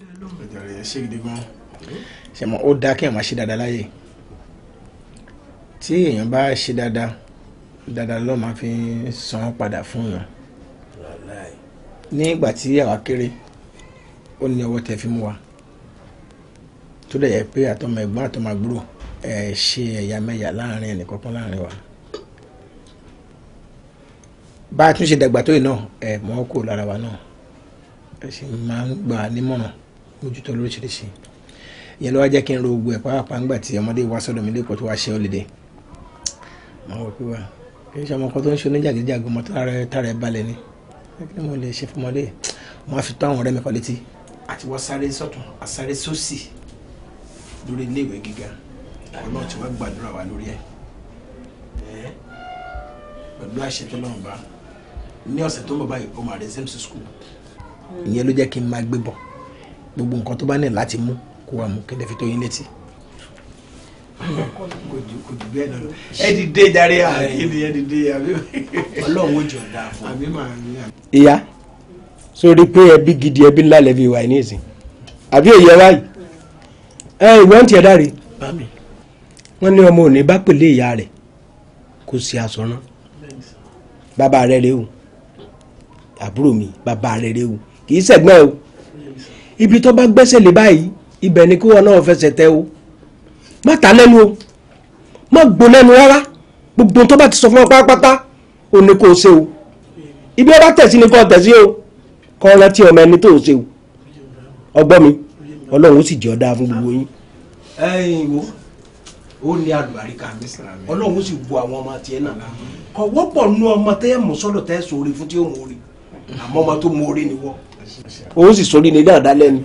ìjọba yẹn ṣe gidi gan. ṣèmọ ó dáa kí èèyàn máa ṣe dáadáa láyè tí èèyàn bá ṣe dáadáa dáadáa ló máa fi san padà fún yàn nígbà tí àwa kéré ó ní ọwọ́ tẹ fi mú wa tó dẹ̀ yẹ pé àtọmọ ẹ̀gbọ́n àtọmọ àgbúrò ẹ̀ ṣe ẹ̀yà mẹ́yà láàrin ẹnìkọ̀ọ̀kan láàrin wa bá a tún ṣe dàgbà tó yìí náà ẹ̀ mọ́ kó lára wa náà ẹ̀ sì máa ń gbà nímọ̀ràn mójútó lóríṣiríṣi ìyẹn ló wá jẹ́ kí n ro gbogbo ẹ̀ pàápàá ńgbà tí ọmọdé wá sọ́dọ̀ mi lẹ́kọ̀ọ́ tó wá ṣe holiday mo wọ pé wá kì í ṣe ọmọ tó ń ṣe oníjàgídíjàgò mọ́ tára ẹ̀ balẹ̀ ni kí mo lè ṣe fún ọmọdé mo á fi tó àwọn ọ̀rẹ́ mi kan létí àti wọ́n sáré sọ́tún àsáré sósì lórí iléèwé gíga ọlọ́run ti wá gbàdúrà wa lórí ẹ̀ pẹ̀lú àṣẹ tó lọ́run bá ní ọ̀sẹ̀ tó ń bọ̀ báyìí ó máa resume sí school ìyẹn ló jẹ́ kí n máa gbé bọ̀ gbogbo nǹkan tó bá ní láti mú kó wá mú kéde fi tó yín létí. kò jù bẹ́ẹ̀ lọ ẹ dìde jàre àkìlì ẹ dìde àbí. ọlọ́run jọ dáa fún mi. ìyá sórí pé ẹbí gidi ẹbí ńlá lẹ́bi ìwà ní ìsìn àbí èyí ẹ báyìí ẹ ìwé ń tiẹ̀ dáre wọ́n ní ọmọ òní bá pèlè ìyá rẹ̀ kó ṣe aṣọ náà bàbá rẹ̀ rẹ̀ o àbúrò mi bàbá rẹ̀ rẹ̀ o kì í ṣẹ̀gbọ́n o ibi tó bá gbẹ́sẹ̀ lé báyìí ibẹ̀ ni kí wọn náà fẹsẹ̀ tẹ o má ta lẹ́nu o má gbó lẹ́nu rárá gbogbo tó bá ti sọ fún ọ pátápátá ò ní kó o ṣe o ibi ọba tẹ̀sí ni kò tẹ̀sí o kọ́ ọ rántí ọmọ ẹni tó o ṣe o ọgbọ́n mi ọlọ́run ó sì jẹ́ ọ dáa fún gbogbo yín. ẹyin wo ó ní àlùbáríkà ọlọ́run ó sì bu àwọn ọmọ tiẹ̀ náà kọ̀ wọ́pọ̀ nú ọmọ tẹ́ mú sọ́dọ̀ tẹ́ sóore fún tí ó mú orí àmọ́ ọmọ tó mú orí ni wọ́n òun sì sórí ilé náà dálẹ́nu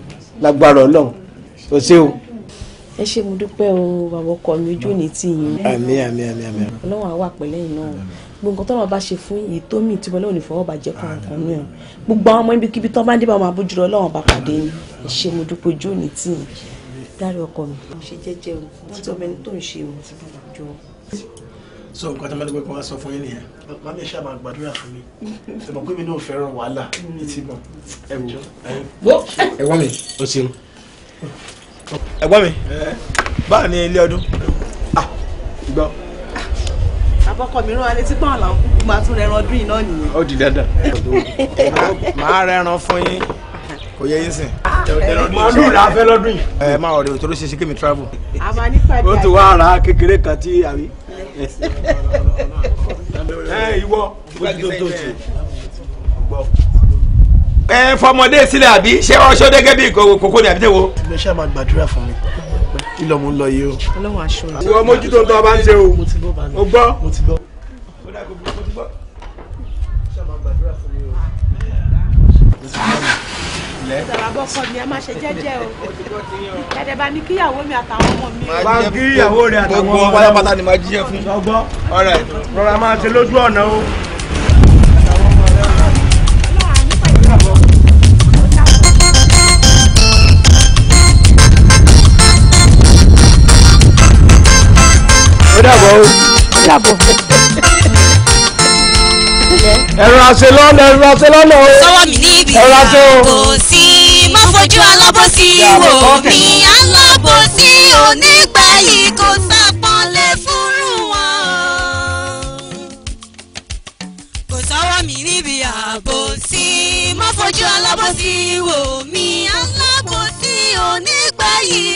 lágbára ọlọ́run kò sí o. ẹ ṣe mo dúpẹ́ o bàbá ọkọ mi ojú ní ti yín. àmín àmín àmín àmín. ọlọ́run àwa pẹ̀lẹ́ yìí náà gbogbo nǹkan tọ́lọ́ bá ṣe fún yìí tó mì tí wọ́n lọ́wọ́ ní fọwọ́ bàjẹ́ kọ̀ọ̀kan náà gbogbo àwọn ọmọ ibikíbi tó bá dé bá máa bójú lọ ọlọ́run bá pàdé ni ẹ ṣe mo dúpẹ́ ojú ní ti yín dárí ọkọ mi. ṣe jẹ́jẹ́ o wọ́n ti ọmọ ẹni tó ń ṣe o jọ so nǹkan tó máa dúpẹ́ kó wá sọ fún yín nìyẹn. màmí ẹ ṣáà máa gbàdúrà fún mi mm. ẹ mọ̀ pé mi náà fẹ́ràn wàhálà etí mm. mọ̀ ẹ wò. ẹ̀gbọ́n mi o ṣeun. ẹ̀gbọ́n mi báà ní ilé ọdún. gbọ́. àbọ̀kọ̀ mi rán alẹ́ tí pọ́n làwọn kúkú máa tún rẹran ọdún yìí náà nìyẹn. ó di dandan. màá rẹran fún yín kò yẹ yín sìn. Ah, eh. màálù rà fẹ́ lọ́dún yìí. ẹ máa ọ̀rẹ́ òtò ló ṣe ṣe kémi travel. a máa ní pàdé àyè. o ti wá ra kékeré kan tí àrí. ẹ ìwọ bójútó ti ẹ fọmọdé sílẹ̀ àbí ṣé ọṣọ dẹ́gẹ́ bíi kòkó ni àbí tẹ́wọ́. ìgbẹ́ ṣáà máa gbàdúrà fún mi kí lọ́mú ń lọ yìí o. ọlọ́run aṣọ ìwọ mójútó ń tọ́ ọba ń ṣe o. mo ti gbọ́. sọ̀rọ̀ abọ́kọ mi ẹ má ṣe jẹ́jẹ́ o ẹ̀dẹ̀ bá kíyàwó mi àtàwọn ọmọ mi. wá kí ìyàwó rẹ àtàwọn ọmọ rẹ gbogbo pátápátá ni màá jíjẹ fún. ọgbọ́n rọra máa ṣe lójú ọ̀nà o. ó dàbọ̀ ó dàbọ̀ ẹ̀rọ àṣẹ lọ́nà ẹ̀rọ àṣẹ lọ́nà o. sọ́wọ́ mi níbi àbò sí má fojú alábòsí wò mí alábòsí onígbẹ̀yìn kò sápọ́nlé fúnrú wọn. kò sọ́wọ́ mi níbi àbò sí má fojú alábòsí wò mí alábòsí onígbẹ̀yìn.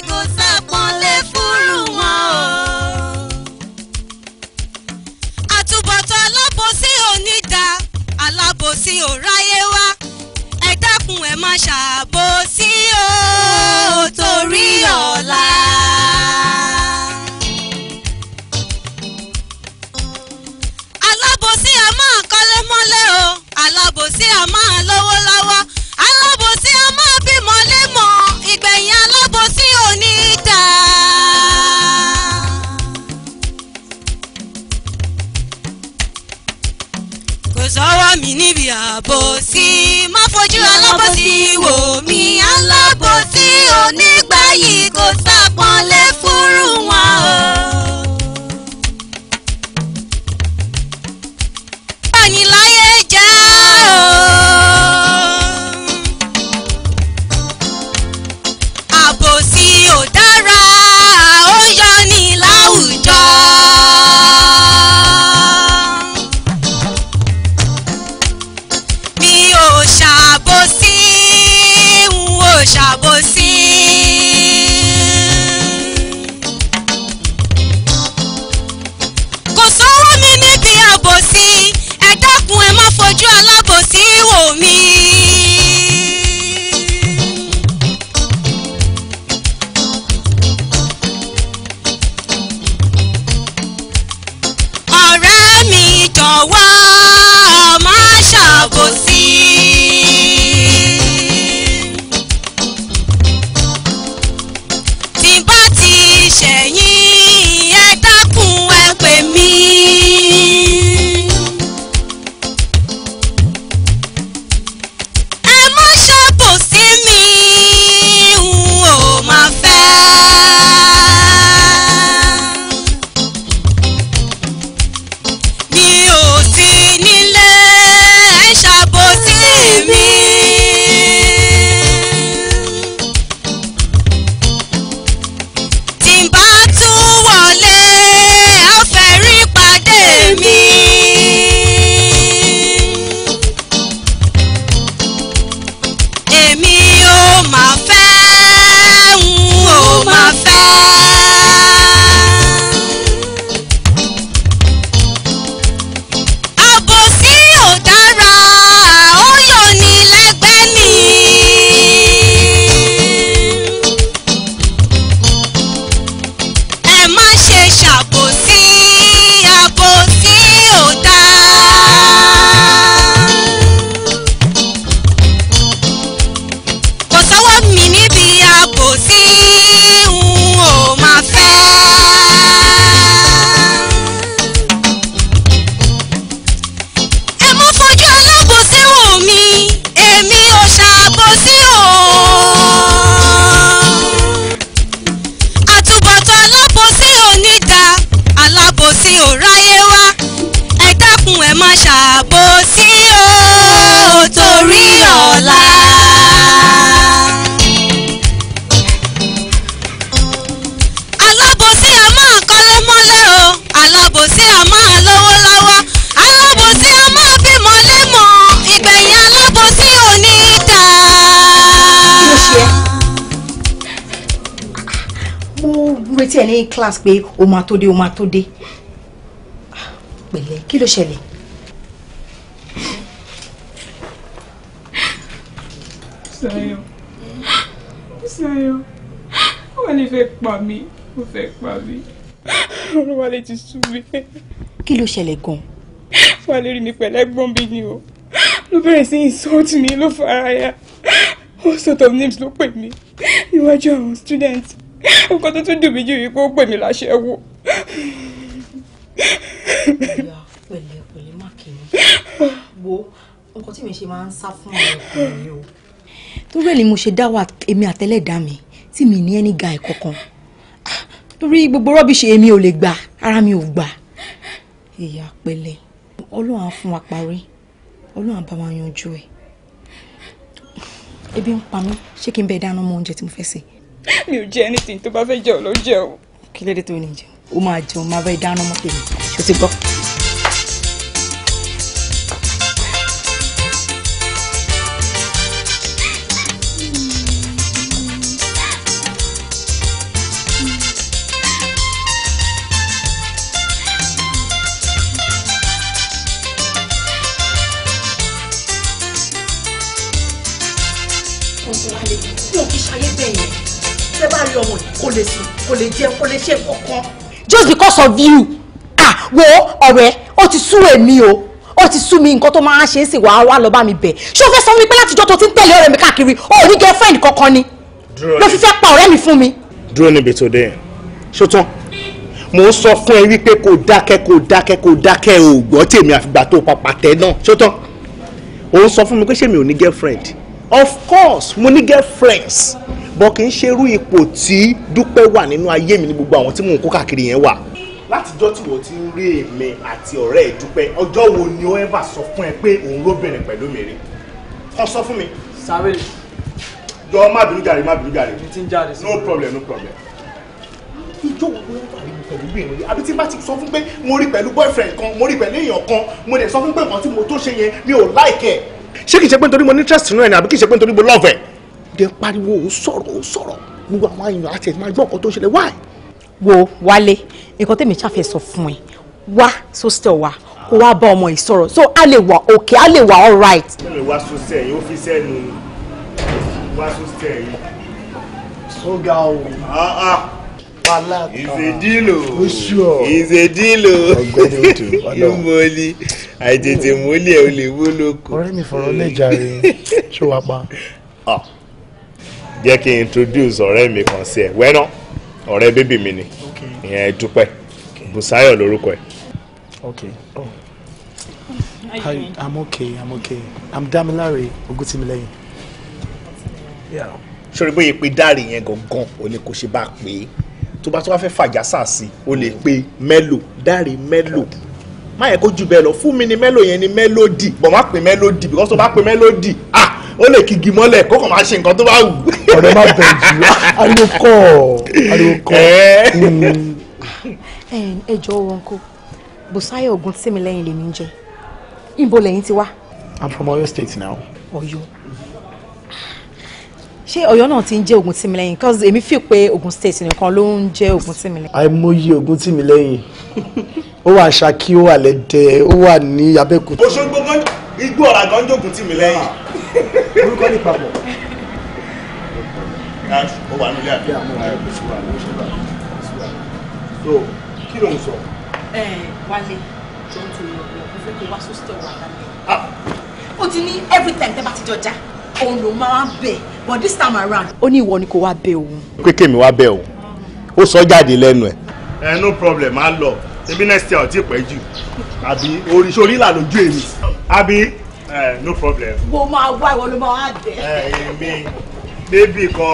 ṣàbòsí o torí ọ̀la. alábòsí a máa kọ́lé mọ́lé o alábòsí a máa lówó lọ́wọ́ alábòsí a máa bímọ lémọ̀ ìgbẹ̀yìn alábòsí ò ní dá. kò sọ́wọ́ mi níbi àbòsí má fojú alábòsí wò mí alábòsí onígbàyí kò sápọ́nlé. ẹ ní class pé o máa tó dé o máa tó dé pẹ̀lẹ́ kí ló ṣẹlẹ̀. Ṣayọ̀ Ṣayọ̀ wọ́n lè fẹ́ pa mí wọ́n fẹ́ pa mí ọ̀rọ̀ wa lè ti sú mi. kí ló ṣẹlẹ̀ gan-an. wọ́n lè mi pẹ̀lẹ́ gbọ́n bí ni o ló bẹ̀rẹ̀ sí insult mi ló fara ya all sort of names ló pè mí níwájú àwọn students nǹkan tó tún dùn mí jù yìí pé ó pè mí láṣẹ́wó. ìyá pẹ̀lẹ́pẹ̀lẹ́ má kìíní wo nǹkan tí mi ṣe máa ń sá fún ọkùnrin o. torí ẹ̀ ni mo ṣe dá wà èmi àtẹlẹ́dá mi tí mi ní ẹni ga ẹ̀kọ́ kan torí gbogbo rọ́bìṣì èmi ò lè gbà ara mi ò gbà. ìyá pẹ̀lẹ́ ọlọ́run á fún wa parí ọlọ́run á bá wa yanjú ẹ̀ ebi ń pa mí ṣé kí n bẹ dáná mọ oúnjẹ tí mo fẹ́ sè é mi ò jẹ anything tó bá fẹ́ jẹun ló jẹun. kí ló dé tó ní jẹun ó máa jẹun máa bá ẹ dáná mọ́tò mi ṣó ti gbọ́. just because of you ah wo ọ̀rẹ́ ó ti sú èmi o ó ti su mi nǹkan tó máa ń ṣe é sì wàá wá mi be. ṣé o fẹ́ mi wípé látijọ́ tó ti ń tẹ̀lé ọ̀rẹ́ mi káàkiri o ò ní girlfriend kankan ni ló fi fẹ́ pa ọ̀rẹ́ mi fún mi. dúró níbi tó dé ṣó tán mo so sọ fún ẹ wípé kò dákẹ́ kò dákẹ́ kò dákẹ́ o gbọ́ tèmi àfìgbà tó papà tẹ náà ṣó tán o ń sọ mi pé ṣé mi ò ní girlfriend of course mo ní friends. But kì í ṣerú ipò tí dúpẹ́ wà nínú ayé mi ní gbogbo àwọn tí mò ń kó káàkiri yẹn wà. látijọ́ tí wọ́n ti ń rí èmi àti ọ̀rẹ́ ẹ̀ dúpẹ́ ọjọ́ wo ni ó ever sọ fún ẹ pé òun lóbìnrin pẹ̀lú mi rí kan sọ fún mi. sáré. jọ má bínú jàre má bínú jàre. no problem no problem. ìjọ wo ló ń wà nínú pẹ̀lú obìnrin rí àbí tí bá ti sọ fún pé mo rí pẹ̀lú boyfriend kan mo rí pẹ̀lú èèyàn kan mo dẹ̀ sọ fún pé nǹkan tí mo tó ṣe yẹn mi ò like ẹ̀ ṣé kìí ṣe pé nítorí mo ní interest nínú ẹ̀ ni àbí kìí ṣe pé nítorí mo love ẹ̀. dé pariwo ò sọ̀rọ̀ ò sọ̀rọ̀ gbogbo àwọn àyàn àti ẹ̀dùn máa gbọ́ nǹkan tó ń ṣẹlẹ̀ why. wo wálé nǹkan tèmi ṣàfẹ́ sọ fún ẹ wá sọ́sítẹ̀ wa kó wá bá ọmọ yìí sọ̀rọ̀ so a lè wà okay a lè wà all right. mo lè wá sọ́sítẹ̀ yìí ó fi sẹ́nu wá sọ́sítẹ̀ yìí. ó ga Falaka. Ìṣèdílò. Ó ṣù ọ́. Ìṣèdílò. Ọ̀gbẹ́ni odò. Ìmọ̀lì. Àìtètè mọ́lẹ̀ ò lè wó lóko. Ọ̀rẹ́ mi fọ̀rọ̀ lè jàre. Ṣé wàá pa? Jẹ́ kí n introduce ọ̀rẹ́ mi kan sí ẹ̀. Wẹ́nà ọ̀rẹ́ bébì mi ni. Ìyẹn Dúpẹ́. Bùsáyọ̀ lórúkọ ẹ̀. Okay. Oh. How I'm okay. I'm okay. I'm Damilare Ogutimileyin. Yeah. Ṣé o rí bóyá pé dáre yẹn gangan o ní kò ṣe bá a pè é? tó bá tó wá fẹ́ fàjásà sí o lè pe mélòó dáre mélòó má yẹ kó jù bẹ́ẹ̀ lọ fún mi ni mélòó yẹn ni mélòdì bọ̀ má pe mélòdì because tó bá pe mélòdì ah ó lè kígi mọ́lẹ̀ kó kàn máa ṣe nǹkan tó bá wù. ọ̀rẹ́ má bẹ̀ jù ariwo kọ́ ariwo kọ́. Hmm. ẹ jọ̀ọ́ wọn kó Bùsáyọ̀ Ògúntímilẹ́yìn lèmi ń jẹ́ ibo lẹ́yìn ti wá. I'm from Oyo State now. Ọ̀yọ́. Oh, ṣé Ọ̀yọ́ náà ti ń jẹ́ Ògùn Tìmílẹ́yìn because èmi fi pé Ògùn state nìkan ló ń jẹ́ Ògùn Tìmílẹ́yìn. àìmọye Ògùn Tìmílẹ́yìn ó wà Ṣakí ó wà lẹ́dẹ̀ ó wà ní Abẹ́òkúta. Òṣogbo kan igbó ọ̀rà kan jókòó Tìmílẹ́yìn. orúkọ ní papọ̀. ó wà nílé àbí àmọ́ so kí ló ń sọ. ẹ wálé jọ́ntò ìrọ̀lẹ́ mo fẹ́ kó wá sósítọ̀ wà lálẹ́. ó ah! ti ní every time tẹ́ bá ti jọ já òun ló máa ń bẹ̀ but this time around. ó ní ìwọ ni kò wá bẹ̀ òun. kéèké mi wá bẹ̀ òun ó sọ jáde lẹ́nu ẹ̀. ẹ no problem á lọ ṣebí next year ò tí ì pẹ́ jù àbí orí sórí là lójú èmi àbí no problem. mo máa wá ìwọ ló máa wá dẹ. ẹ èmi bébì kọ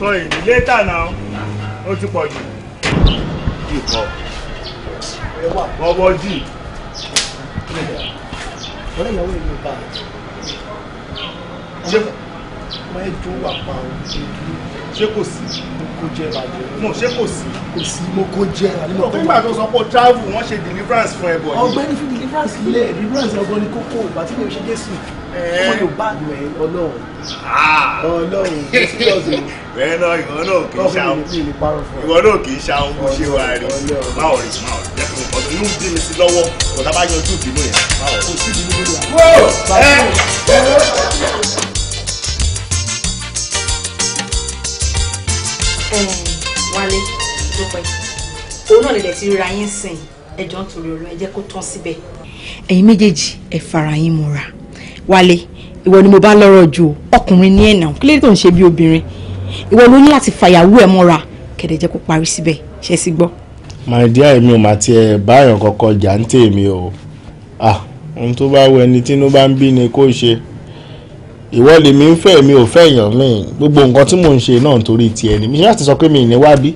tọ èmi later now ó ti pọ̀ jù ikọ̀ ọwọ́ jù. ọ̀rẹ́ ìyàwó yìí ló bá a ṣé kò máa ń jó wà o ṣé kò sí mo kó jẹ bàjẹ́ no ṣé kò sí kò sí mo kó jẹ àní mo nígbà tó sọ pé travel wọ́n ṣe deliverance fún ẹbọ yìí. ọ̀gbẹ́ni fi deliverance lẹ deliverance ọgbọn ni kókó bàtí lè ṣe jésù eh. ọmọ yóò bá àgbẹ Ọlọ́run ah. Ọlọ́run jésù bẹ́ẹ̀ náà ìwọ náà kì í ṣàwọn ìwọ náà kì í ṣàwọn bó ṣe wà rí máa rí máa rí jẹ́ kí lọ́wọ́ kò tá bá yanjú ìbínú yẹn máa rí. wálé dúpẹ́ òun náà lè ti ríra yín sìn ẹjọ́ nítorí olóyè jẹ́ kó tán síbẹ̀. ẹ̀yin méjèèjì ẹ fara yín mọ́ra wálé ìwọ ni mo bá lọ́rọ̀ jù ọkùnrin ní ẹ̀nà kí tó ń ṣe bí obìnrin ìwọ ló ní láti fàyàwó ẹ mọ́ra kẹ̀dẹ̀ jẹ́ kó parí síbẹ̀ ṣe sí gbọ́. my dear èmi ò máa tiẹ̀ báyọ̀ kọ̀ọ̀kan jà ń tèmi o ah ohun tó bá wọ ẹni tí inú bá ń bí ni kó ṣe ìwọ lèmi ń fẹ́ mi ò fẹ́ èèyàn mi gbogbo nǹkan tí mò ń ṣe náà nítorí tiẹ̀ ni mi ṣe láti sọ pé mi ì ní wá bí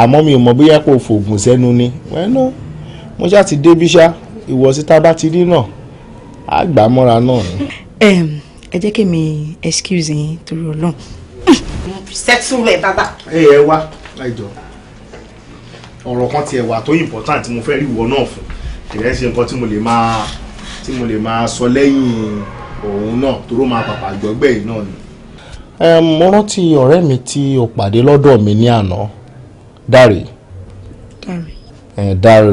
àmọ́ mi ò mọ̀ bóyá kò fògùn sẹ́nu ni wẹ́nú mo ṣáà ti dé ṣá ìwọ síta bá ti rí náà á gbà á mọ́ra náà ni. ẹ jẹ́ kí mi excuse yín torí ọlọ́run. settle ẹ bàbá. ẹ ẹ wá láìjọ ọ̀rọ̀ kan tiẹ̀ wà tó important tí mo fẹ́ rí ìwọ náà fún kìrẹ́sì nǹkan tí mo lè máa tí mo lè máa sọ lẹ́yìn òun náà tó ló máa pàpà jọgbẹ́ yìí náà ni. mo rántí ọ̀rẹ́ mi tí o pàdé lọ́dọ̀ mi ní àná Dáre. Dáre. Dáre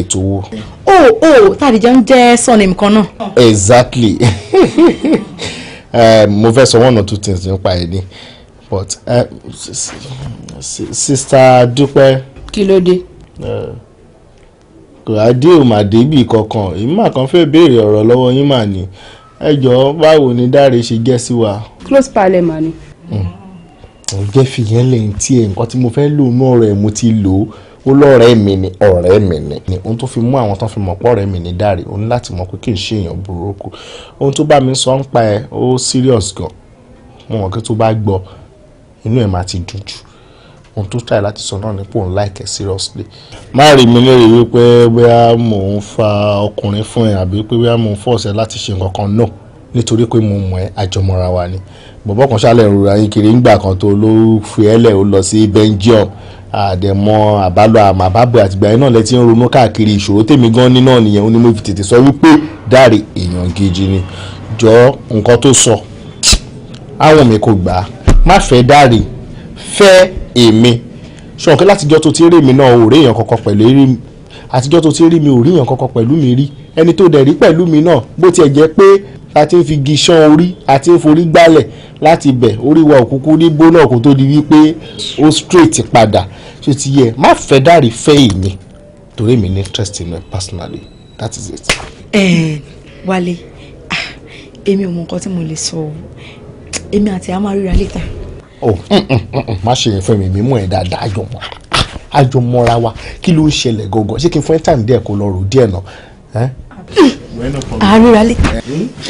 ètò. o o tàdíjà ń jẹ́ surname kan náà. exactly mo fẹ́ sọ one or two things nípa ẹ̀ ni but sista Dúpẹ́. kí ló dé kò á dé òmàdébì kankan èmi mà kàn fẹ́ béèrè ọ̀rọ̀ lọ́wọ́ yín mà ni ẹ jọ̀ọ́ báwo ni dáre ṣe jẹ́ sí wa. close palẹ̀ mà ni. ọ̀ hmm. jẹ́ fìyẹn lẹ́yìn tí ẹ̀ nǹkan tí mo fẹ́ lò ní ọ̀rọ̀ ẹ̀ mo ti lò ó ó lọ́ọ̀rẹ́ mi ni ọ̀rẹ́ mi ni ni ohun tó fi mú àwọn tó fi mọ̀ pọ̀ ọ̀rẹ́ mi ni dáre òun láti mọ̀ pé kì í ṣe èèyàn burúkú ohun tó bá mi sọ ń pa ẹ ó serious gan mo mọ̀ pé tó bá gbọ́ inú ẹ̀ máa ti dùn jù ohun tó try láti sọ náà ni pé òun like ẹ seriously. má rí mi lérè wípé bóyá mò ń fa ọkùnrin fún ẹ àbí pé bóyá mò ń force ẹ láti ṣe nǹkan kan náà nítorí pé mo mọ̀ ẹ́ àjọmọ́ra wa ni bọ̀bọ̀ kan ṣàlẹ̀ ìrora yín kiri ńgbà kan tó ló fi ẹlẹ̀ ó lọ sí Belgium àdẹ̀mọ́ àbálọ àmọ́ àbábọ̀ àtìgbà yẹn náà lẹ́tí ń ronú káàkiri ìṣòro tèmi gan ní náà ó ní mo fi tètè sọ wípé dáre èèyàn gidi ni jọ nǹkan tó sọ àwọn mi kò gbà má fẹ́ dáre fẹ́ èmi ṣùgbọ́n kí látijọ́ tó ti rí mi náà ò rí èèyàn kankan pẹ̀lú rí mi àtijọ́ tó ti rí mi ò rí èèyàn kankan pẹ̀lú mi rí ẹni tó dẹ̀ rí pẹ̀lú mi náà bó tiẹ̀ jẹ́ pé a ti ń fi igi ṣan orí a ti ń forí gbálẹ̀ láti bẹ̀ orí wa òkúkú ní gbóná kó tó di wípé ó straight padà ṣé ti yẹ má fẹ́ dárí fẹ́ èmi torí mi ní interest in me personally that is it. ẹ ẹ Wálé ah, èmi ò mọ nǹkan tí mo lè sọ èmi àti àmàríra later ọ oh, mm, mm, mm, má ṣe yẹn fún mi mímú ẹ dáadáa yọ wá àjọ mọ́ra wa kí ló ń ṣẹlẹ̀ gangan ṣé kí n fún ẹ time díẹ̀ kó lọ rò díẹ̀ náà. àárín ralé.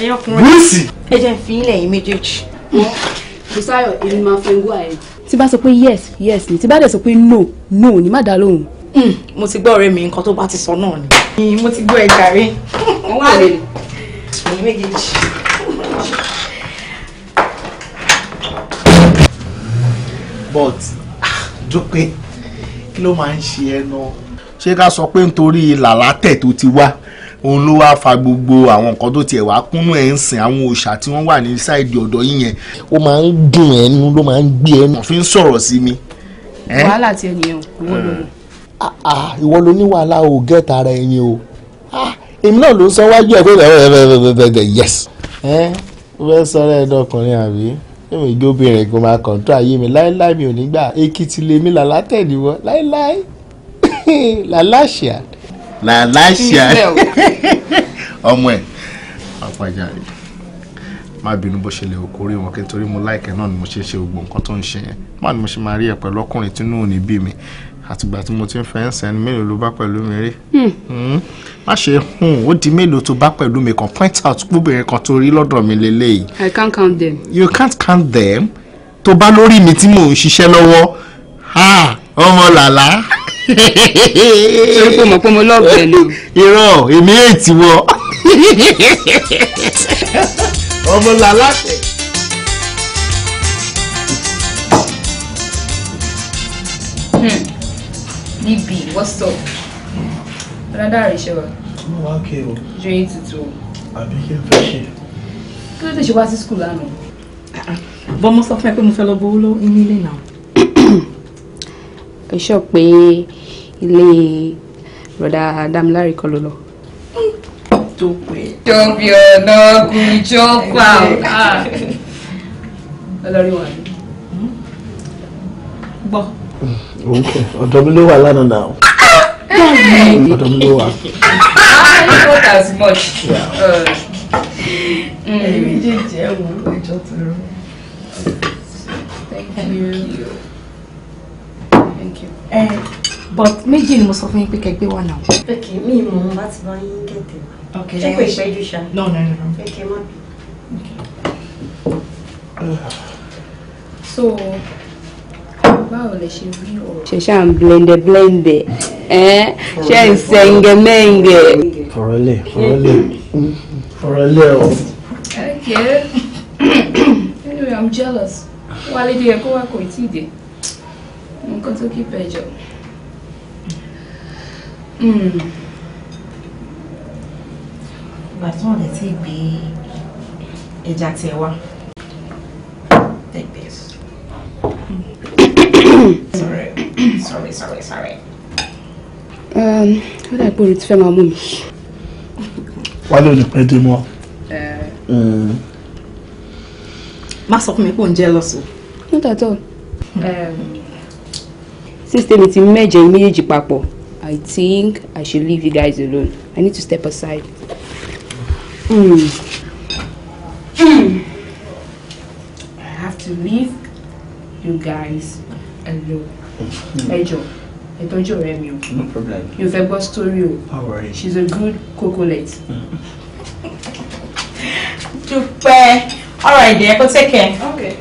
ẹyọ kùnrin ẹ jẹ́ fi ilẹ̀ yìí méjèèjì. Bùsáyọ̀ èmi máa fẹ́ go ahead. tí bá sọ pé yes yes ni tí bá dẹ̀ sọ pé no no ni má dá lóhùn. Hmm, mo ti gbọ́ ọ̀rẹ́ mi nǹkan tó bá ti sọ náà ni. mo ti gbọ́ ẹ̀ jàre. wọ́n á lè èyí méjèèjì. but dúpẹ́ kí ló máa ń ṣe ẹ náà. ṣé ká sọ pé nítorí làlátẹ̀ tó ti wá òun ló wáá fa gbogbo àwọn nǹkan tó tiẹ̀ wá kúnnú ẹ̀ ń sìn àwọn òòṣà tí wọ́n wà ní sáìdì ọ̀dọ̀ yín yẹn ó máa ń dùn ẹnu ló máa ń gbé ẹnu. wọ́n fi ń sọ̀rọ̀ sí mi. wàhálà ti ẹni yẹn ìwọ ló ní. Ah, ah, ìwọ ló ní wàhálà o gẹ́ẹ̀tà ara ẹyin o ah, èmi náà ló ń sọ wájú ẹ̀ pé yes ẹ fẹ́ sọ̀rọ̀ ẹ̀dọ́kùnrin àbí èmi ìgbé obìnrin kò máa kọ̀ǹtọ́ ayé mi láéláé mi ò ní gbà èkìtì lèmi làlá tẹ̀lé wọ láéláé làlàṣìá. làlàṣìá ọmọ ẹ àpàjà má bínú bó ṣe lè kó rí wọn kí n torí mo láìkẹ́ náà ni mo ṣe ṣe gbogbo nǹkan tó ń ṣe yẹn má ni mo ṣe máa rí ẹ pẹ̀lú ọkùnrin tínú òní bí mi àtìgbà tí mo ti ń fẹ́ ń sẹ́ni mélòó ló bá pẹ̀lú mi rí hmm. Hmm. má ṣe hùn hmm, ó di mélòó tó bá pẹ̀lú mi kan point out gbóbìnrin kan tó rí lọ́dọ̀ mi lélẹ́yìí. I can't count them. You can't count them tó bá lórí mi tí mò ń ṣiṣẹ́ lọ́wọ́ ọmọ làlá. torí pé mo ni. irọ́ èmi èètì wọ ọmọ làlá. Hmm. DB, what's up? Brother Rishawa. Mo wá kí o. Joyin tuntun. Àbí kí n fẹ́ ṣe? Kí ló dé ṣe wá sí skul lánàá? Bọ́n mo sọ fún ẹ pé mo fẹ́ lọ bowó lọ nílé náà. Ẹ ṣọ pé ilé Rọ̀dà Damilari kọ́ ló lọ. Tó pé. Tóbi ọ̀nà ọkùnrin tí pa ọ̀. Ọlọ́rí wa ni. Gbọ́. Mm òǹkọ ọ̀dọ̀ mi ló wà lánàá náà ọ̀dọ̀ mi ló wà. èmi jẹjẹ ẹwọ ìjọ tó rọ. but méjì ni mo sọ fún yín pé kẹgbẹ́ wà náà. pèkè mi ìmọ̀ wọn bá ti bá yín gẹ̀tẹ̀. ṣé kò ìṣẹ́jú ṣá. náà náà náà. pèkè má bì. so báwo lè ṣe rí ọ̀rọ̀. ṣe ṣáà ń blende blende ṣe ń sẹ́ńgẹ̀ mẹ́ńgẹ̀. fọ̀rọ̀lẹ̀ fọ̀rọ̀lẹ̀ fọ̀rọ̀lẹ̀ o. okay anyway i'm jealous wálé dé ẹ̀kọ́ wa kò tí ì dé nǹkan tó kí pẹ́ jọ. Hmm. ìgbà tí wọ́n lè ti gbé ẹja tiẹ̀ wá. take this sorry sorry sorry sorry. Um, ó dà pé orí ti fẹ́ mommy. Why don't you pay them more? Uh. mọ́. Eh. Eh. má of me, mi pé jealous not at all. since tèmi ti major méjèèjì papọ̀ I think I should leave you guys alone I need to step aside. Mm. Mm. I have to leave you guys ẹ̀yọ hmm. ẹ̀jọ ìtọ́jú ọ̀rẹ́ mi o no problem yóò fẹ́ gbọ́ story o she's a good cocolet. Hmm. dúpẹ́ all right dear go take care. Okay.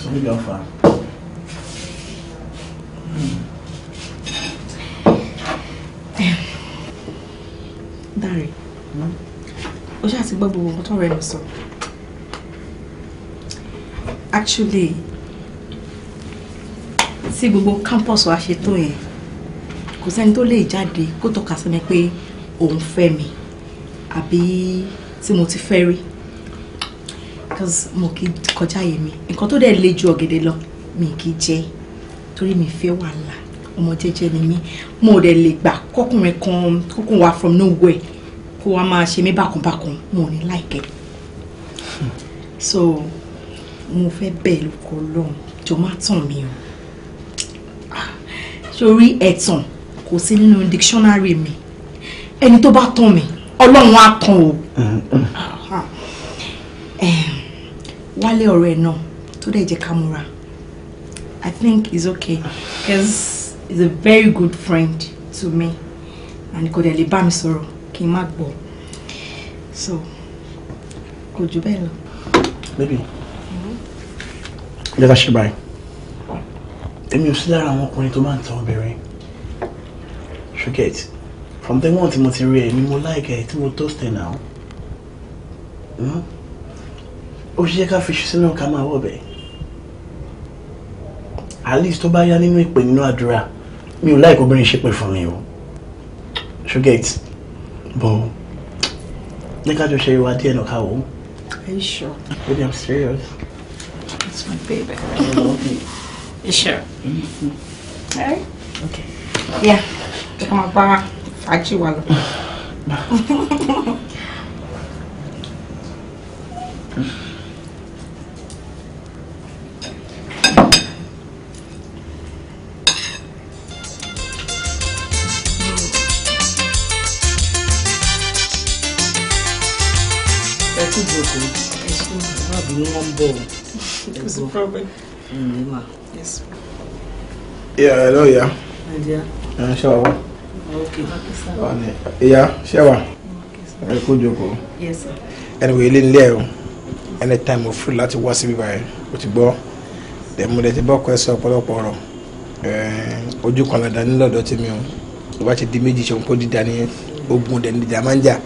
So we go far. Hmm. o ṣáà ti gbọ́ gbogbo nǹkan tó rẹ̀ mi sọ actually tí gbogbo campus wa ṣe tó yẹn kò sẹ́ni tó lè jáde kó tọ́ka sí mi pé òun fẹ́ mi àbí tí mo ti fẹ́ rí mo kì í kọjá yé mi nǹkan tó dẹ̀ le ju ọ̀gẹ̀dẹ̀ lọ mi kì í jẹ torí mi fẹ́ wàhálà ọmọ jẹ́jẹ́ ni mí mo dẹ̀ lè gbà kọkùnrin kan kókùn wa from nowhere kó wa máa ṣe mí bákanbákan mo ní láìkẹ́ so mo fẹ́ bẹ́ẹ̀ lóko lọ́hùn jọ má tàn mí o sórí ẹ̀tàn kò sí nínú dictionary mi ẹni tó bá tàn mí ọlọ́run á tàn o wálé ọ̀rẹ́ náà tó dẹ̀ jẹ́ ká múra I think it's okay because he's a very good friend to me and kò dẹ̀ lè bá mi sọ̀rọ̀ kí n má gbọ́ so kò jù bẹ́ẹ̀ lọ. baby jẹ́ ká èmi ò sí lára àwọn ọkùnrin tó máa ń tan obìnrin ṣùgẹ́t from the one tí mo ti rí ẹ ni mo láìka ẹ tí mo tó stẹ̀ náà hmm? ó ṣe ká fi ṣiṣẹ́ náà ká máa wọ̀ bẹ́ẹ̀ at least tó bá yá nínú ìpè nínú àdúrà mi ò láìka obìnrin ṣépè fún mi o ṣùgẹ́t bọ́ ní ká jọ ṣe ìwà díẹ̀ náà ká wò Are you sure? Baby, I'm serious. It's my baby. Sure. mm Okay. Yeah. Come on, Baba. Actually, well. Ẹ kú jókòó, ẹ kú, má bínú wọn bọ̀ o. Kò sí problem ẹ̀yìn ma. ìyá hello ìyá. sir. ṣe Yeah, sure. Okay, sir. wà. ẹ kó jókòó. anyway ilé nílé ẹ o anytime o free láti wá síbí báyìí o ti gbọ́ dẹ̀múlẹ̀ ti bọ́ kọ́ ẹ sọ ọ̀pọ̀lọpọ̀ ọ̀rọ̀ eh, ojú kan lọ́dà nílọ́dọ̀ tèmi o tó bá ti di méjì ṣe nǹkan dídá ni ogun dẹ̀ nídìí máa ń jà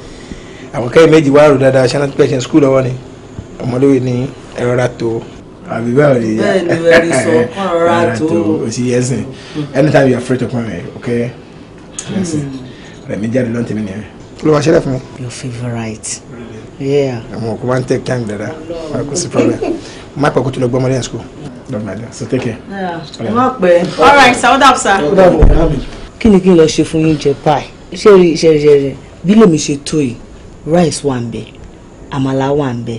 àwọn kẹ́yìn méjì wá rò dáadáa ṣáná pẹ̀ṣẹ̀ skul lọ́wọ́ ni ọmọlúwe ni ẹ̀rọ ra tó àbí báwo ni bẹ́ẹ̀ ni bẹ́ẹ̀ ni sọ kọ́ ọ̀rá tó o sì yẹ sìn anytime you are free to come here okay hmm. rẹ̀mí jáde lọ́ntẹ̀mí ni ẹ. ló wá ṣẹlẹ̀ fún mi. your favourite. yeah. àwọn òkú máa ń tẹ̀ kíámi dáadáa wọn kò sí problem má pẹ́ kó tó lọ gbọ́ ọmọdé ẹ̀ sùkúl máa dá so take care. ẹ má pẹ́ all right sir ó dàbọ̀ sir. ó dàbọ̀ ó dàbọ̀. kí ni kí n lọ ṣe fún yín jẹ pie ṣé rí ṣe rí ṣe rí bí lèmi ṣe tó yìí rice wà ń bẹ àmàlà wà ń bẹ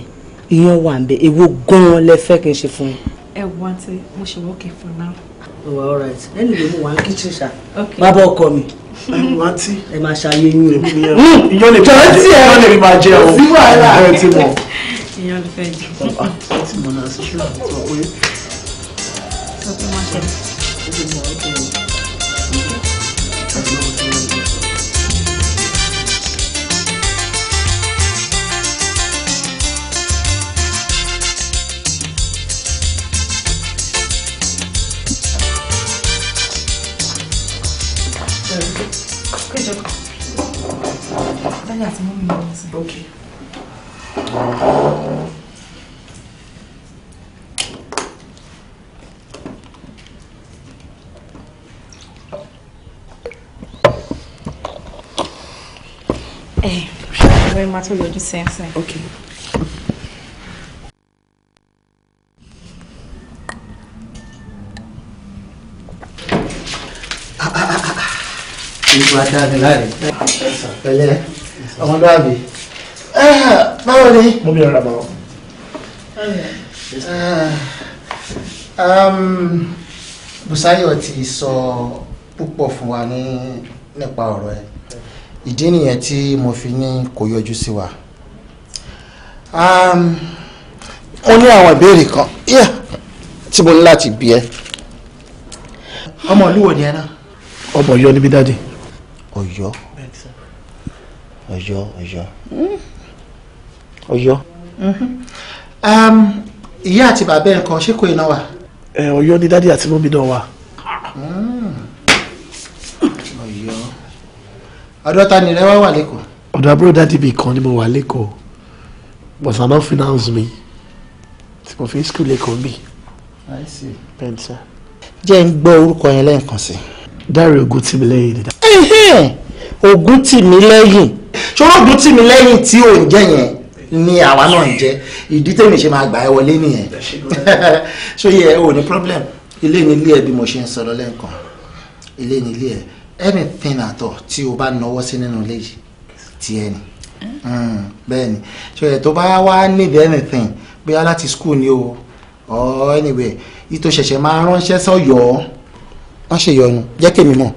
ìyẹn wà ń bẹ èwo gan-an lẹ fẹ́ kí n ṣe fún yín. ẹ wo àǹtí mo ṣe wọ́ọ̀kì fún náà. ó wà all right ẹnì lè mú wá kíchìn ṣá bàbá ọkọ mi rántí ẹ máa ṣàyè yín o ìyọ́n hmm. lè fi máa jẹ o sí wàhálà ẹ ti mọ̀. ìyọ́n lè fẹ́ jù. ẹ ti mọ̀ náà sí ṣùgbọ́n àti ọ̀pẹ́. sọ pé má ṣe. Aliás, um momento. Ok. Ei, vai matar o licença. Ok. Boa tarde, né, Lari. Beleza. ọmọdéwàbí báwo ni. mo bí ọ̀rọ̀ àbáwọ̀. Um, Bùsáyọ̀ ti sọ púpọ̀ fún wa ní nípa ọ̀rọ̀ ẹ̀ ìdí nìyẹn tí mo fi ní kò yọjú sí wa ó um, ní àwọn ìbéèrè kan tí mo ní láti bi ẹ́ ọmọ olúwo ni ẹ náà. ọmọ Ọ̀yọ́ níbi dáadé. Ọ̀yọ́. Ọ̀yọ́ Ọ̀yọ́ hmm. Ọ̀yọ́. Mm-hmm. Um, ìyá àti bàbá ẹ̀ kan ṣé kò iná wa. Ọ̀yọ́ ni dádì àti mọ́mí náà wà. Hmm. Ọ̀yọ́ ọ̀dọ̀ ta ni rẹ wá wà lẹ́kọ̀ọ́. ọ̀dọ̀ àbúrò dádì mi kan ni mo wà lẹ́kọ̀ọ́ but na no finance mi tí mo fi school lẹ́kọ̀ọ́ mi. jẹ́ ń gbọ́ orúkọ yẹn lẹ́ẹ̀kan sí. Dáre Ògúntìmílẹ́yìn. Ògúntìmílẹ́yìn ṣòrògùn tì mí lẹ́yìn tí ò ń jẹ́ yẹn ni àwa náà ń jẹ ìdí tèmi ṣe máa gbà ẹ wọlé nìyẹn so yẹ ò ní problem ilé ni ilé ẹ bí mo ṣe ń sọ̀rọ̀ lẹ́ǹkan ilé ni ilé ẹ anything at all tí o bá náwó sí nínú ilé yìí ti ẹ ni hmm, bẹ́ẹ̀ ni so yẹ tó bá wá need anything bóyá láti school ni o or anyway ito ṣẹ̀ṣẹ̀ máa ránṣẹ́ sọ̀yọ́ wọ́n ṣèyọnu jẹ́ kèmi mọ̀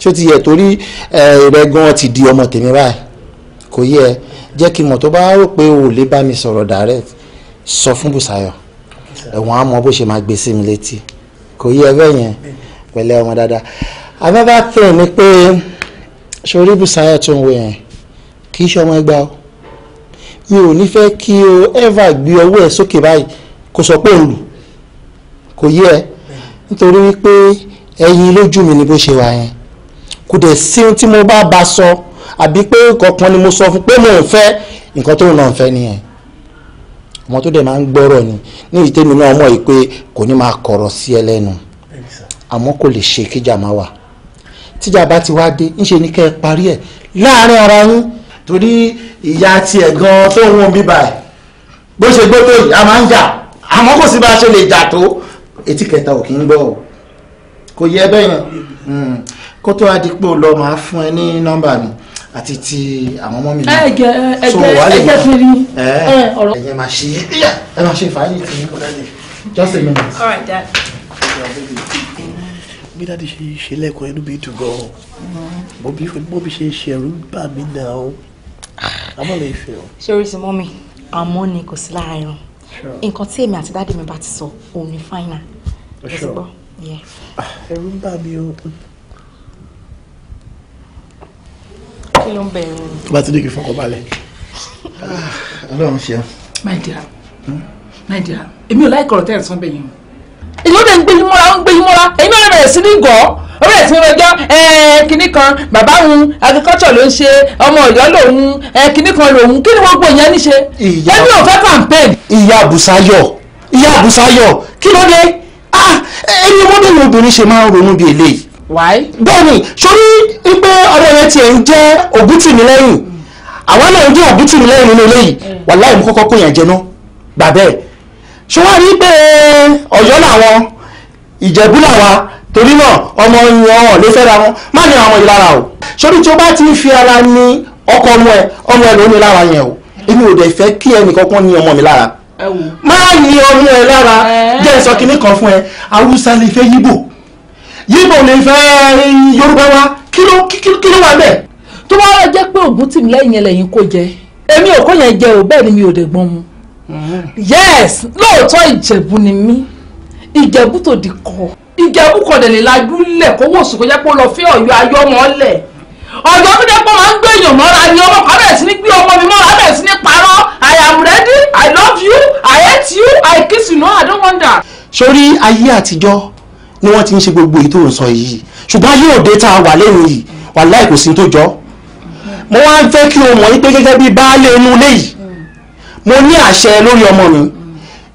ṣó ti yẹ torí ẹ̀rẹ̀ eh, ti di ọmọ tèmi báyìí kò yẹ ẹ jẹ́ kí mọ̀ tó bá rò pé o ò lè bá mi sọ̀rọ̀ direct sọ fún Bùsáyọ̀ ẹ̀wọ̀n á mọ bó ṣe máa gbé sí mi létí kò yẹ ẹgbẹ́ yẹn pẹ̀lẹ́ ọmọ dáadáa abábá tẹ̀ ni pé sori Bùsáyọ̀ tó ń wẹ̀ yẹn kì í ṣe ọmọ ẹgbàá o mi ò ní fẹ́ kí o ever gbé ọwọ́ ẹ̀ sókè báyìí kò sọ pé òòlù kò yẹ nítorí wípé ẹyin lójú mi ni bó ṣe wà yẹn kò dẹ̀ sí ohun tí mo bá ba sọ. So àbí pé kankan ni mo sọ fún pé mò ń fẹ́ nǹkan tó náà ń fẹ́ nìyẹn ọmọ tó dẹ̀ máa ń gbọ́rọ̀ ni ní ìtẹ́mi náà mọ̀ yìí pé kò ní máa kọ̀rọ̀ sí ẹ lẹ́nu àmọ́ kò lè ṣe kíjà máa wà tíjà bá ti wá dé ńṣe ni kẹ́ ẹ parí ẹ̀ láàárín ara yín torí ìyá tiẹ̀ gan-an tó ń wọ́n bíbá ẹ̀ bó ṣe gbé tó yìí a máa ń jà àmọ́ kò sí bá a ṣe lè jà tó etí kẹta ò kí ń gbọ́ o kò yẹ bẹ́yẹn hmm. kó tó a di pé o lọ máa fún ẹ ní nọ́mbà mi 0244 àti ti àwọn ọmọ mi náà. ẹ jẹ ẹ jẹ ẹ jẹ fi ẹ máa ṣe ẹ máa ṣe fàájì tì í just a minute. all right dad. bí dáàdi ṣe ṣe lẹ́kọ̀ọ́ ẹnu mi dùn gan-an bó bí ṣe ṣe ẹ̀rù bà mí náà o àmọ́ lè fi o. ṣé orí ti mọ́ mi àmọ́ ni kò sí lára ẹran nǹkan tí èmi àti dáàdi mi bá ti sọ òun ni fáínà. ẹ gbọ́ ah, ẹ̀rù ń bà mí o. kí ló ń bẹ̀ ẹ̀rù ni. tó bá ti dé kí fọkànbalẹ̀ ah, ọlọ́run ṣeun. my dear hmm? my dear èmi ò láì kọ̀rọ̀ tẹ́ ẹ̀ sán bẹ́yìn o ìlú dẹ̀ ń gbé yín mọ́ra ń gbé yín mọ́ra èyí náà bẹ̀rẹ̀ sí ní gọ̀ ó bẹ̀rẹ̀ sí ní rọjọ́ kínní kan bàbá òun agriculture ló ń ṣe ọmọ ọ̀yọ́ lòun kínní kan lòun kí ni gbogbo ìyẹn ní ṣe ẹbí ò fẹ́ campaign. ìyá àbùsáyọ̀ ìyá àbùsáyọ̀ kí ló dé ah, ẹni ọmọbìnrin obìnrin ṣe máa ń ronú bí eléyìí why. bẹ́ẹ̀ni sori ipe ọ̀rẹ́ yẹn tiẹ̀ ń jẹ́ òbútù mi lẹ́yìn àwọn náà ń jẹ́ òbútù mi lẹ́yìn nínú ilé yìí wàláì mo kọ́kọ́ kóyàn jẹ náà bàbẹ́ ẹ̀ ṣé wàá rí pé ọ̀yọ́ làwọn ìjẹ̀bú làwa torí náà ọmọ yan ọ̀ lé fẹ́ra wọn má ní àwọn yìí lára o sori tí o bá ti ń fi ara ní ọkọ ọmọ ẹ ọmọ ẹ ló ní lára yẹn o èmi ò dẹ̀ fẹ́ kí ẹnìkankan ní ọmọ mi lára má ní ọmọ ẹ lára jẹ́ ìsọkíní kan fún ẹ haúsá lè fẹ́ yíbò yíbo lè fẹ́ yorùbá wa kí ló kí ló wà ń tó bá jẹ́ pé ògùn tì mí lẹ́yìn ẹlẹ́yin kò jẹ èmi ò kó yẹn jẹ ò bẹ́ẹ̀ ni mi ò dẹ̀ gbọ́n mu. Mm-hmm. yes lóòótọ́ ìjẹ̀bù ni mí ìjẹ̀bù tó di kọ́ ìjẹ̀bù kọ̀dẹ̀ lè lajú lẹ̀ kó wò sùn kó jẹ́ pé ó lọ fẹ́ ọ̀yọ́ ayọ́mọ́lẹ̀ ọ̀yọ́ tó jẹ́ pé máa ń gbé èèyàn mọ́ra ni ọmọ kan bẹ̀rẹ̀ sí ní gbé ọmọ mi mọ́ra bẹ̀rẹ̀ sí ní parọ́ I am ready I love you I hate you I kiss you no I don't want that. sórí ayé àtijọ́ ni wọ́n ti ń ṣe gbogbo èyí tó ń sọ yìí ṣùgbọ́n yóò dé tá a wà lẹ́yìn yìí wà láì kò sí tó jọ mo wá ń fẹ́ kí o mọ̀ wípé gẹ́gẹ́ bí baálé inú ilé yìí mo ní àṣẹ lórí ọmọ mi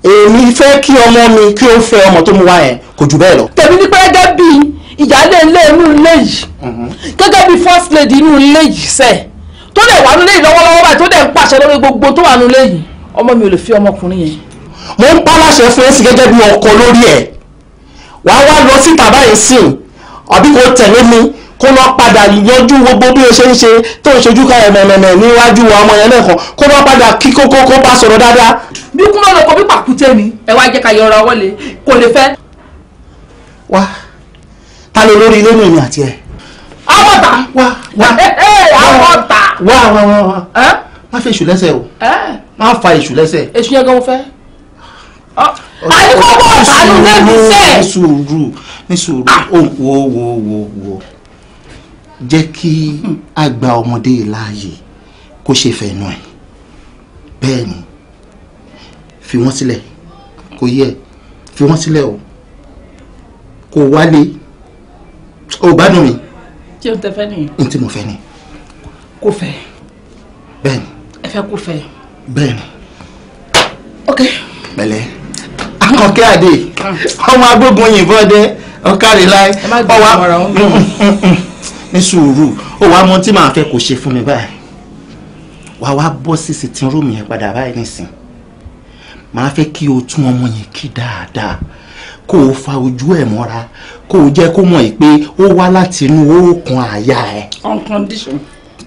èmi fẹ́ kí ọmọ mi kí o fẹ́ ọmọ tó mú wá yẹn kò jù bẹ́ẹ̀ lọ. tèmi ní pé gẹ́gẹ́ bí ìyáálé ilé inú ilé yìí mhm. gẹ́gẹ́ bí first lady inú ilé yìí sẹ́ tó lè wà nílé ìlọ́wọ́lọ́wọ́ báyìí tó lè ń pàṣẹ lórí gbogbo tó wà nílé yìí ọmọ mi ò lè fi ọmọkùnrin wà á wá lọ síta báyìí sìn àbí kò tẹ̀lé mi kó lọ padà yọjú gbogbo bí o ṣe ń ṣe tó ń ṣojú ká ẹ̀mẹ̀mẹ̀mẹ̀ níwájú ọmọ yẹn lẹ́ẹ̀kan kó lọ padà kí kókó kó bá sọ̀rọ̀ dáadáa. bí kúmọ̀ lọ kọ bí pàkúté ni ẹ wá jẹ́ ká yọra wọlé kò lè fẹ́. wá ta ló lórí ilé mi àti ẹ. àwọ̀tà. wá wá àwọ̀tà. wá wá wá wá má fi èṣù lẹ́sẹ̀ o má fa èṣù lẹ́sẹ̀. èṣù yẹn gan mo fẹ́. Ah àdúgbò bọ̀ ọ̀bánú débi sẹ́ẹ̀. ní sùúrù ní sùúrù wo wo wo wo jẹ́ kí a gba ọmọdé láàyè kó ṣe fẹ̀nu ẹ̀ bẹ́ẹ̀ ni fi wọ́n sílẹ̀ kò yẹ fi wọ́n sílẹ̀ o kò wálé o gbádùn mi. kí o tẹ fẹ́ nìyẹn. n tí mo fẹ́ ni. kò fẹ́. bẹ́ẹ̀ ni. ẹ fẹ́ kò fẹ́. bẹ́ẹ̀ ni. ok. pẹ̀lẹ́ àmọ̀kẹ́ àdè ọmọ agbógun yìnbọn dẹ ọ̀kàrí láì ọwà ní sùúrù ó wàá mọ tí màá fẹ́ kó ṣe fún mi báyìí wàá wá bọ́ sí sitin rúùmù yẹn padà báyìí nìsín màá fẹ́ kí o tún ọmọ yẹn kí dáadáa kó o fa ojú ẹ̀ mọ́ra kó o jẹ́ kó mọ̀ ẹ́ pé ó wá láti inú oókan àyà ẹ̀. on condition.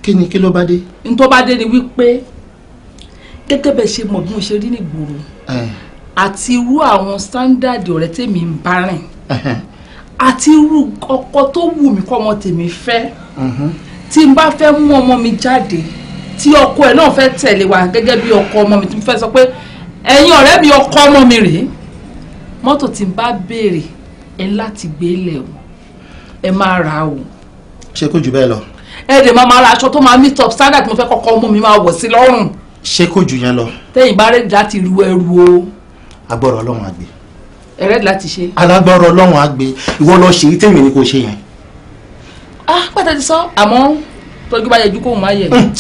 kí ni kí ló bá dé. n tó bá dé ni wípé gẹ́gẹ́ bẹ́ẹ̀ ṣe mọ̀ bí mo ṣe rí nígboro àti irú àwọn standard ọ̀rẹ́ tèmi ń bá rìn àti irú ọkọ tó wù mí kọ́ ọmọ tèmi fẹ́ tí n bá fẹ́ mú ọmọ mi jáde tí ọkọ ẹ̀ náà fẹ́ tẹ̀lé wa gẹ́gẹ́ bí ọkọ ọmọ mi tí mo fẹ́ sọ pé ẹ̀yin ọ̀rẹ́ mi ọkọ ọmọ mi rèé mọ́tò tí n bá béèrè ẹ láti gbé lẹ̀ o ẹ máa rà o. ṣé kò jù bẹ́ẹ̀ lọ. ẹ dè máa máa ra aṣọ tó máa meet up standard mo fẹ́ kọ́kọ́ mú mi máa wọ̀ sí lọ́rùn. ṣé kò jù yẹn lọ. tẹ́yìn bá rẹ̀ láti ru ẹrù o agbọ́rọ̀ ọlọ́run àgbè. ẹ̀rẹ́ láti ṣe. alágbọ́rọ̀ ọlọ́run àgbè ìwọ lọ ṣèyí tèmi ni kò ṣe yẹn. ah pàtàkì sọ àmọ́ tọ́jú bá yẹ ju kóun má yẹ hmm.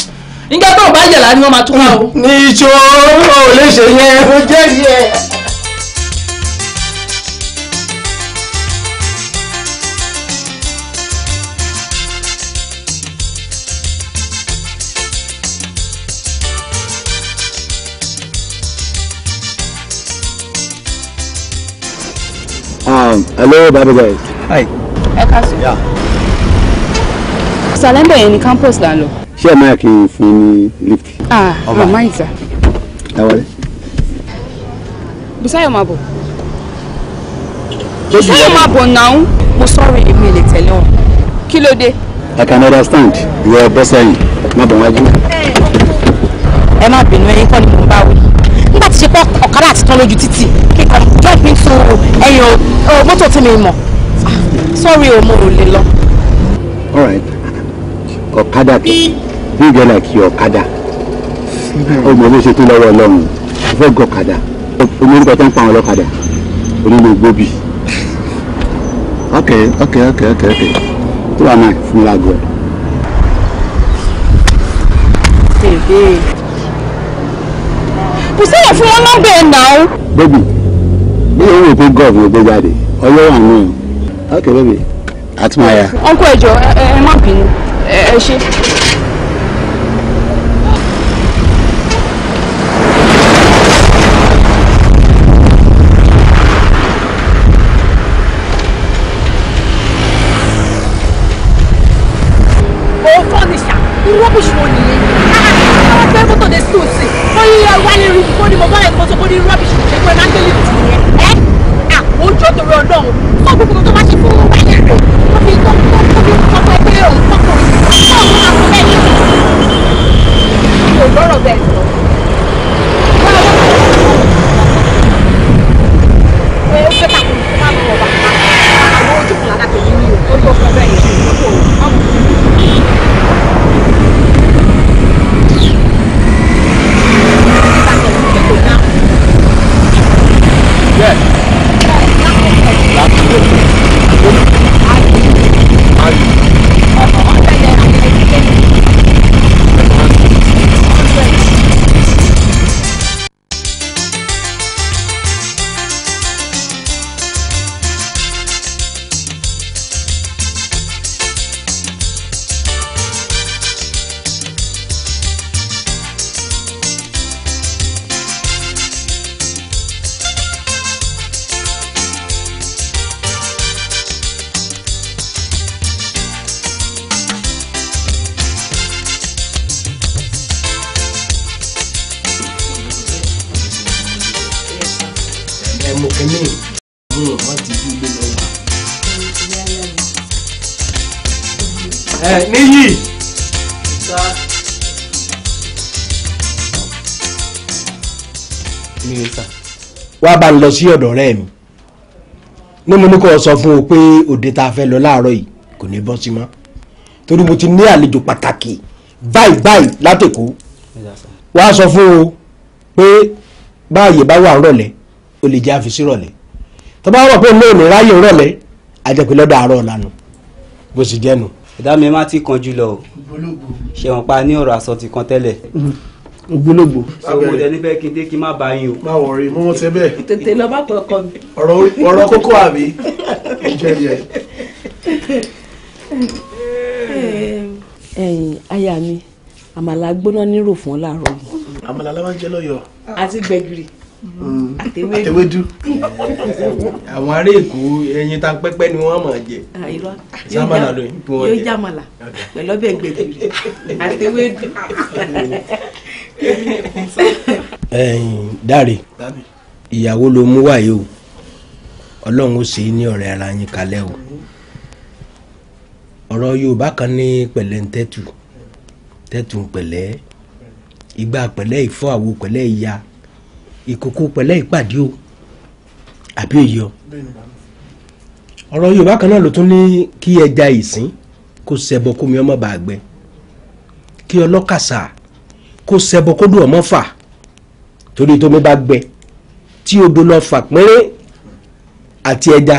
nígbà tó o bá yẹ lá ni wọ́n máa tún wá o. Hmm. níṣó o lè ṣe yẹn o jẹ́ yẹn. hello babu guys. hi. ẹ ká sùn. sàlẹ́mbẹ̀ yẹn campus là ń lọ. ṣé ẹ máa kí lift. ah màmá ìta. ẹ wọlé. Bùsáyọ̀ máa bọ̀. Bùsáyọ̀ máa bọ̀ náà mo sọ̀rọ̀ èmi lè tẹ̀lé wọn kí ló dé. I can understand ìwọ bọ́sẹ̀ yìí má bọ̀ wájú. ẹ má bínú ẹ̀yin kọ́ ni nígbà tí ṣe pé ọ̀kadà àti tán lójú títì kíkan get me to ẹ̀yìn mọ́tò tí mi mọ̀ sorry o mo ò lè lọ. all right ọ̀kadà kẹ hmm. bí ìjọ náà kí ọ̀kadà ọmọ mi ṣe tó lọ́wọ́ ọlọ́run ó fẹ́ gọ̀kadà onírúkọ tó ń pa àwọn ọlọ́kadà onílùgbòbí. ok ok ok ok ok tó wà náà fún mi lágọ̀ọ́. bèbè kò sẹ́yìn fún wọn nọ́mbà ẹ̀ nà ó. bébì bí òun ò pé gọ́ọ̀fù ló gbé jáde ọyọ́ wà nù. ok bébì àtúmọ̀ ya. ọkọ ẹjọ ẹ má bínú ẹ ṣe. wá bá ń lọ sí ọ̀dọ̀ ọ̀rẹ́ mi ní mo ní kó sọ fún o pé òde tá a fẹ́ lọ láàárọ̀ yìí kò ní bọ́ sí mọ́ torí mo ti ní àlejò pàtàkì báyìí báyìí látẹ̀kọ́ wá sọ fún o pé báàyè bá wà rọ̀lẹ́ o lè jẹ́ àfisí rọ̀lẹ́ tó bá wà pé òun náà ní ráyè rọ̀lẹ́ àjẹpẹ́ lọ́dọ̀ àárọ̀ lánàá bó sì jẹ́nu. ìdá mi má ti kan jù lọ o wọn pa ní ọ̀rọ̀ àsọtì kan tẹ́lẹ̀ mm ògbólógbò. àwọn ọmọdé ní fẹ́ kí n dé kí n má bá yín o. má wọrí mo mọ tẹ bẹ́ẹ̀. tètè lọ bá kọkọ mi. ọ̀rọ̀ kókó àbí ìjẹ́ ni ẹ. ẹ̀yin aya mi àmàlà gbóná nírò fún láàárọ̀ yìí. àmàlà la máa ń jẹ lọ́yọ̀. àti gbẹ̀gìrì. Mm. àtẹwédú. àwọn ará èkó ẹyin ta pẹ́pẹ́ ni wọ́n máa jẹ. Ah, irọ́ yóò jàmàlà pẹ̀lú ọbẹ̀ gbẹ̀gìrì àtẹwédú. ẹ̀yin dáre ìyàwó ló mú wáyé o ọlọ́run ó sì í ní ọ̀rẹ́ ara yín kalẹ̀ o ọ̀rọ̀ yorùbá kan ní pẹ̀lẹ́ ń tẹ́tù tẹ́tù ń pẹ̀lẹ́ ìgbà pẹ̀lẹ́ ìfọ́ àwo pẹ̀lẹ́ ìya ìkókó pẹ̀lẹ́ ìpàdé o àbí èyí ọ̀rọ̀ yorùbá kan náà ló tún ní kí ẹja ìsín kó ṣẹbọ kómi ọmọ bàá kí ọlọ́kàsà kó ṣẹbọ kó dùn ọmọ fà torí tómi bá gbẹ tí odò lọ fà pínrín àti ẹja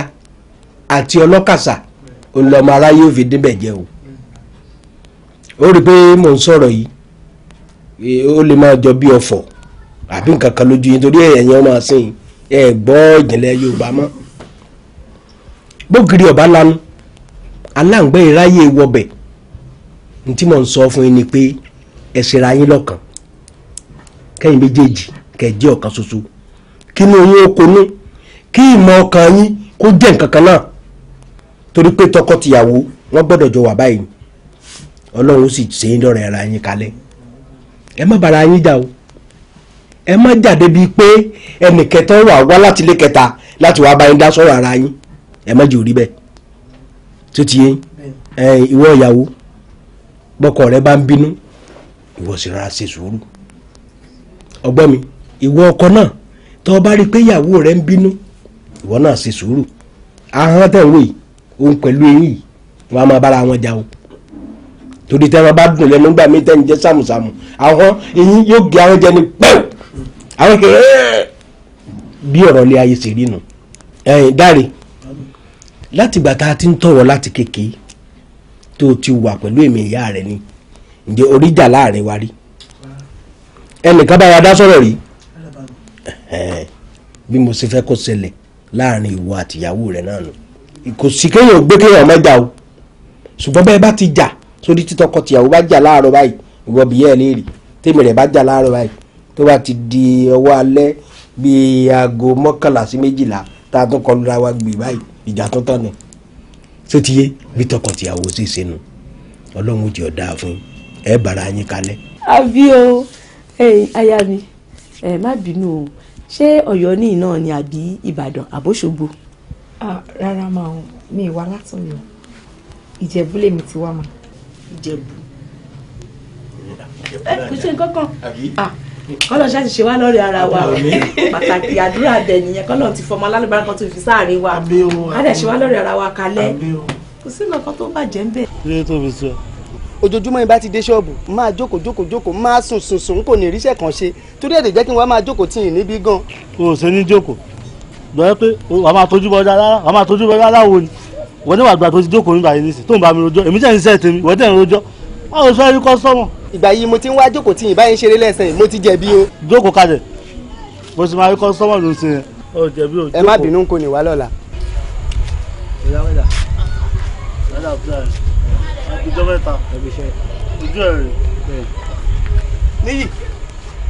àti ọlọ́kàsà ńlọmọ aráyé ò fi débẹ̀ jẹ́ o ó rí i pé mò ń sọ̀rọ̀ yìí e, ó lè máa jọ bí ọ̀fọ̀ àbí nǹkan kan lójú yín torí ẹ̀yìn ọmọ àsìn ẹ̀ gbọ́ ìjìnlẹ̀ Yorùbá mọ́ bókiri ọ̀bá lanu aláǹgbẹ́ ìráyè wọbẹ̀ ní mò ń sọ fún yín ni pé ẹ ṣera yín lọ́kan kẹ́yìn méjèèjì kẹ́ jẹ́ ọ̀kan ṣoṣo kí inú yín ó konú kí ìmọ̀ ọkàn yín kó jẹ́ nǹkan kan náà torí pé tọkọ-tìyàwó wọ́n gbọ́dọ̀ jọ wà báyìí ọlọ́run sì ṣe é lọ́rọ̀ ara yín kalẹ̀ ẹ má bára yín jà o ẹ má jà débi pé ẹnì kẹta wà wá láti ilé kẹta láti wá bá yín dá sọ̀rọ̀ ara yín ẹ má jẹ́ bẹ́ẹ̀ tó ti yé ìwọ ìyàwó bọ́kọ rẹ bá ń bínú ìwọ sì rárá ṣe sùúrù ọgbọ́n mi ìwọ ọkọ náà tó o bá rí i pé ìyàwó rẹ ń bínú ìwọ náà ṣe sùúrù ahọ́n tẹ̀ ń wò yìí òun pẹ̀lú eyín yìí wọ́n á máa bára wọn jà o torí tẹ́ wọn bá dùn lẹ́nu gbà mí tẹ́ jẹ́ sàmùsàmù àwọn eyín yóò gé àwọn jẹ ní pẹ́ù àwọn kò bí ọ̀rọ̀ ilé ayé ṣe rí nu ẹ̀yìn dáre látìgbà tá a ti ń tọ̀wọ̀ láti kékeré tó o ti wà pẹ̀lú èmi ìyá rẹ ni ǹjẹ́ oríjà láàrin wa rí ẹnìkan bá wa dá sọ̀rọ̀ rí bí mo ṣe fẹ́ kó ṣẹlẹ̀ láàrin ìwọ àtìyàwó rẹ̀ náà nù kò sí kéèyàn gbé kéèyàn má jà o ṣùgbọ́n bẹ́ẹ̀ bá ti jà sórí títọkọ tìyàwó bá jà láàárọ̀ báyìí ìwọ bìyẹ́ ẹ̀ léèrè tèmi rẹ̀ bá jà láàárọ̀ báyìí tó bá ti di ọwọ́ alẹ́ bíi aago mọ́kànlá sí méjìlá tá a tún kọlu ra wa gbè báyìí ìjà tó tán ni ṣé ti yé bí tọkọ tìyàwó sì ṣe nu ọlọ́run ó jẹ́ ọ̀dà fún un ẹ bára yín kalẹ̀. àbí o aya mi ẹ má bínú o ṣé Ọ̀yọ́ ní iná ni àbí Ìbàdàn àbóṣogbo. rárá máa ń mi ìwà látọ̀yọ́ Ìjẹ̀bú lèmi ti wá mà. Ìjẹ̀bú ẹ kò ṣe nǹkan kan kọlọ ṣáà ti ṣe wá lórí ara wa pàtàkì àdúrà bẹ nìyẹn kọlọ ti fọmọ alálùbárà kan tó fi sáàrin wa á dẹ̀ ṣe wá lórí ara wa kalẹ̀ kò sí nǹkan tó bàjẹ́ ń bẹ̀ ojoojúmọ́ yín bá ti dé ṣọ́ọ̀bù máa jókòó jókòó jókòó máa sùn sùn sùn kò ní ríṣẹ́ kan ṣe torí èdè jẹ́ kí wọ́n máa jókòó tì yín níbí gan. o ò ṣe ní jókòó gbọ́dọ̀ pé wàá máa tójú bọ́ rárá wàá máa tójú bọ́ rárá wo ni wọ́n níwà gbà tó ti jókòó nígbà yìí nísìnyí tó ń bá mi rojọ́ èmi jẹ́ ń sẹ́ tèmi wọ́n dẹ̀ ń rojọ́ báwo ṣe rí kọ́sọ́mọ̀. ìgbà yìí mo ti ń wá jókòó tì yín báyìí ń ṣeré lẹ́sẹ̀ mo ti jẹ̀bi o. jókòó kalẹ̀ mo ti máa rí kọ́sọ́mọ̀ ló ń ṣe yẹn ó o. ẹ má bínú kò ní wá lọ́la. ìyá wẹ́dà ìjọ mẹ́ta ojú ẹ̀ rè. níyì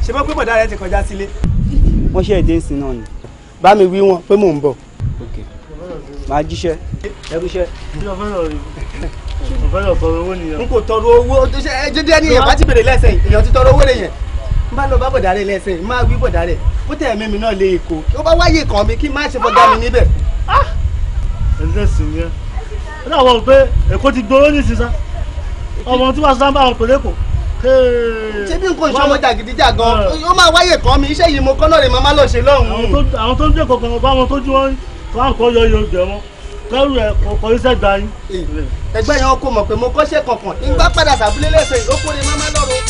ṣe bá pé bọ̀dá rẹ ti kọjá sílé. wọ́n ṣe èdè ìsìn náà ni bá mi wí wọn pé mò ń bọ̀ màá jíṣẹ́ ẹgbẹ́ṣẹ́. bí o fẹ́ràn rí o fẹ́ràn tọrọ owó nìyẹn. n kò tọrọ owó tó ṣe ẹ jẹjẹ ẹni yẹn bá ti bèrè lẹ́sẹ̀ èèyàn ti tọrọ owó rẹ̀ yẹn n bá lọ bá bọ̀dá rẹ̀ lẹ́sẹ̀ n máa wí bọ̀dá rẹ̀ ó tẹ̀ ẹ̀mí mi náà lé èkó ó bá wáyé kàn mí kí n má ṣe bọ̀dá mi níbẹ̀. ẹlẹ́sìn yẹn ó dàbọ̀ wò pé èkó ti gbóró ní ìsinsá ọmọ tí wàá sábà wọn pèlè kò. ṣé bí nǹkan ìṣọmọ jàgídíjà gan ó máa wáyè kọ́ mi iṣẹ́ yìí mo kọ́ náà rè lọ ṣe lọ́hùn-ún. àwọn tó ń dé kọ̀ọ̀kan bá wọn tójú wọn tó à yọ iye oúnjẹ wọn kẹrù ẹ kọkọ iṣẹ́ gba yín. ẹgbẹ́ yẹn kò mọ̀ pé mo kọ́ṣẹ́ kankan nígbà padà sàbúlé lẹ́sẹ̀ ìlókò ni máa máa lọ́rọ̀.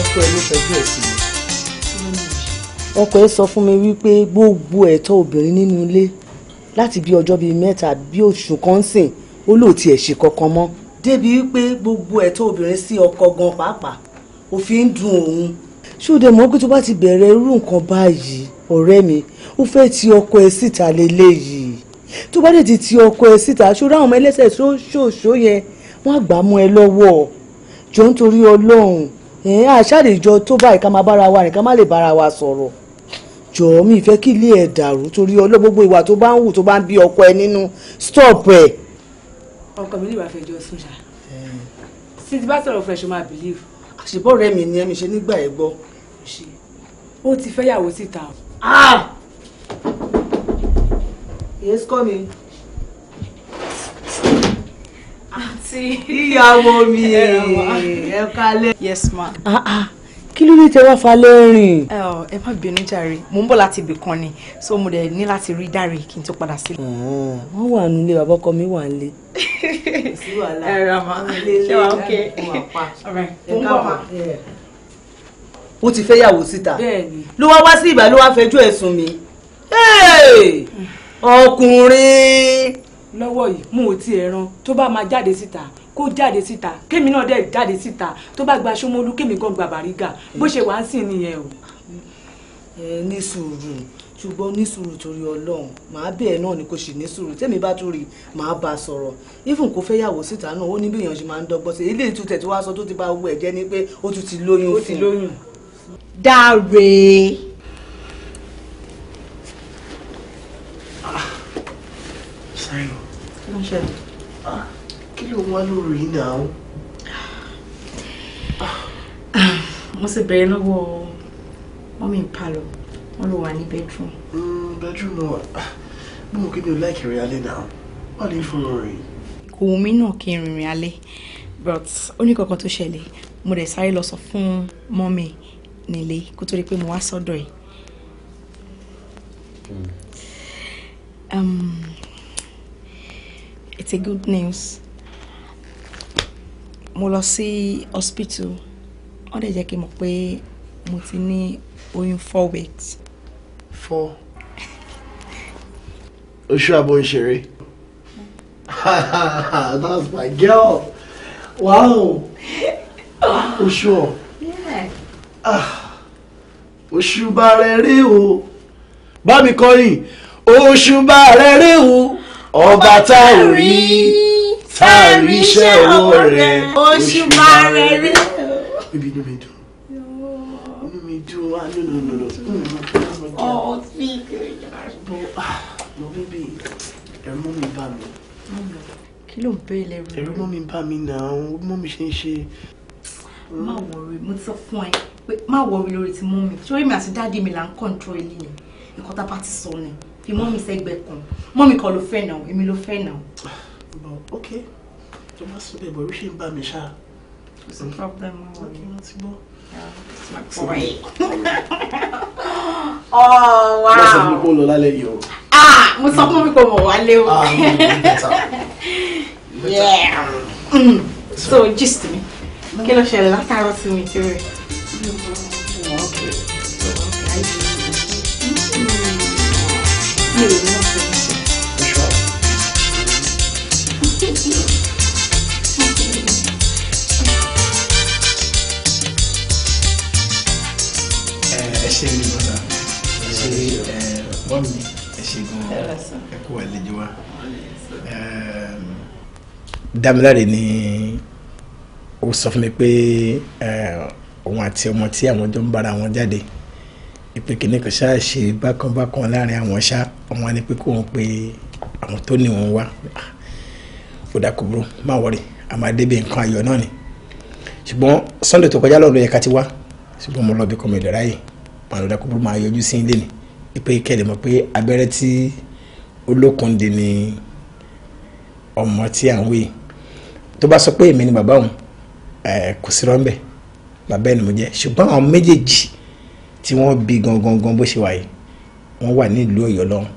ọkọ ẹ ló fẹjọ́ ẹ sí ọkọ ẹ sọ fún mi wípé gbogbo ẹ̀tọ́ obìnrin nínú ilé láti bí ọjọ́ bíi mẹ́ta bí oṣù kan sìn ó lò tiẹ̀ ṣe kankan mọ́ débi wípé gbogbo ẹ̀tọ́ obìnrin sí ọkọ gan pàápàá òfin ń dùn òun ṣóde mọ́ pé tó bá ti bẹ̀rẹ̀ irú nǹkan báyìí ọ̀rẹ́ mi ó fẹ́ ti ọkọ ẹ síta lélẹ́yìí tó bá dé ti ti ọkọ ẹ síta ṣọ́ra àwọn ọmọ ẹlẹ́sẹ̀ ṣóṣòṣó yẹn wọ́n àgbà mọ́ ẹ lọ́wọ́ jọ nítorí ọlọ́run àṣàlejò tó báyìí ká máa bára wa rìn ká má lè bára wa sọ̀rọ̀ jọ̀ọ́ mi ìfẹ́ kí ilé ẹ̀ dàrú torí ọlọ́ gbogbo ìwà tó bá ń wù tó bá ń bí ọkọ ẹ nínú stop ẹ̀. ọkọ mi ní ìwà fẹjọ sùn ṣá sí ti bá sọ̀rọ̀ fresh máa believe. àṣìbọ̀ rẹ mi ni ẹ mi ṣe nígbà ẹ gbọ́. ó ti fẹ́ yàwó síta. Ah! yes come in. àǹtí ìyàwó mi ẹ kalẹ̀. yes ma. Ah, ah kí ló dé tẹ wá falẹ̀ rìn. ẹ má bínú jàre mò ń bọ̀ láti ibì kan ni so mo dẹ̀ ní láti rí dáre kí n tó padà sílé. wọ́n wà nílé bàbá ọkọ mi wà nílé. sí wàhálà ẹ ra wa ok mo ń bọ̀ ma. ó ti fẹ́ yàwó síta ló wá wá sí ìbá ló wá fẹjọ́ ẹ̀sùn mi ọkùnrin. lọ́wọ́ yìí mo ò tiẹ̀ ran tó bá máa jáde síta kó jáde síta kémi náà dẹ̀ jáde síta tó bá gba Ṣómólú kémi gan gba Bàrígà bó ṣe wá ń sìn nìyẹn o. ẹ ní sùúrù ṣùgbọ́n ní sùúrù torí ọlọ́run màá bẹ̀ ẹ́ náà ni kò sì ní sùúrù tẹ́mi bá tún rí màá bá a sọ̀rọ̀ even kó fẹ́ yàwó síta náà ó ní bí èèyàn máa ń dọ́gbọ́n sí ilé ìtútẹ̀ tí wàá sọ tó ti bá wù ẹ̀ jẹ́ ni pé ó tún ti lóyún fún un ló ń wá lóru yìí náà o. wọ́n sì bẹ̀rẹ̀ lọ́wọ́ mọ́mí palọ̀ wọ́n ló wà ní bedroom. Mm, bedroom náà bí mo kí ni like, láìkí rìn alẹ́ náà wà ní fún un rìn. kò wù mí náà but ó ní to tó ṣẹlẹ̀ mo dẹ̀ sáré lọ sọ fún mọ́mí nílé kó tó di pé mo wá sọ́dọ̀ yìí. Hmm. Um, it's a good news mo lọ sí hospital wọ́n dẹ̀ jẹ́ kí n mọ̀ pé mo ti ní oyún four weeks. four oṣù àbò ń ṣeré that's my girl wow oṣù ọ ah. oṣù bá rẹ rí o bá mi kọrin oṣù bá rẹ rí o ọba tá ò rí àríṣẹ́ owó rẹ̀ oṣù máa rẹ̀ rí. ibi inú mi dùn inú mi dùn ah no no no no. ọ̀ oh, sí ìgbìyànjú. bọ́ bíbí ẹ̀rọ mọ́ mi bá mi. kí ló ń pè é lẹ́rù. ẹ̀rọ mọ́ mi bá mi nà án mọ́ mi ṣe ń ṣe. má wọrí mo ti sọ fún ẹ pé má wọrí lórí ti mú mi sórí mi àti dáàdi mi là ń kọ́ńtró ilé yẹn nǹkan a bá ti sọ ni fi mọ́ mi sẹ́gbẹ̀ẹ́ kan mọ́ mi kọ́ ló fẹ́ nà èmi ló fẹ́ nà bọ̀ ok tó bá sún bẹ́ẹ̀ bọ̀ orí ṣe ń bá mi ṣá. kò sí problem wọn ni wọn ti gbọ́. oh wow. wọ́n sọ fún mi kó lọ lálẹ́ yìí o. ah mo sọ fún mi kó mọ̀ wálé o. Ah, yeah mm. so gist mi kí ló ṣẹlẹ̀ látàárọ̀ sí mi tí o rẹ̀. Okay. Okay. I do. Mm. Mm. Mm. Mm. Mm. Mm. ṣe ní bọ́dà ṣe wọ́n mi ẹ ṣe gan ẹ kú àlejò wa dámiláre ni ó sọ fún mi pé òun àti ọmọ tí àwọn jọ ń bára wọn jáde ìpè kìíní kan ṣáà ṣe bákan bákan láàrin àwọn ṣá ọmọ ni pé kó wọn pe àwọn tó ní wọn wá ó dà kó burú má wọrí a máa débi nǹkan ayọ̀ náà ni ṣùgbọ́n Sunday tó kọjá lọ́dún yẹn ká ti wá ṣùgbọ́n mo lọ bí kò mi lè ráyè pàrọ̀dà kúkú máa yọjú sí ilé ni pé kẹ́lẹ̀ mọ̀ pé abẹ́rẹ́ tí olókun di ni ọmọ tí à ń wé tó bá sọ pé èmi ni bàbá òun kò sí rọ́ńbẹ́ bàbá ẹni mo jẹ́ ṣùgbọ́n àwọn méjèèjì tí wọ́n bí gangan gan bó ṣe wà yìí wọ́n wà ní Ọ̀yọ́ lọ́hùn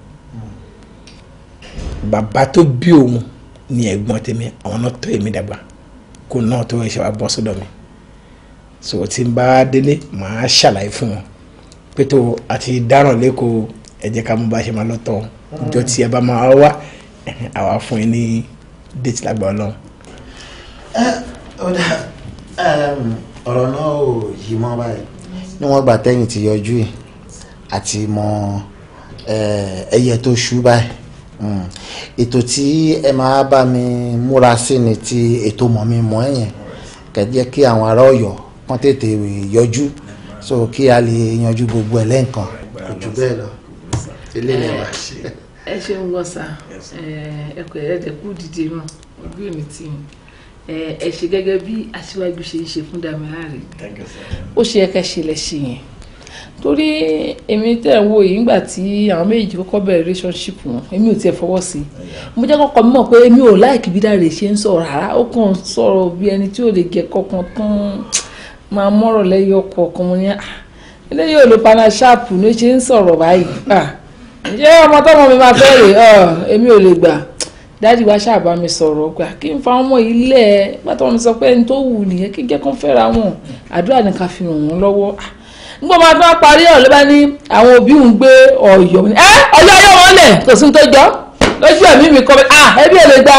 bàbá tó bí òun ni ẹ̀gbọ́n tèmi àwọn náà tó èmi dàgbà kó náà tó ẹ̀ṣẹ̀ wa bọ́ sọ́dọ̀ mi so tí n bá délé màá ṣàlàyé fún wọn pétó àti dáràn lẹ́kọ̀ọ́ ẹ jẹ́ ká mú bá ṣe máa lọ́tọ̀ ìjọ tí ẹ bá máa wá àwa fún yín ní déètì lágbà ọlọ́run. ọ̀rọ̀ náà ò yí mọ́ báyìí níwọ̀n gbà tẹ́yìn ti yọjú yìí àti mọ ẹyẹ tó ṣú báyìí hmm. ètò tí ẹ máa bá mi múra sí ni ti ètò mọ̀ mi mọ́ ẹ̀yẹn kẹ́ jẹ́ kí àwọn ará ọ̀yọ́ kán tètè yọjú so kí a lè yanjú gbogbo ẹ̀ lẹ́ǹkan kò jù bẹ́ẹ̀ lọ ilé lè máa ṣe. ẹ ṣe ń wọ́sà ẹ kò ẹ̀ẹ́dẹ̀ kú dìde mọ́ ojú èmi tì yín ẹ ṣe gẹ́gẹ́ bí aṣíwájú ṣe ń ṣe fún Damilare ó ṣe ẹ̀ka ṣẹlẹ̀ ṣe yẹn torí èmi tẹ̀ ń wo yìí nígbà tí àwọn méjì kọ́kọ́ bẹ̀rẹ̀ relationship wọn èmi ò tiẹ̀ fọwọ́ sí i mo jẹ́ kọ́kọ́ mímọ̀ pé èmi ò láìkí bí Dáre ṣe ń sọ̀rọ̀ rárá ó kàn sọ̀rọ̀ bí ẹni tí ò lè jẹ́ kọ́kan tán máa mọ́rọ̀ lẹ́yìn ọkọ̀ ọ̀kan mo ní ah, eléyìí ò lè paná ṣáàpù ló ṣe ń sọ̀rọ̀ báyìí ṣé ah, ọmọ tọmọ mi máa fẹ́ rè èmi ò lè gbà dáàdi wa ṣáà bá mi sọ̀rọ̀ gbà kí n fa ọmọ ilé ẹ bàtọ́ mi sọ pé ẹni tó wù nìyẹn kí n jẹ́ kán fẹ́ra wọn àdúrà ni ká fi ràn wọ́n lọ́wọ́ ah, nígbà máa tán parí ọ̀ ló bá ní àwọn òbí ń gbé ọ̀yọ́ mi ẹ ọjọ́ ayé wọn lẹ̀ kò sí ní tó jọ lójú ẹ̀mí mi kọ́ mi ah ẹbí ẹ̀ lè gba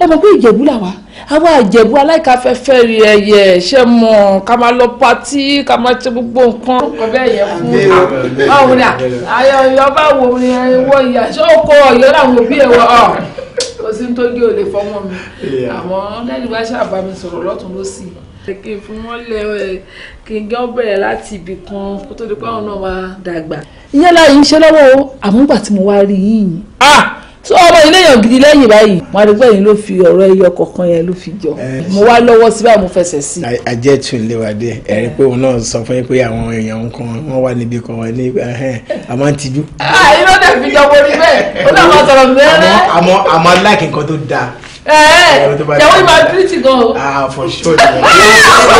ẹ mọ̀ pé ìjẹ̀bú làwà àwa àjẹ̀bú aláìkáfẹ́fẹ́ rí ẹyẹ ṣe mọ̀ ká máa lọ patí ká máa ṣe gbogbo nǹkan. ọkọ bẹ́ẹ̀ yẹ fún báwo ni àyọ báwo ni ẹwọ ìyá ṣé ó kọ ọyọ làwọn òbí ẹ wọ ọ kò sí ní tójú òde fọmọ mi àmọ́ dájú bá ṣàbá mi sọ̀rọ̀ lọ́tún lọ́sì kí n fún wọn lẹ kí n gán bẹ̀rẹ̀ láti ibì kan kó tó di pé àwọn náà máa dàgbà. ìyá láyé ń ṣe lọ́wọ́ àmúgbà tí mo wá rí yìnyín ah! so ọmọ ilé èèyàn gidi lẹ́yìn báyìí mo á rí pé yín ló fi ọ̀rọ̀ ẹyọ kọ̀ọ̀kan yẹn ló fi jọ eh, mo wá lọ́wọ́ sí báyìí mo fẹsẹ̀ sí. ajẹ́ tún lè wá dé ẹ̀rí pé òun náà sọ fún yín pé àwọn èèyàn kan wọ́n wà níbi kan wọ́n ní àmọ́ ń tijú. Ah, irọ́ dẹ̀ fi jọ wọlé bẹ́ẹ̀ ó náà máa sọ̀rọ̀ bẹ́ẹ̀. àmọ́ àmọ́ láìkí nǹkan tó dáa yàwó ìmọ̀ àdúrítì gan o. ah for sure ni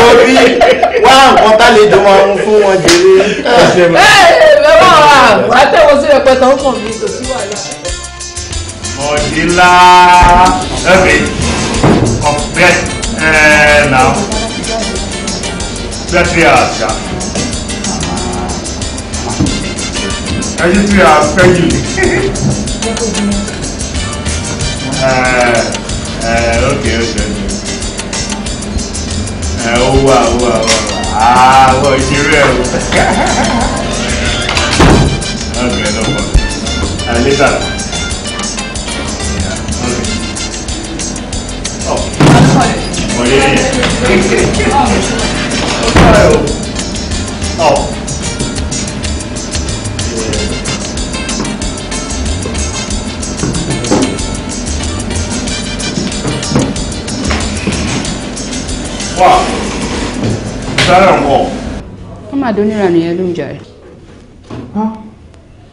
mo bí wá nǹkan tá lè dùn wọn fún wọn jèrè. ẹ ẹ eh, eh, bẹ́ẹ̀ wá àtẹ̀wọ́sí rẹpẹtẹ ọkàn mi tòṣ ọ̀dìlá ẹ̀bì ọ̀pẹ ẹ̀ẹ́nà pẹ́tì àṣà ẹ̀yí tí a fẹ́ yìí ẹ̀ẹ́ ọ̀kẹ́ ọ̀kẹ́ okay, ó wà ó wow, wow, wà wow. wọ́n ìṣeré ẹ̀ wọ́n. Okay, no problem. Uh, eh, later ọ̀ yẹn ló ń jà rẹ̀.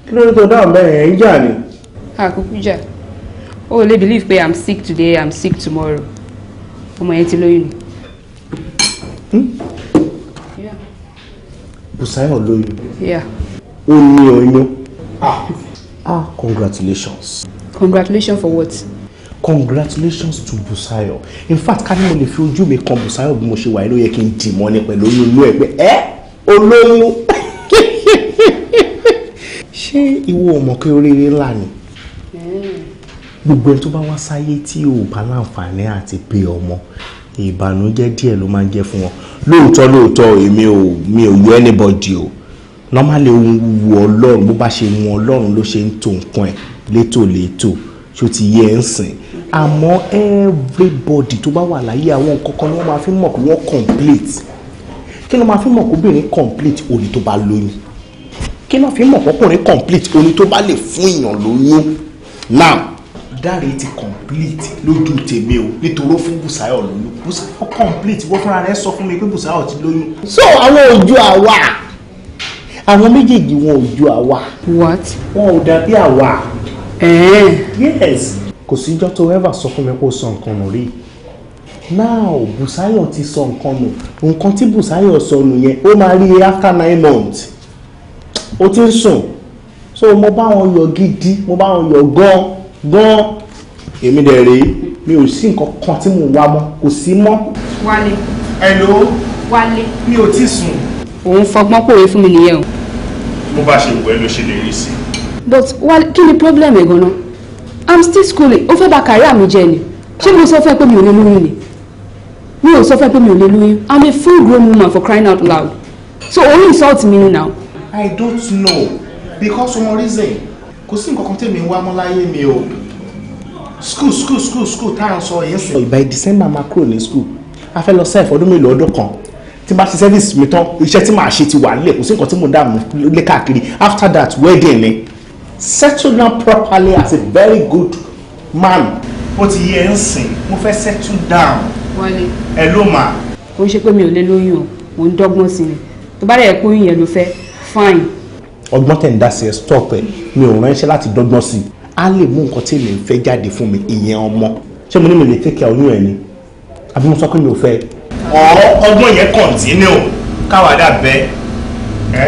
kí ló dé tó dáhùn bẹ́ẹ̀ yẹn ń jà ni. àkókò jà. Oh, they believe pé i'm sick today i'm sick tomorrow Omo yẹn ti lóyún ni. Hmm? Bùsáyọ̀ lóyún. ó ní oyún. ah Ah, congratulations. congratulations for what. congratulations to Busayo. in fact ká ní mo lè fi ojú mi kan Bùsáyọ̀ bí mo ṣe wà yìí ló yẹ kí n dì mọ́ ni pẹ̀lú oyún inú ẹ̀ pé ẹ́ olóyún. ṣé ìwọ ò mọ̀ pé oríire ni gbogbo ẹni tó bá wá sáyé tí ò bá láǹfààní àti bí ọmọ ìbànújẹ́ díẹ̀ ló máa ń jẹ́ fún wọn lóòótọ́ lóòótọ́ èmi ò mi ò yọ anybody o normally ohun wu ọlọ́run bó bá ṣe mu ọlọ́run ló ṣe ń to nǹkan ẹ̀ létòlétò ṣó ti yẹ ń sìn àmọ́ everybody tó bá wà láyé àwọn kankan ni wọ́n máa fi mọ̀ pé wọ́n complete kí ló máa fi mọ̀ kóbìnrin complete òní tó bá lóyún kí ló fi mọ̀ kọ́kùnrin complete òní tó bá lè fún èèyàn lóyún now dáre ti complete lójú tèmi o nítorí ó fún Bùsáyọ̀ lóyún Bùsáyọ̀ complete wọ́n fúnra rẹ̀ sọ fún mi pé Bùsáyọ̀ ti lóyún. so àwọn ojú àwa àwọn méjèèjì wọn ò ju àwa. what. wọn ò dàbí àwa. ẹ̀ẹ́n. Eh. yes. kò síjọ́ tó ever sọ fún mi kó sọ nǹkan nù rí now Bùsáyọ̀ ti sọ nǹkan nù nǹkan tí Bùsáyọ̀ sọ nù yẹn ó máa rí after nine months ó ti ń sùn so mo bá wọn yọ gidi mo bá wọn yọ gan gan èmi dẹ̀ rèé mi ò sí nǹkan kan tí mò wá mọ́ kò sí mọ́. wálé. hello. wálé. mi ò tí sùn. òun fọgbọ́n pòwe fún mi nìyẹn o. bó bá ṣe wù ló ṣe lè rí sí. but wálé kí ni problem ẹ̀ gan-an i'm still schooling ó fẹ́ bà career mi jẹ́ ni ṣé mo sọ fún pé mi ò lè lóyún ni mi ò sọ fún pé mi ò lè lóyún i'm a full grown woman for crying out loud so òun insult mi ni now. i don't know because of one reason kò sí nǹkan kan tèmi wá mọ́ láyé mi o school school school school tá à ń sọ yẹn sìn. by December máa kúrò ní school a fẹ́ lọ sẹ́ẹ̀fù ọdún mélòó ọdún kan tí bá ti service mi tán iṣẹ́ tí màá ṣe ti wà nílẹ̀ kò sí nǹkan tí mo dààmú lé káàkiri after that wedding ni settle down properly as a very good man. ó ti yẹ ń sìn mo fẹ́ settle down. wọlé ẹ ló mà. ó ń ṣe pé mi ò lè lóyún o mò ń dọ́gbọ́n sí ni tó bá rẹ̀ kóyún yẹn ló fẹ́ fine ọgbọ́n tẹ̀ ń dá sí ẹ stop ẹ mi ò ránṣẹ́ láti dọ́gbọ́n sí i á lè mú nǹkan tí èmi ń fẹ́ jáde fún mi ìyẹn ọmọ ṣé mo ní mi lè tẹ́kẹ̀ oyún ẹ̀ ni àbí mo sọ pé mi ò fẹ́. ọgbọ́n yẹn continue káwádà bẹ́ẹ̀ ẹ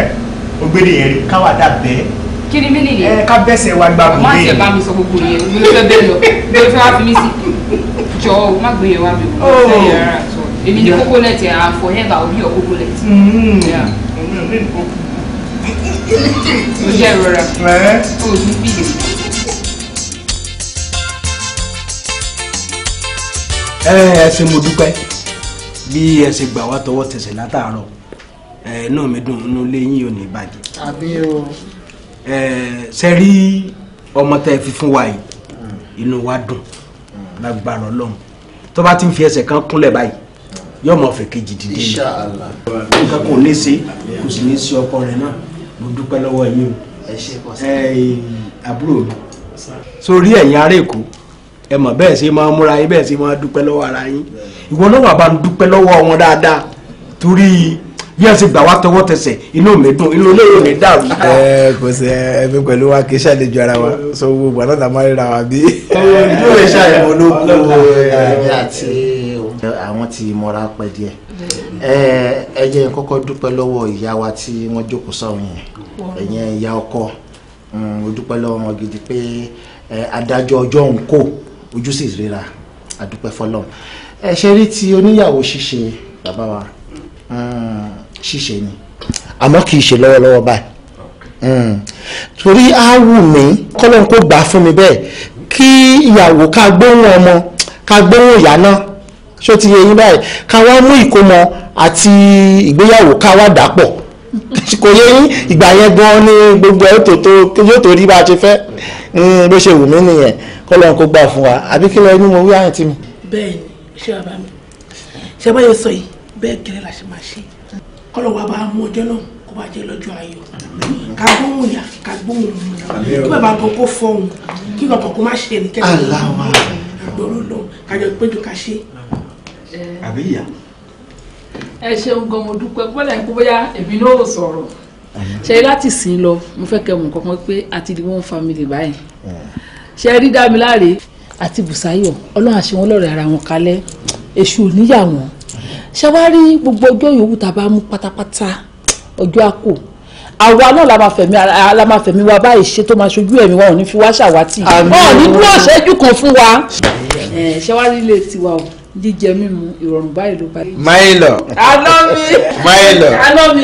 ògbédè yẹn rí káwádà bẹ́ẹ̀ kiri mi nìyẹn. ẹ ká bẹ́sẹ̀ wa gba gùn mí. má ṣe bá mi sọ gbogbo yẹn mi ló fẹ́ bẹ́ẹ̀ lọ mi ló fẹ́ wá fi mí sí jọ o má gbé yẹn wá mi o sẹ́yìn rárá sọ èmi ni kókó lẹ́tì àfọ̀yẹ́bà orí ọ̀ kókó lẹ́tì ìyá ìrora kò ní bìlẹ̀. ẹ ẹ ṣe mo dúpẹ́ bí ẹ ṣe gbà wá tọwọ́ tẹsẹ̀ látàárọ̀ ẹ náà mi dùn nínú ilé yín ò ní àbí o. ẹ ṣe rí ọmọ tẹ fi fún wa yìí inú wa dùn lágbára Ọlọ́run tó bá ti ń fi ẹsẹ̀ kan kúnlẹ̀ báyìí yóò mọ fẹ́ kejì dìde. nǹkan kò ní í ṣe kò sì ní í ṣe ọkọ rẹ náà mo dúpẹ́ lọ́wọ́ yín o ẹ ṣe pọ̀ sí i àbúrò mi sórí ẹ̀yin ará èkó ẹ mọ̀ bẹ́ẹ̀ ṣe máa múra yín bẹ́ẹ̀ ṣe máa dúpẹ́ lọ́wọ́ ara yín ìwọ náà wà bá ń dúpẹ́ lọ́wọ́ wọn dáadáa torí bí ẹ ṣe gbà wá tọwọ́ tẹsẹ̀ inú mi dùn inú ilé yóò ní dàrú. ẹ kò sí ẹbí pẹ̀lú wa kì í ṣàlejò ara wa so gbogbo àná là máa ń wa bí. ojú rẹ̀ ṣàyẹ̀wò ló kú ẹ̀mí àti àwọn tí mọ̀ra pẹ̀ díẹ̀ ẹ jẹ́ kọ́kọ́ dúpẹ́ lọ́wọ́ ìyá wa tí wọ́n jókòó sọ̀rọ̀ yẹn ẹ̀yẹn ìyá ọkọ mm, mo dúpẹ́ lọ́wọ́ wọn gidi pé adájọ́ ọjọ́ òun kò ojú sì ríra àdúpẹ́ fọlọ́run ẹ ṣe rí ti oníyàwó ṣíṣe bàbá wa mm, ṣíṣe ni àmọ́ kì í ṣe lọ́wọ́lọ́wọ́ báyìí mm, torí á wù mí kọ́lọ́n kó gbà fún mi bẹ́ẹ̀ kí ìyàwó ká gbóhùn ọmọ ká gbóhùn ìyá náà ṣó ti yẹ yín báyìí ká wá mú ìkómọ àti ìgbéyàwó káwá dàpọ̀ kò yẹ yín ìgbà yẹn gan ni gbogbo ẹ̀ tó tó yóò tó rí bá a ṣe fẹ́ bó ṣe wù mí nìyẹn kọ́ lóun kó gbà fún wa àbí kí lóun ní mo wí àyàn tí mi. bẹ́ẹ̀ni ṣé bàbá mi ṣe bá yẹ sọ yìí bẹ́ẹ̀ gẹ́rẹ́ la ṣe máa ṣe kọlọ wa bá mú ọjọ́ náà kó bá jẹ lọ́jọ́ ayọ̀ ká gbóhùn yà ká gbóhùn mi kí bàbá kan kó fọhùn kí kankan kó má ṣe ẹnikẹ́ni àgbọ̀rọ̀ lọ kájọ péjú ká ṣe. àbí ìyá ẹ ṣeun gan mo dúpẹ́ gbọ́dọ̀ ń kú bóyá èmi náà ò sọ̀rọ̀ ṣe láti sìn lọ mo fẹ́ kẹ́ mọ̀ kankan pé àti di one family báyìí ṣe rí dámiláre àti bùsáyọ̀ ọlọ́run àṣẹ wọn lọ́rọ̀ ara wọn kalẹ̀ èṣù òníyà wọn ṣe wá rí gbogbo ọjọ́ yòówù tá a bá mú pátápátá ọjọ́ àkó àwa náà la máa fẹ̀mí la máa fẹ̀mí wa báyìí ṣe tó máa ṣojú ẹ̀mí wa ò ní fi wá ṣàwátì ọ̀ nínú ọ̀ṣẹ́jú kan fún wa ṣe wá rí ilé tiwa o jíjẹ mímu ìrọ̀rùn báyìí ló bá. máyìlọ. alọ́mi. máyìlọ. alọ́mi.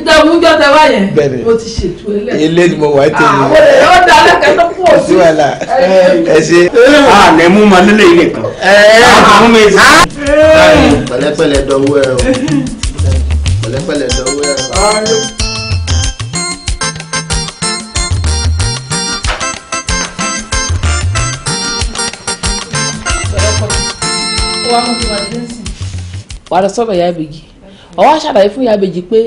ntẹ̀mújọ́ tẹ wá yẹn. bẹ́ẹ̀ni o ti ṣètò ilé. ilé ni mo wà tẹ̀lé. àwọn èèyàn ó da alẹ́kẹ́ tó kú òsì. wàhálà ẹ ṣe. a lè mú ma lélẹ̀ yìí nìkan. ẹ ẹ àwọn mi sá. pẹ̀lẹ́pẹ̀lẹ́ dọ́wọ́ ẹ o pẹ̀lẹ́pẹ̀lẹ́ dọ́wọ́ ẹ o. wà á lọ sọ́dọ̀ ìyá ìbejì ọwọ́ aṣàlàyé fún ìyá ìbejì pé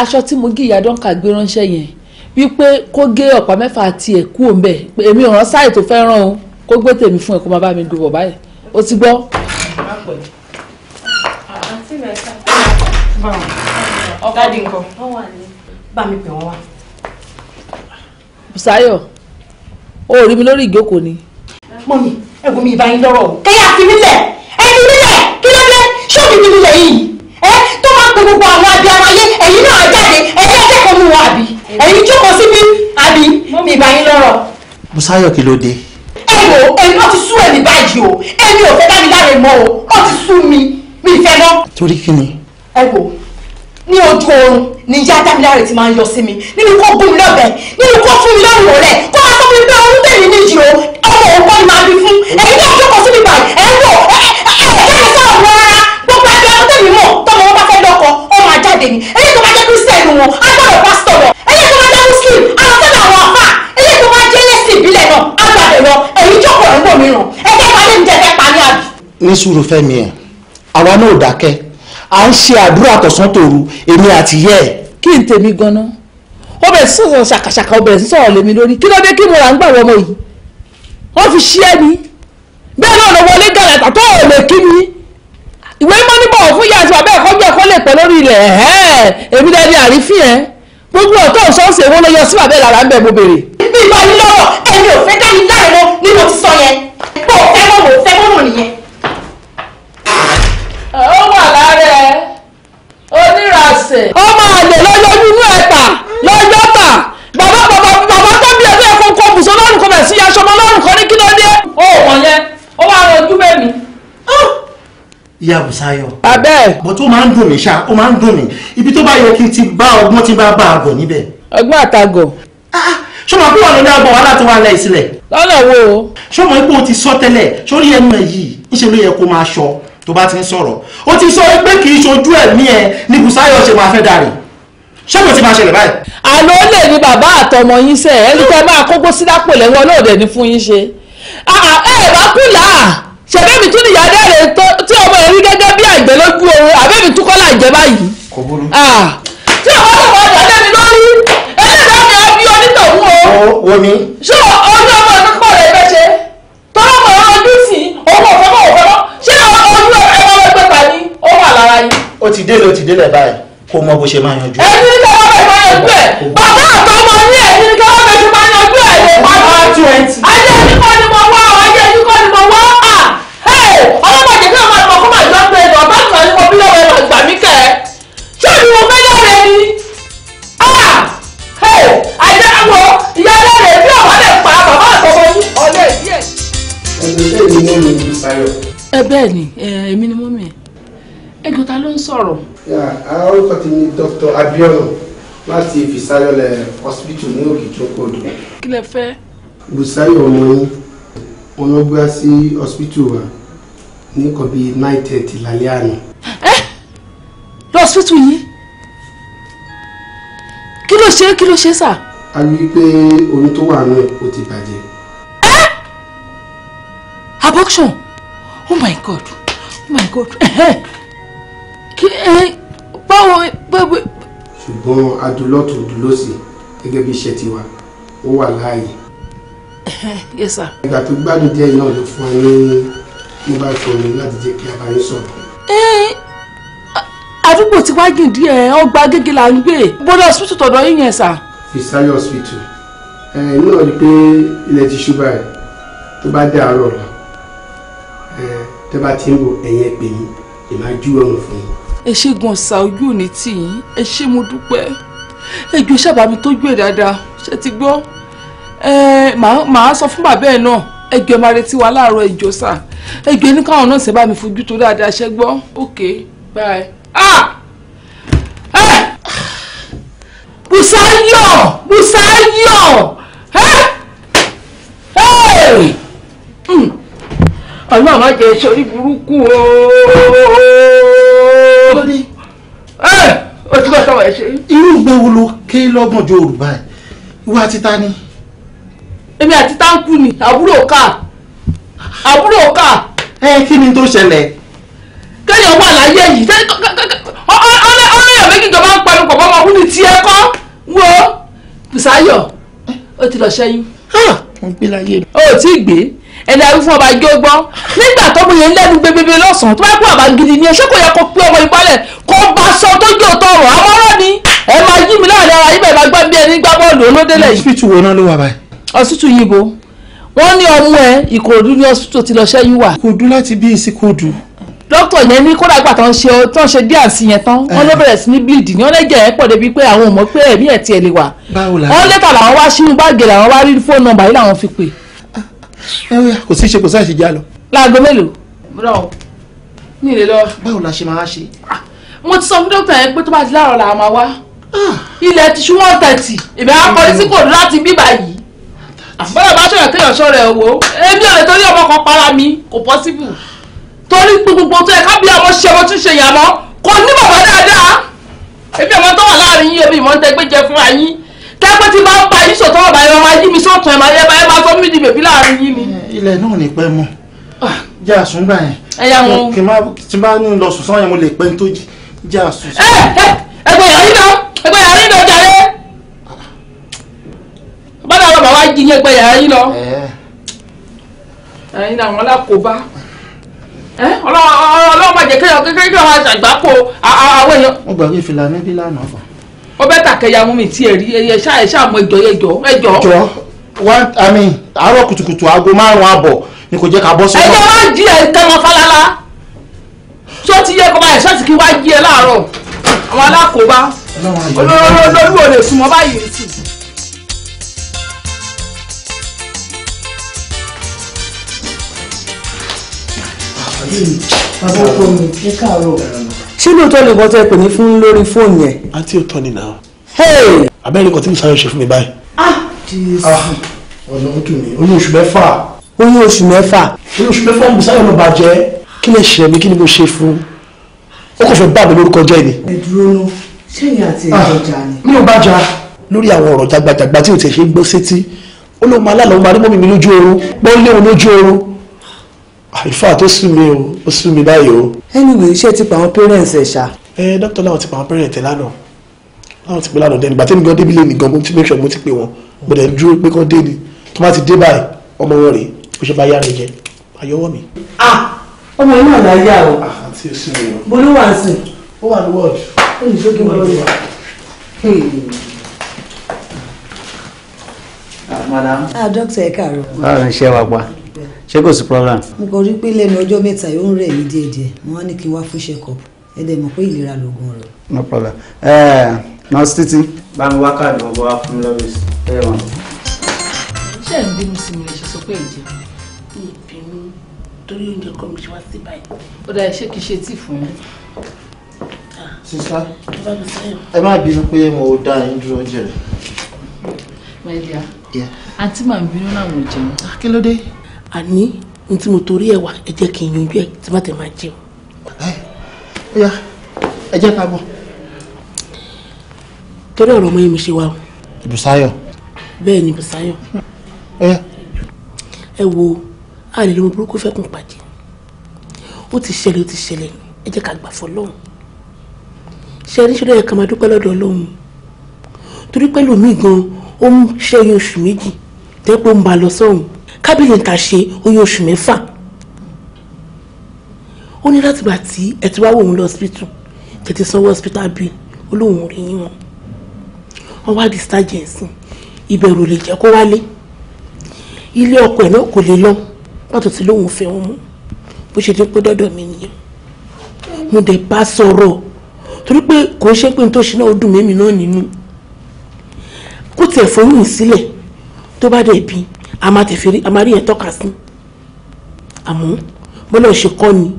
aṣọ tí mo gé ìyá dọ́ǹkà gbé ránṣẹ́ yẹn wípé kó gé ọ̀pá mẹ́fà àti ẹ̀kú òǹbẹ pé èmi ò rán sáì tó fẹ́ràn o kó gbé tèmi fún ẹ kó máa bá mi gbé bọ̀ báyìí ó ti gbọ́. dádì nǹkan bá mi pè wọ́n wá. Bùsáyọ̀ o ò rí mi lórí ìjókòó ni. mọ́mi ẹ̀gbọ́n mi ìbá yín lọ́rọ̀ o kẹ́yà fi mí lẹ̀ kí ló dé ṣọ́ọ̀bù mi nílẹ̀ yìí ẹ tó máa ń pe gbogbo àwọn àbí àwọn ayé ẹ̀yin náà jáde ẹ̀yin akẹ́kọ̀ọ́ mu wọ àbí ẹ̀yin jókòó síbi àbí ìgbà yín lọ́rọ̀. Bùsáyọ̀ kí ló dé. ẹ wo èmi náà ti sú ẹ̀mí báyìí o èmi ò fẹ́ dáni láre mọ́ o ó ti sú mi mi ìfẹ́ mọ́. torí kí ni. ẹ wo ní ojú oorun ni ìyá dámiláre ti máa ń yọ sí mi nínú kó gún mi lọ́bẹ̀ nínú kó fún mi lọ́rùn ọ̀rẹ́ kó máa sọ fún mi pé ohun tèmi níjì o ọmọ òun kọ́ ni máa bí fún ẹ̀yin náà jókòó síbi báyìí ẹ wò ẹ ẹ ẹ ẹ ẹ mi mọ̀ tọ́mọ wọn bá fẹ́ lọ́kọ ó máa jáde ni eléyìí tó bá jẹ́ kírísítẹ́nì wọn á gbọ́dọ̀ pásítọ̀ lọ eléyìí tó bá jẹ́ muslim á lọ sọ́dọ̀ àwọn àfà eléyìí tó bá jẹ́ ẹlẹ́sìn ìbílẹ̀ náà á gbà lọ èyí jókòó rẹ̀ wò mí ẹgbẹ́ wa lè ń jẹ́ fẹ́ pa ní àbí. ní sùúrù fẹ́mi ẹ̀ àwa náà ò dákẹ́ à ń ṣe àdúrà tọ̀sán tòru èmi àti yẹ́ ẹ̀. kí n tèmi gan mo rà ń gbà wọ́n mọ́ yìí wọ́n fi ṣí ẹni bẹ́ẹ̀ náà lọ wọlé gàlàtà tó ò lè kí mi ìwé mímọ́ ní bọ̀wọ̀ fún ìyá àti bàbá ẹ̀kọ́ jẹ́ kó lè pẹ́ lórí ilẹ̀ èmi dẹ́ ní àrífín ẹ̀ gbogbo ọ̀tọ̀ ṣọ́ọ̀ṣì èwo ló yọ sí bàbá ìlànà ń bẹ̀ mo béèrè. bí ìgbà yìí lọ́rọ̀ ẹni ò fẹ́ dání láìrọ ni mo ti sọ yẹn bó o fẹ́ mọ̀ mo fẹ́ mọ̀ nìyẹn. ó wà lára ẹ onírasẹ̀. ọmọ àlè lọ́jọ́ inú ẹ̀ta lọ́jọ́ ta bàbá bàbá bàbá tó bí ẹgbẹ́ ẹ̀kọ́ kọ́ bùsọ̀ lọ́rùn kọ́ bẹ̀ sí aṣọ ọmọ lọ́rùn kọ́ ní kí ló ó wọ̀nyẹn ó wà rọjú bẹ́ẹ̀ mi ìyá Bùsáyọ̀. abẹ́. bó tó máa ń dùn mí ṣá ó máa ń dùn mí ibi tó bá yẹ kí n ti bá ọgbọ́n tí n bá bá àgọ̀ níbẹ̀. ọgbọ́n àtàgọ̀. Ah, ah, ṣé màá kúrò lórí àgbọ̀ wàhálà tó wà láì sílẹ̀. lọ́nà wo. ṣé màá ipò ti sọ tẹ́lẹ̀ sórí ẹnu ẹ̀ yìí ńṣe ló yẹ kó máa ṣọ tó bá ti ń sọ̀rọ̀ ó ti sọ pé kì í ṣojú ẹ̀mí ẹ ní Bùsáyọ̀ ṣe máa fẹ́ darí ṣé kò ti máa ṣẹlẹ̀ báyìí. àlọ́ lè ní bàbá àtọmọ yín sẹ́ẹ̀ ẹni tẹ́ máa kókó sílápò lẹ́wọ́ náà dẹ̀ ní fún yín ṣe. Ah, ẹ bá kú là á ṣẹ̀bẹ́mi tún nìyá dẹ́rẹ̀ tí ọmọ rẹ̀ rí gẹ́gẹ́ bí àgbẹ̀ lójú oorun àbẹ́mi tún kọ́ láì jẹ́ báyìí. kò burú. tí ọmọ tó wọ ọjà lẹ́mi lórí ẹlẹ́dàá mi á bí onítọ̀hún o. wo ni. ṣé ojú ọmọ ọdún kọ́ rẹ̀ fẹ́ ṣe tọ́lá mọ̀ ọ́n ọdún sí owó ọ̀fọ́fọ́ ọ̀fọ́fọ́ ṣé ojú ẹ̀rọ ẹgbẹ́ ta ni ó wà lára yín. ó ti délé ó ti délé báyìí kó mọ bó ṣe máa yanjú. ẹni ní káwọ́ bẹ̀ ṣé èmi mú mi Ṣayọ̀. ẹ bẹ́ẹ̀ ni èmi ni mọ́mì ẹ ẹ̀gbọ́n ta ló ń sọ̀rọ̀. orúkọ ti ní Dr. Abiona láti Ìfìsáyọ̀lẹ̀ hospital ní Òkìtìókòdù. kí lẹ fẹ́. Bùsáyọ̀ ọmọ yín wọn ló gbé sí hospital wa ní nǹkan bíi nine thirty lálẹ́ àná. ẹ lọ hospital yìí kí ló ṣe kí ló ṣe sà. a rí i pé oyún tó wà nù ó ti bàjẹ́. Abortion. Oh my God. Oh my God. Kí ẹ báwo báwo. Ṣùgbọ́n adúlọ́tò dúlọ́sì gẹ́gẹ́ bí iṣẹ́ tiwa, ó wà láàyè. Yes sir. Ìgbà tó gbádùn díẹ̀ náà ló fún ẹ ní mobile phone láti jẹ́ kí a bá yín sọ̀rọ̀. Àdúgbò tí wá gìn díẹ̀ ọgbà gègé là ń gbé. Bọ́dọ̀ hospital tọ̀dọ̀ yín yẹn sà. Fisayo hospital. Ẹ náà rí i pé ilẹ̀ ti ṣú báyìí tó bá dé àárọ̀ ọ̀la tẹ́ bá ti ń bọ̀ ẹ̀yìn ẹ̀pẹ̀ yìí ẹ̀ máa jú ọ̀run fún yín. ẹ ṣe gan sa ojú òní tì yín ẹ ṣe mo dúpẹ́ ẹ jọ̀ọ́ ṣàbàmì tójú ẹ̀ dáadáa ṣe ti gbọ́ ẹ màá sọ fún bàbá ẹ̀ náà ẹ jọ̀ọ́ ẹ máa retí wa láàárọ̀ ẹ jọ̀ọ́ sà ẹ jọ̀ọ́ ẹ káwọn náà ṣe bá mi fojú tó dáadáa ṣe gbọ́ okay bye. Ah! ọlọ́run má jẹ́ sórí burúkú o. lórí. ẹ o ṣe. irú ìgbẹ́ ló ké lọ́gbọ̀njọ́ òrùba ẹ̀ ìwà àti ni. èmi àti táǹkù ni àbúrò ká àbúrò ká. ẹ kí ni tó ṣẹlẹ̀. kéèyàn wà láyé yìí ọlọ́yọ̀ méjì jọba ń pariwo pọ̀ mọ́ ọkùnrin tiẹ̀ kọ́ wo Bùsáyọ̀ ó ti lọ ṣẹ́yún. ó ti gbé ẹni àwọn fún ọba jó gbọ́ nígbà tó mu yẹn lẹ́nu gbẹgbẹgbẹ lọ́sàn tó bá kú àbá gidi ni ẹṣẹ́ kò yẹ kó pé ọmọ ìpalẹ̀ kó bá sọ tó jò tọrọ àmọ́ràn ni ẹ máa yí mi láàrin ara ibẹ̀ máa gbá bí ẹni gbá bọ́ọ̀lù olódélẹ̀ yìí. ọsítù wo náà ló wà báyìí. ọsítù yìí bo wọn ní ọmú ẹ ìkòròdú ní ọsítù ti lọ ṣẹ́yìn wà. kò dún láti bí ìsìn kò dùn. dókítà yẹn ní kódà gbà tán ṣe tán ṣe díà sí yẹn tán wọn ló eh. bẹ̀rẹ̀ sí ní bleed ní ọlẹ́jẹ̀ ẹ̀ pọ̀ débi pé àwọn ò mọ̀ pé ẹ̀mí ẹ̀ tiẹ̀ lè wà. báwo la wọn lẹ́tà làwọn wá sínú báàgì làwọn wá rí fóònù nọ́mbà yìí làwọn fi pè. Eh, eh, kò sí ṣe kò sáà ṣe já lọ. láago mélòó. bùrọ̀ o ní ilé lọ. báwo la ṣe máa ṣe. Ah, mo ti sọ fún dókítà yẹn pé tó bá ti láàárọ̀ la máa wá. Ah. ilẹ̀ ti ṣú one thirty ìbí akọni sí kò láti bí báyìí. àbúrò bá ṣọ̀rọ̀ kéèyàn ṣọ̀rọ̀ ẹ̀ wò. èmi ò lè torí ọmọ kan para mi kò possible. torí gbogbo tó yẹ ká bí ọmọ ṣe ọmọ tún ṣe ìyàmọ́ kò ní bàbá dáadáa. èmi ọmọ tó wà láàrin yín tẹ́pẹ́ tí bá ń pa yín sọ̀tọ́ ọ̀bà ẹ̀rọ máa yí mi sọ̀tún ẹ̀ máa yẹ bá máa sọ mí di bèbí láàrin yín ni. ilẹ̀ náà ní pẹ́ mọ̀ ah. jẹ́ àsúngbà yẹn. ẹ̀yà wọn. bá ní lọ sùn sáwọn yẹn mo lè pẹ́ tó jí jẹ́ àsùn. ẹ ẹ ẹgbẹ́ yàrá yín náà ẹgbẹ́ yàrá yín náà jàre. bọ́dà ọ̀rọ̀ bàbá jí yín ẹgbẹ́ yàrá yín lọ. ẹ̀yin náà wọn lákòóbá ọlọ́wọ́ má jẹ́ kéèyàn kéèyàn àgbákò àwọn èèyàn. mo gbàgbé fìlà ọbẹ̀ tàkẹ́yà mú mi tí ẹ rí ẹ ṣá ẹ ṣá mọ ẹjọ ẹjọ ẹjọ. ẹjọ wọn àmì àárọ̀ kùtùkùtù aago márùn-ún àbọ̀ ni kò jẹ́ ká bọ́ sọ́nà. ẹjọ́ wá jí ẹ kẹ́mọ falala tó ti yẹ kó báyìí ṣáàtì kí wá jí ẹ láàárọ̀ àwọn alákòóbá olórí ò lè súnmọ́ báyìí nìtì. àbí àbúrò mi ẹ káàárọ̀ ṣé lóòótọ́ nìkan tẹ́ pè ní fún lórí fóònù yẹn. àǹtí òótọ́ ni náà. abẹ́rẹ́ nǹkan tí mo sáré ṣe fún mi báyìí. ah jésù. Ah! ọ̀nà ó dùn mí oyún oṣù mẹ́fà. oyún oṣù mẹ́fà. oyún oṣù mẹ́fà mo sáré lọ bàjẹ́ kí lè ṣe mí kí ni mo ṣe fún ó kò fẹ́ bà mí lórúkọ jẹ́ ni. ẹ dúró lọ sẹ́yìn àti ìjọjà ni. Ah! mi ò bá jà lórí àwọn ọ̀rọ̀ jagbajagba tí ò tẹ̀ ṣe ń gbọ́ sétí ó lóun máa lálọ́ máa rí mọ́mí mi lójú oorun àlùfáà tó sú mi o ó sú mi báyìí o. anyway iṣẹ́ ti pa àwọn parents ẹ̀ ṣá. ẹ dókítà láwọn ti pa àwọn parents ẹ̀ lánàá láwọn ti pè lánàá dẹ́nu ìgbà tẹ́mi gan débi lè nìkan mo ti make sure mo ti pè wọ́n mo dẹ̀ dúró pé kán dé ni tó bá ti dé báyìí ọmọ wọn rèé bó ṣe bá yára jẹ àyọwọ́ mi. ah ọmọ yìí náà la yá o. àti oṣù mi o. mo ló wà ń sìn. ó wà ní wọ́ọ̀dù. ó ní sókè wọ́ọ̀dù wa. madam. ah dókítà ẹ káàárọ̀. báwo ni iṣẹ́ wa pa ṣé kò sí problem. n kò rí pé lẹ́nu ọjọ́ mẹ́ta yóò ń rẹ̀ mí díẹ̀díẹ̀ wọ́n á ní kí n wá fún check-up ẹ dẹ̀ mọ̀ pé ìlera lóògùn ọ̀rọ̀. no problem eh, nurse títí. bá mi wá káàdì ọgbọ wá fún lọ́wọ́sì ẹ wọn. ṣé ẹ̀ ń bínú sí mi lè ṣe sọ pé ìjẹ mi ìbínú torí oúnjẹ kọ́ mi ṣe wá sí báyìí. ó dáa ṣé kìí ṣe tíì fún ah. mi. sísá ẹ má bínú pé mo dá yín dúró jẹ. my dear àǹtí màá bínú náà mo jẹun. Ah, kí àní ní tí mo torí ẹ̀ wá ẹ jẹ́ kí n yanjú ẹ̀ tí má tẹ̀ máa jẹun. ó yá ẹ jẹ́ ká bọ̀. torí ọ̀rọ̀ ọmọ yẹn mi ṣe wá o. Bùsáyọ̀. bẹ́ẹ̀ ni Bùsáyọ̀. ẹ wo àlè ló mọ burúkú fẹ́ kún pàjẹ́ ó ti ṣẹlẹ̀ ó ti ṣẹlẹ̀ ẹ jẹ́ ká gbà fọ́ lọ́hùn ṣe ní ṣe ló yẹ ká máa dúpẹ́ lọ́dọ̀ Ọlọ́run torí pẹ̀lú mi gan ó ń ṣẹ́yìn oṣù méjì tẹ́ ń ba lọ sọ́hùn kábílì ta ṣe oyún oṣù mẹ́fà ó ní láti gbà tí ẹ ti wá wò òun lọ hospital tètè sanwó hospital bill olóhùn rí yín wọn wọn wá distagency ìbẹ̀rù lè jẹ́ kó wálé ilé ọkọ ẹ̀ náà kò lè lọ pàtó tí lóhùn fẹ́ wọn mú bó ṣe dín pé dọ́dọ̀ mi nìyẹn mo dẹ̀ bá sọ̀rọ̀ torí pé kò ṣe pé n tó ṣe náà ó dùn mẹ́mi náà nínú kó tiẹ̀ fọyín sílẹ̀ tó bá dẹ̀ bíi a máa tẹ̀ fèrè a máa rí yẹn tọ́ka sí àmọ́ bọ́lá ò ṣe kọ́ ni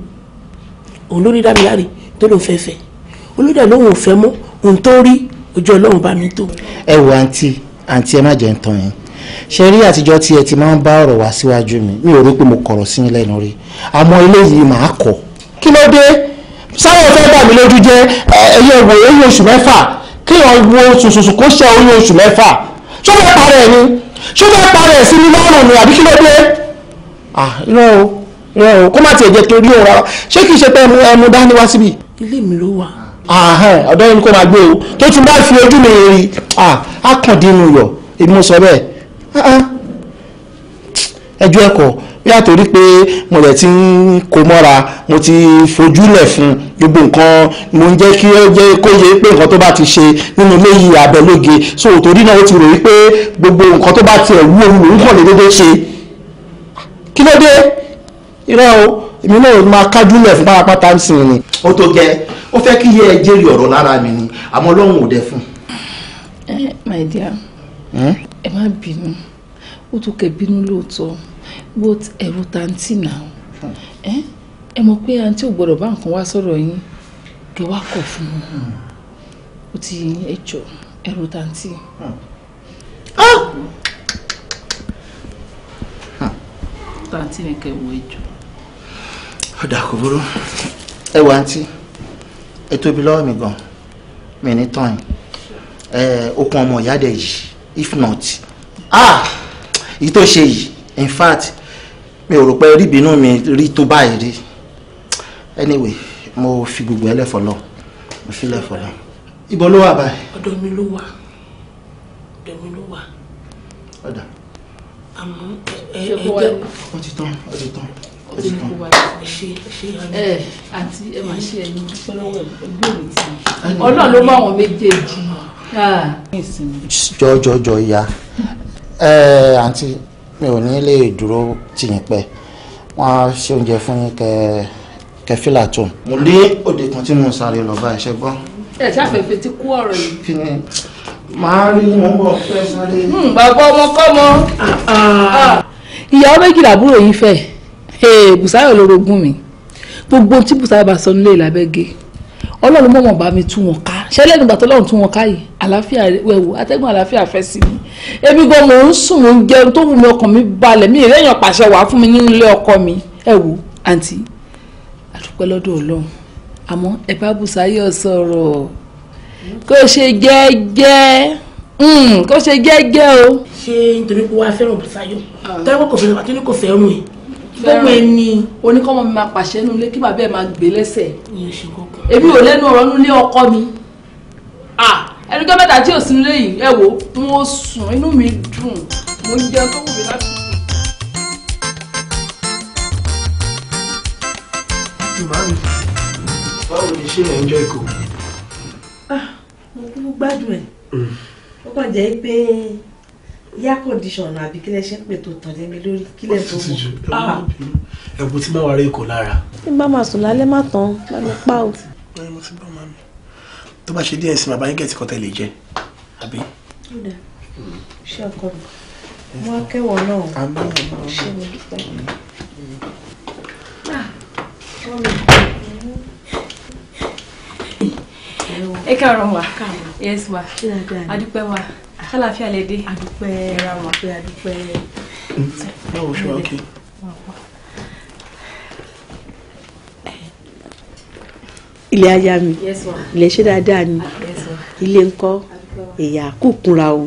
òun ló rí dá mi láre tó ló ń fẹ́ fẹ́ olódà lóhùn ò fẹ́ mọ́ òun tó rí ojú ọlọ́run bá mi tó. ẹ wo àǹtí àǹtí ẹ má jẹ́ ń tán yẹn ṣe rí àtijọ́ tí ẹ ti máa ń bá ọ̀rọ̀ wá síwájú mi mi ò rí pé mo kọ̀rọ̀ sí yín lẹ́nu rí àmọ́ eléyìí màá kọ̀ kí ló dé sáwọn fẹ́ bà mí lójú jẹ́ ẹyẹ wo oyún oṣù mẹ́fà kí wọ́n wo sùsùsù kó ṣe oyún oṣù mẹ́fà ṣó fẹ́ parẹ́ ni ṣó fẹ́ parẹ́ sí mi lọ́rùn ni àbí kí ló dé irọ́ o irọ́ o kó má tiẹ̀ jẹ́ torí òun rárá ṣé kìí ṣe pé ẹmu dání wá síbi. ilé mi ló wà. ọ̀dọ́ yẹn ni kò máa gbé o tó tún bá fi ojú mi rí a kàn dín yọ èmi mo sọ bẹ́ẹ̀ yàtọ̀ rí pé mo lè ti ń kó mọ́ra mo ti fojúlẹ̀ fún gbogbo nǹkan mo ń jẹ́ kí ó jẹ́ kó yẹ pé nǹkan tó bá ti ṣe nínú léyìí abẹ́lóge so torí náà ó ti rò wípé gbogbo nǹkan tó bá tiẹ̀ wú òun lòún kàn lè dédé ṣe kí ló dé irọ́ o èmi náà máa kájúlẹ̀ fún pátápátá ń sìn ni. ó tó gẹ ó fẹ́ kí iye ẹ ọ̀rọ̀ lára mi ni àmọ́ ọlọ́run ò dẹ fún. ẹ eh, my dear hmm? ẹ má bínú ó tún kẹ bínú lóòótọ́ but ẹ̀rù tàǹtì náà ẹ mọ̀ pé àǹtí ò gbọ́dọ̀ bá nǹkan wá sọ̀rọ̀ yín kẹ wá kọ̀ fún un ó ti ẹ jọ ẹ̀rù tàǹtì. Ah! Ah! tàǹtì ni kẹ wo ìjọ. ọ̀dà kò burú ẹ wọ àǹtí ẹ tóbi lọ́wọ́ mi gan mi ní tán yìí okun ọmọ ìyá dẹ̀ yìí if not ah èyí tó ṣe yìí in fact mi ò rò pé rí ìbínú mi rí tó báyìí rí anyway mo fi gbogbo ẹlẹ́fọ̀ lọ mo fi lẹ́fọ̀ lọ. ibo ló wà báyìí. ọ̀dọ̀ mi ló wà ọ̀dọ̀ mi ló wà. ọ̀dà. àmọ́ ẹ ẹ jẹ́. ó ti tán ó ti tán ó ti tán. ẹ àti ẹ máa ṣe ẹyin pẹlọwẹ ọgbẹrẹ tí Ọlọ́run ló mọ àwọn méjèèjì. jọjọjọ ya ẹ àǹtí mi ò ní lè dúró tì yín pẹ́ wọ́n á ṣe oúnjẹ fún yín kẹ́ kẹfílà tó. mo lé òde kan tí mo sáré lọ bá ẹṣẹ gbọ́. ẹ ṣàfẹ́fẹ́ ti kú ọ̀rọ̀ yìí. kí ni màá rí wọn bọ̀ fẹ́ sáré. Hmm, bàbá ọmọ kọ́ mọ. Ah, ah. ìyàwó méjìlá àbúrò yìí fẹ́ bùsáyọ̀ lórogún mi gbogbo tí bùsáyọ̀ bá sọ nílé ìlàbẹ́gẹ́ ọlọ́run mọ̀mọ́ bá mi tú wọn ká ṣé lẹ́nu ìgbà tó lọ́run tún wọn káyè àlàáfíà wẹ̀wò atẹ́gùn àlàáfíà fẹ́ sí mi ebi gan mò ń sùn mò ń jẹun tó wù mí ọkàn mi balẹ̀ mi ìrẹ́yàn pàṣẹ wàá fún mi ní ilé ọkọ mi ẹ wò àǹtí àdúpẹ́ lọ́dọ̀ ọlọ́run àmọ́ ẹ bá Bùsáyọ̀ sọ̀rọ̀ kó ṣe jẹ́jẹ́ hmm, kó ṣe jẹ́jẹ́ o. ṣé nítorí pé wàá fẹ́ràn Bùsáyọ̀ ah. tẹ́wọ́ kò fẹ́ràn àtúndì kò fẹ́ràn ẹ̀ gbogbo ẹni oníkọ́mọ mi máa pàṣẹ nulẹ̀ kí bàbá ẹ̀ máa gbé lẹ́sẹ̀ èmi ò lẹ́nu ọ̀rọ̀ nulẹ̀ ọkọ mi ẹnujọ́ mẹ́ta tí ò sí nílé yìí ẹ wò mo sùn inú mi dùn mo jẹ tó wù mí láti. báwo ni ṣé ẹ ń jọ ìkó. Ah, mo kúkú gbádùn ẹ mm. ó kàn jẹ́ pé yá kọ́ndíṣọ̀nù àbí kílẹ̀ ṣe ń pè tó tàn lé mi lórí kílẹ̀ tó wọ̀. ẹ̀bùn tí máa wà rí ikọ̀ lára. bí n bá máa sùn lálẹ́ má tán bá pa o. báyọ̀ mo ti bá màmí tó bá ṣe díẹ̀ sí bàbá yín gẹ̀ẹ́sì kan tẹ̀lé jẹ àbí. Hmm. ṣé ọkọ mi mo á kẹ́wọ̀ọ́ náà ṣé mo dúpẹ́. Hmm. Ah, ẹ káàárọ̀ wa yes wa adúpẹ́ wa kálàfíà lè dé adúpẹ́ ra wa adúpẹ́. Hmm. báwo ṣe wá kí. ilé aya mi ilé ṣe dáadáa ni ilé ńkọ́ ẹ̀yà àkókunra o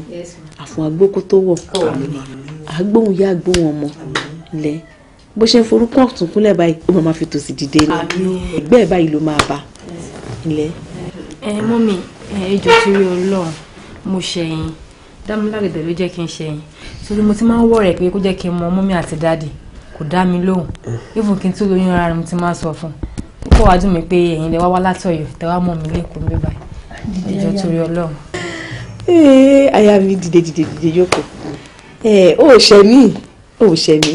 àfọ̀n agbókó tó wọ̀ agbóhùn yá agbóhùn ọmọ lẹ bó ṣe ń forúkọ ọ̀tún kúnlẹ̀ báyìí ó máa fi tòsì dìde ni ẹgbẹ́ ẹ̀ báyìí ló máa bá ilé. ẹ mọ́mì ẹ jọ torí ọlọ́run mo ṣẹ̀yìn dámúláre ló jẹ́ kí n ṣẹ̀yìn torí mo ti máa ń wọ̀ pé kó jẹ́ kí n mọ mọ́mì àti dáàdì kò dá mi lóhùn mm. even kí n tó lóyún ara mi ti máa sọ fún un kó wàá dùn mí pé ẹ̀yin lè wá wá látọ̀yọ̀ tẹ wá mọ̀ mí lẹ́kọ̀ọ́ mi báyìí ìjọ torí ọlọ́run. ee eh, aya mi dìde dìde dìde yòókù ẹ eh, ò ṣẹ mí o ṣẹ mí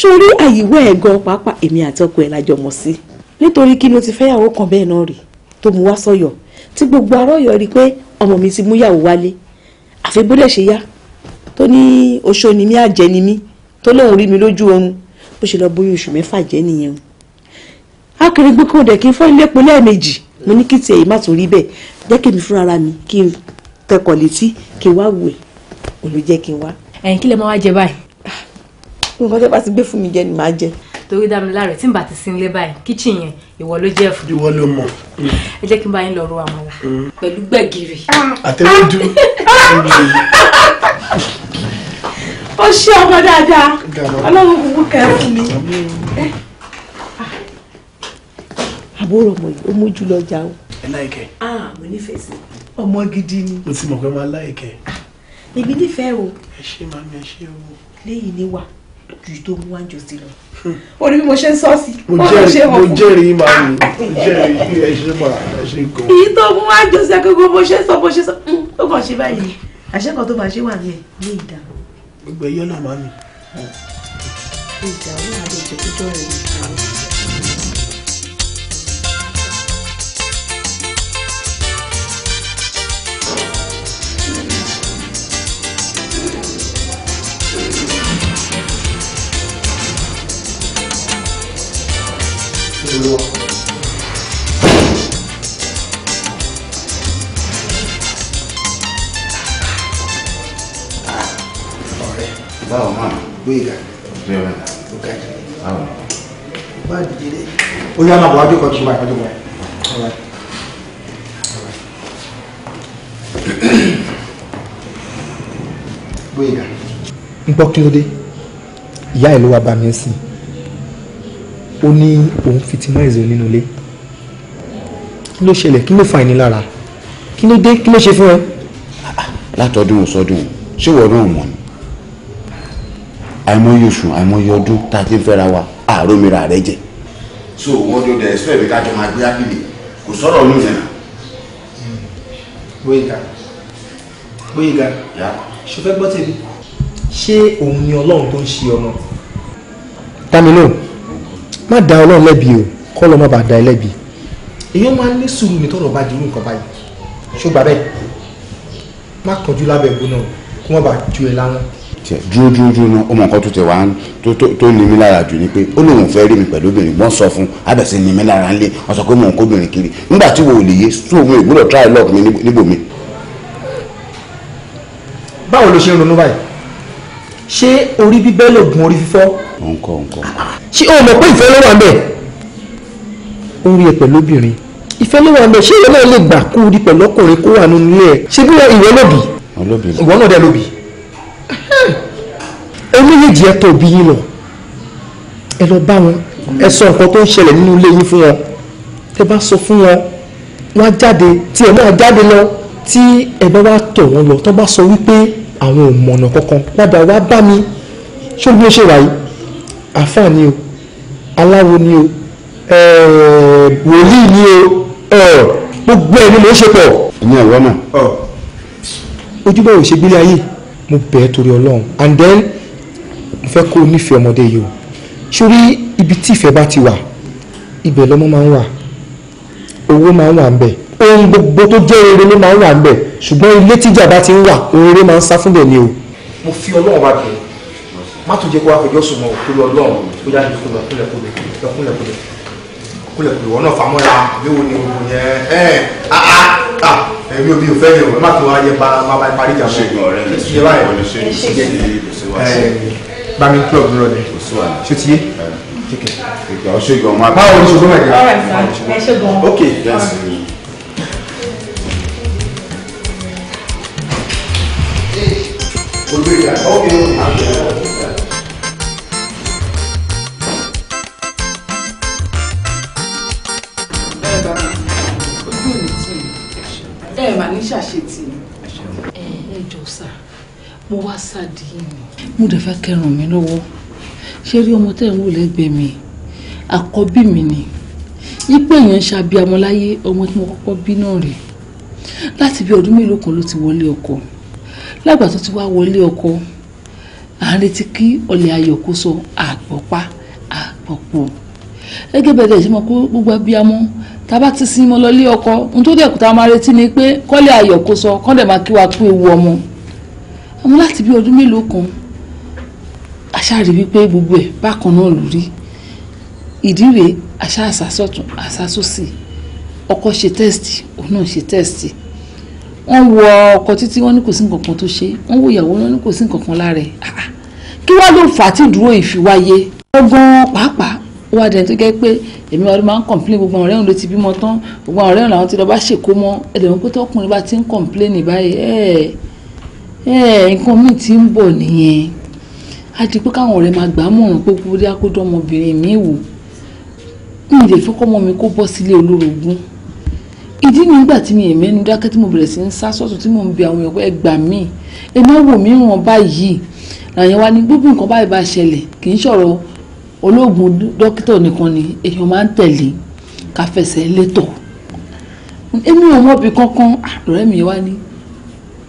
sórí àyíwọ́ ẹ̀ gan pàápàá èmi àtọkọ ẹ̀ lájọ mọ̀ sí nítorí kí ló ti fẹ́yàwó kan bẹ́ẹ̀ náà rè tó mu wá sọ̀yọ̀ tí gbogbo arọ́yọ̀ rí pé ọmọ mi ti múyàwó wálé àfi bódẹ̀ ṣe yá tó ní oṣó ni mí àjẹ́ ni mí tó lóun rí mi lójú oorun bó ṣe lọ bóyá oṣù mẹ́fà jẹ́ nìyẹn akérègbè kò dẹ̀ kí n fọ́ ilé epo lẹ́ẹ̀mejì mo ní kí tiẹ̀ yìí má tún rí bẹ́ẹ̀ jẹ́ kí mi fúnra mi kí n tẹkọ̀ létí kí n wá wù ẹ̀ òun ló jẹ́ kí n wá. ẹ̀yin kí lè máa wá jẹ báyìí. nǹkan tẹ́ bá ti gbé fún mi jẹ ni màá jẹ. torí dámiláre tí n bá ti sin ilé báyìí kíchìn yẹn ìwọ ló jẹ fún. ìwọ ló mọ. ẹ jẹ́ kí n bá yín lọ ro àmàlà mm. pẹ̀lú gbẹ̀gìrì. àtẹwédú. ó ṣe ọmọ dáadáa ọlọ́run kúkú kẹ́ fún mi àbúrò ọmọ yìí ó mójú lọ́jà o. ẹ láìkẹ. ah mo nífẹ̀ẹ́ sí ọmọ gidi ni. mo ti mọ̀ pé máa láìkẹ. èmi nífẹ̀ẹ́ o. ẹ ṣe máa mi ẹ ṣe o. léyìn ni wà ju tó mú wájú sí lọ. o hmm. ní bí mo ṣe ń sọ sí. Ah! mo jẹ́rìí mo jẹ́rìí máa mi mo jẹ́rìí ẹ ṣe máa ẹ ṣe gan. èyí tó mú wájú sí agogo mo ṣe sọ mo ṣe sọ hmm, ó kàn ṣe báyìí àṣẹ́kọ̀ọ́ tó máa ṣe wà ní ẹ̀ ní ìdá. gbogbo ẹyọ náà máa mi. Hmm. ìdá ó máa lè jẹ́ tó tọ́ rẹ̀ nìkan. ti lọ. ọ̀rẹ́ báwo máa gbé ìgbà gbé ìgbà tó ga jù. báwo ni. bá a dìde dé. ó yá máa bọ̀ wájú kan tó máa kọjú bọ̀ kí ló dé ìyá ẹ̀ ló bá mi sìn ó ní òun fitimize òun nínú ilé kí ló ṣẹlẹ̀ kí ló fa ìnilára kí ló dé kí ló ṣe fún ẹ. látọdún sọdún ṣé wọn náà mọ ni àìmọye oṣù àìmọye ọdún tá a ti ń fẹ́ra wa àárò mi ra rẹ jẹ. so wọ́n tó dẹ̀ ẹ̀sùn ẹ̀mí kájọ máa gbé ápìlì kò sọ̀rọ̀ ọ̀nù yẹn. Gbóyèga Gbóyèga ṣe fẹ́ gbọ́ tèmi ṣé òun ni ọlọ́run tó ń ṣe ọmọ. dámi má da ọlọ́run lẹ́bi o kọ́ lọ́ má bàa da ẹ lẹ́bi. èèyàn máa ń ní sùúrù ní tọrọ bá dirú nǹkan báyìí ṣùgbọ́n bẹ́ẹ̀ má kọjú lábẹ́ ìbò náà kó má bàa ju ẹ láwọn. tiẹ̀ dúró dúró dúró náà ó mọ nǹkan tó tẹ̀ wá tó ní mi lára jù ni pé ó lóun fẹ́ rí mi pẹ̀lú obìnrin wọ́n sọ fún abẹ́sẹ̀ ní mi lára ńlẹ̀ wọ́n sọ pé mò ń kó obìnrin kiri nígbà tí wò lè yé sóògùn ìgbúdọ̀ ṣé orí bíbẹ́ lògùn orí fífọ́. nǹkan nǹkan. ṣé o mọ̀ pé ìfẹ́ ló wà mẹ́ ó rí ẹ pẹ̀lú obìnrin ìfẹ́ ló wà mẹ́ ṣé ìwọ náà lè gbà kú rí pẹ̀lú ọkùnrin kó wà nínú ilé ẹ̀ ṣé bí ìwọ lòbí ìwọ náà dẹ lòbí oníyèjì ẹ tó bí yín lọ ẹ lọ bá wọn ẹ sọ nǹkan tó ń ṣẹlẹ̀ nínú ilé yín fún wọn ẹ bá sọ fún wọn wọn á jáde tí ẹ náà jáde lọ tí ẹ bá wá tọ̀ wọn lọ tó bá sọ wípé àwọn ò mọ̀nà kankan padà wá bá mi ṣé bí ó ṣe wáyé àfáà ni o aláwo ni o wòlíì ni o gbogbo ẹni mo ń ṣe pọ̀. ẹni ẹ̀rọ náà. ojúbọ̀ ò ṣe gbélé ayé mo bẹ̀ ẹ́ torí ọlọ́run and then mo fẹ́ kó o nífẹ̀ẹ́ ọmọdé yìí o sórí ibi tí ìfẹ́ bá ti wà ibẹ̀ lọ́mọ máa ń wà owó máa ń wà ń bẹ̀ ohun gbogbo tó jẹ́ eré ló máa ń wà ń bẹ̀ ṣùgbọ́n ilé tíjà bá ti ń wà eré máa ń sá fúnlẹ̀ ni o. mo fi ọlọ́run wa bẹ̀rẹ̀ má tún jẹ́ kó wá pẹ̀jọ́ sùn mọ́ òkúlù ọlọ́run ó yá ní fúnra kúlẹ̀kúlẹ̀ kúlẹ̀kúlẹ̀ kúlẹ̀kúlẹ̀ wọn náà fàmọ́ra àbẹ́wò ni òun yẹn ẹ̀ ẹ̀ èmi ò bí ò fẹ́ mi ò má tó wá yẹ máa bá parí ìjà ṣe ọ̀rẹ́ mi ṣe báyìí bá mi club rọ ni ṣé ti yé báwo ni ṣogbọ́n mẹ́ta ok yes. We'll do that. Okay, I'll do that. ẹ mà ní ṣàṣetì ẹ jọ sá mo wá sáàdì yìí ni. mo dẹ̀ fẹ́ kẹrùn mi lọ́wọ́ ṣé rí ọmọ tẹ́ ẹ̀ ń wò lẹ́gbẹ̀ẹ́ mi àkọ́bí mi ni yípo èèyàn ń ṣàbí amọ́láyé ọmọ tí mo kọ́kọ́ bí náà rèé láti bí ọdún mélòó kan ló ti wọlé ọkọ mi lágbà tó ti wá wọlé ọkọ à ń retí kí ọlẹ̀ ayọ̀ kó sọ àgbọ̀pá àgbọ̀pọ̀ gẹ́gẹ́ bẹ́ẹ̀ dẹ̀ ṣe mọ̀ kó gbogbo abiyamọ tá a bá ti sin mọ́ lọlé ọkọ ohun tó dẹ̀kú tá a máa retí ni pé kọ́lẹ̀ ayọ̀ kó sọ kọ́lẹ̀ máa kí wa kú ewu ọmọ àmọ́ láti bí ọdún mélòó kan aṣáàrí wípé gbogbo ẹ̀ bákan náà ló rí ìdí rèé aṣáàṣà sọ̀tún àṣà sósì ọkọ ṣe tẹ́sítì òun náà ṣe tẹ́sítì wọ́n wọ ọkọ títí wọ́n ní kò sí nǹkan kan tó ṣe wọ́n wo ìyàwó wọn ní kò sí nǹkan kan lára ah, ah. kí wàá ló fà á tí ìdúró ìfiwáyé ọgbọ́n pàápàá ó wá tó gẹ́ pé èmi wa ló máa ń kọ̀m̀plé gbogbo àwọn ọ̀rẹ́ òun ló ti bímọ tán gbogbo àwọn ọ̀rẹ́ òun làwọn ti lọ bá ṣèkó mọ́ ẹlẹ́wọ̀n pé tọkùnrin bá ti ń kọ̀m̀plé ní báyìí ẹ ẹ nǹkan míì ti ń bọ̀ nìyẹn á di pé káwọn ọ̀rẹ́ máa gbà ìdí nígbà tí mi èmi ẹnu dákẹ́ tí mo bẹ̀rẹ̀ sí ń sá sọ́ọ̀tún tí mò ń bi àwọn ẹ̀kọ́ ẹgbà mi ẹ má wò báyìí àyàn wa ni gbogbo nǹkan báyìí bá ṣẹlẹ̀ kì í ṣọ̀rọ̀ olóògùn dókítà nìkan ni èèyàn máa ń tẹ̀lé ká fẹsẹ̀ létò èmi ò mọ̀ bí kankan ah, ọ̀rẹ́ mi wá ní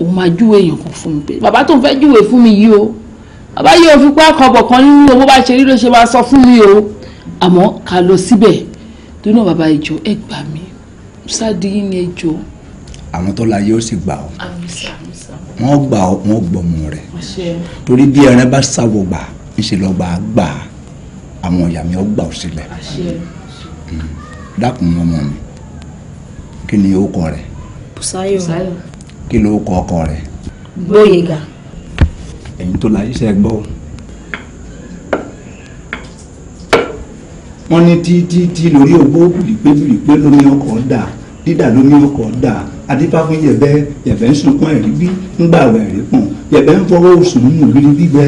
òun máa júwe èèyàn kan fún mi pé bàbá tó ń fẹ́ júwe fún mi yìí o bàbá yìí ò fi pé kan nínú owó bá ṣe rí ló ṣe máa sọ fún mi o àmọ́ ká lọ síbẹ̀ tó bàbá ìjọ ẹ gbà mí sáàdì yín ni ẹ jọ. àwọn tó la yóò sì gbà ọ wọn gbà ọ wọn gbọmọ rẹ torí bí ẹran bá sáwọ gbà ńṣe lọ gbà á gbà àwọn ìyá mi ọ gbà ọ sílẹ̀ hmm. dákun ọmọ mi kí ni ó kọ rẹ. Bùsáyọ̀ kí ló kọ ọkọ rẹ. Gbóyèga. ẹ̀yin tó la yín gbọ́. wọ́n ní títí lórí ògbó bìrìpébìrìpé lómi ọkọ̀ dà dídà lómi ọkọ̀ dà adífáfún yẹ̀bẹ́ yẹ̀bẹ́ ń sunkún ẹ̀rí bí ń gbàwẹ̀ ẹ̀rí pọ̀n yẹ̀bẹ́ ń fọwọ́ oṣù nínú ìrírí gbígbẹ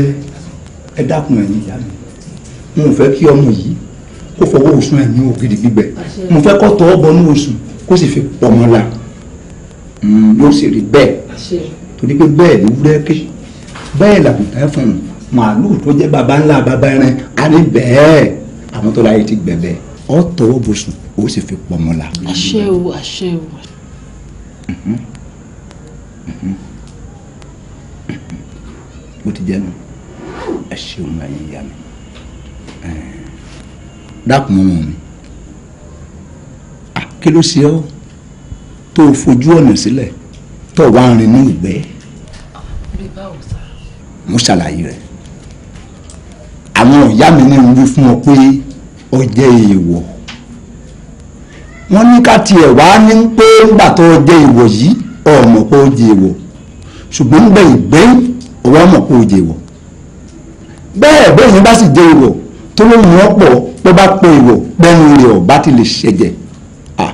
ẹ dákun ẹ̀yìn ìyá mi mo fẹ́ kí ọmọ yìí kó fọwọ́ oṣù ẹ̀ ní ògidì gbígbẹ mo fẹ́ kó tọ́ bọnú oṣù kó sì fi pọmọ la hmm, yóò sì rí bẹ́ẹ̀ torí pé bẹ́ẹ̀ ló wúrẹ́ ké bẹ́ẹ̀ làbùtà ẹ̀ fún un màálù tó jẹ́ baba ńlá baba ẹran á ní bẹ́ẹ̀ àwọn tó láyé ti gbẹ̀bẹ̀ ọ tọwọ́ bùsùn ó sì fi pọ̀ la. àṣẹ o àṣẹ o. Mhm. Mhm. bó ti jẹ́ nu ẹ ṣeun máa yí ya mi dákun ọmọ mi kí ló ṣe ọ́ tó o fojú ọ̀nà sílẹ̀ tó o wá ń ní ìgbẹ́. mo ṣàlàyé rẹ̀ àwọn ìyá mi ní wí fún ọ pé ó jẹ́ èèwọ̀ wọ́n ní ká tiẹ̀ wá ní pé ńgbà tó jẹ́ èèwọ̀ yìí ọmọ pé ó jẹ́ èèwọ̀ ṣùgbọ́n ń gbẹ̀yìn gbẹ̀yìn ọwọ́ ọmọ pé ó jẹ́ èèwọ̀ bẹ́ẹ̀ bẹ́ẹ̀ yẹn bá sì jẹ́ èèwọ̀ tó ló mú ọ̀pọ̀ pé bá pé èèwọ̀ pẹ́ẹ́nu rẹ̀ ọ̀bá ti lè ṣẹ̀jẹ̀ à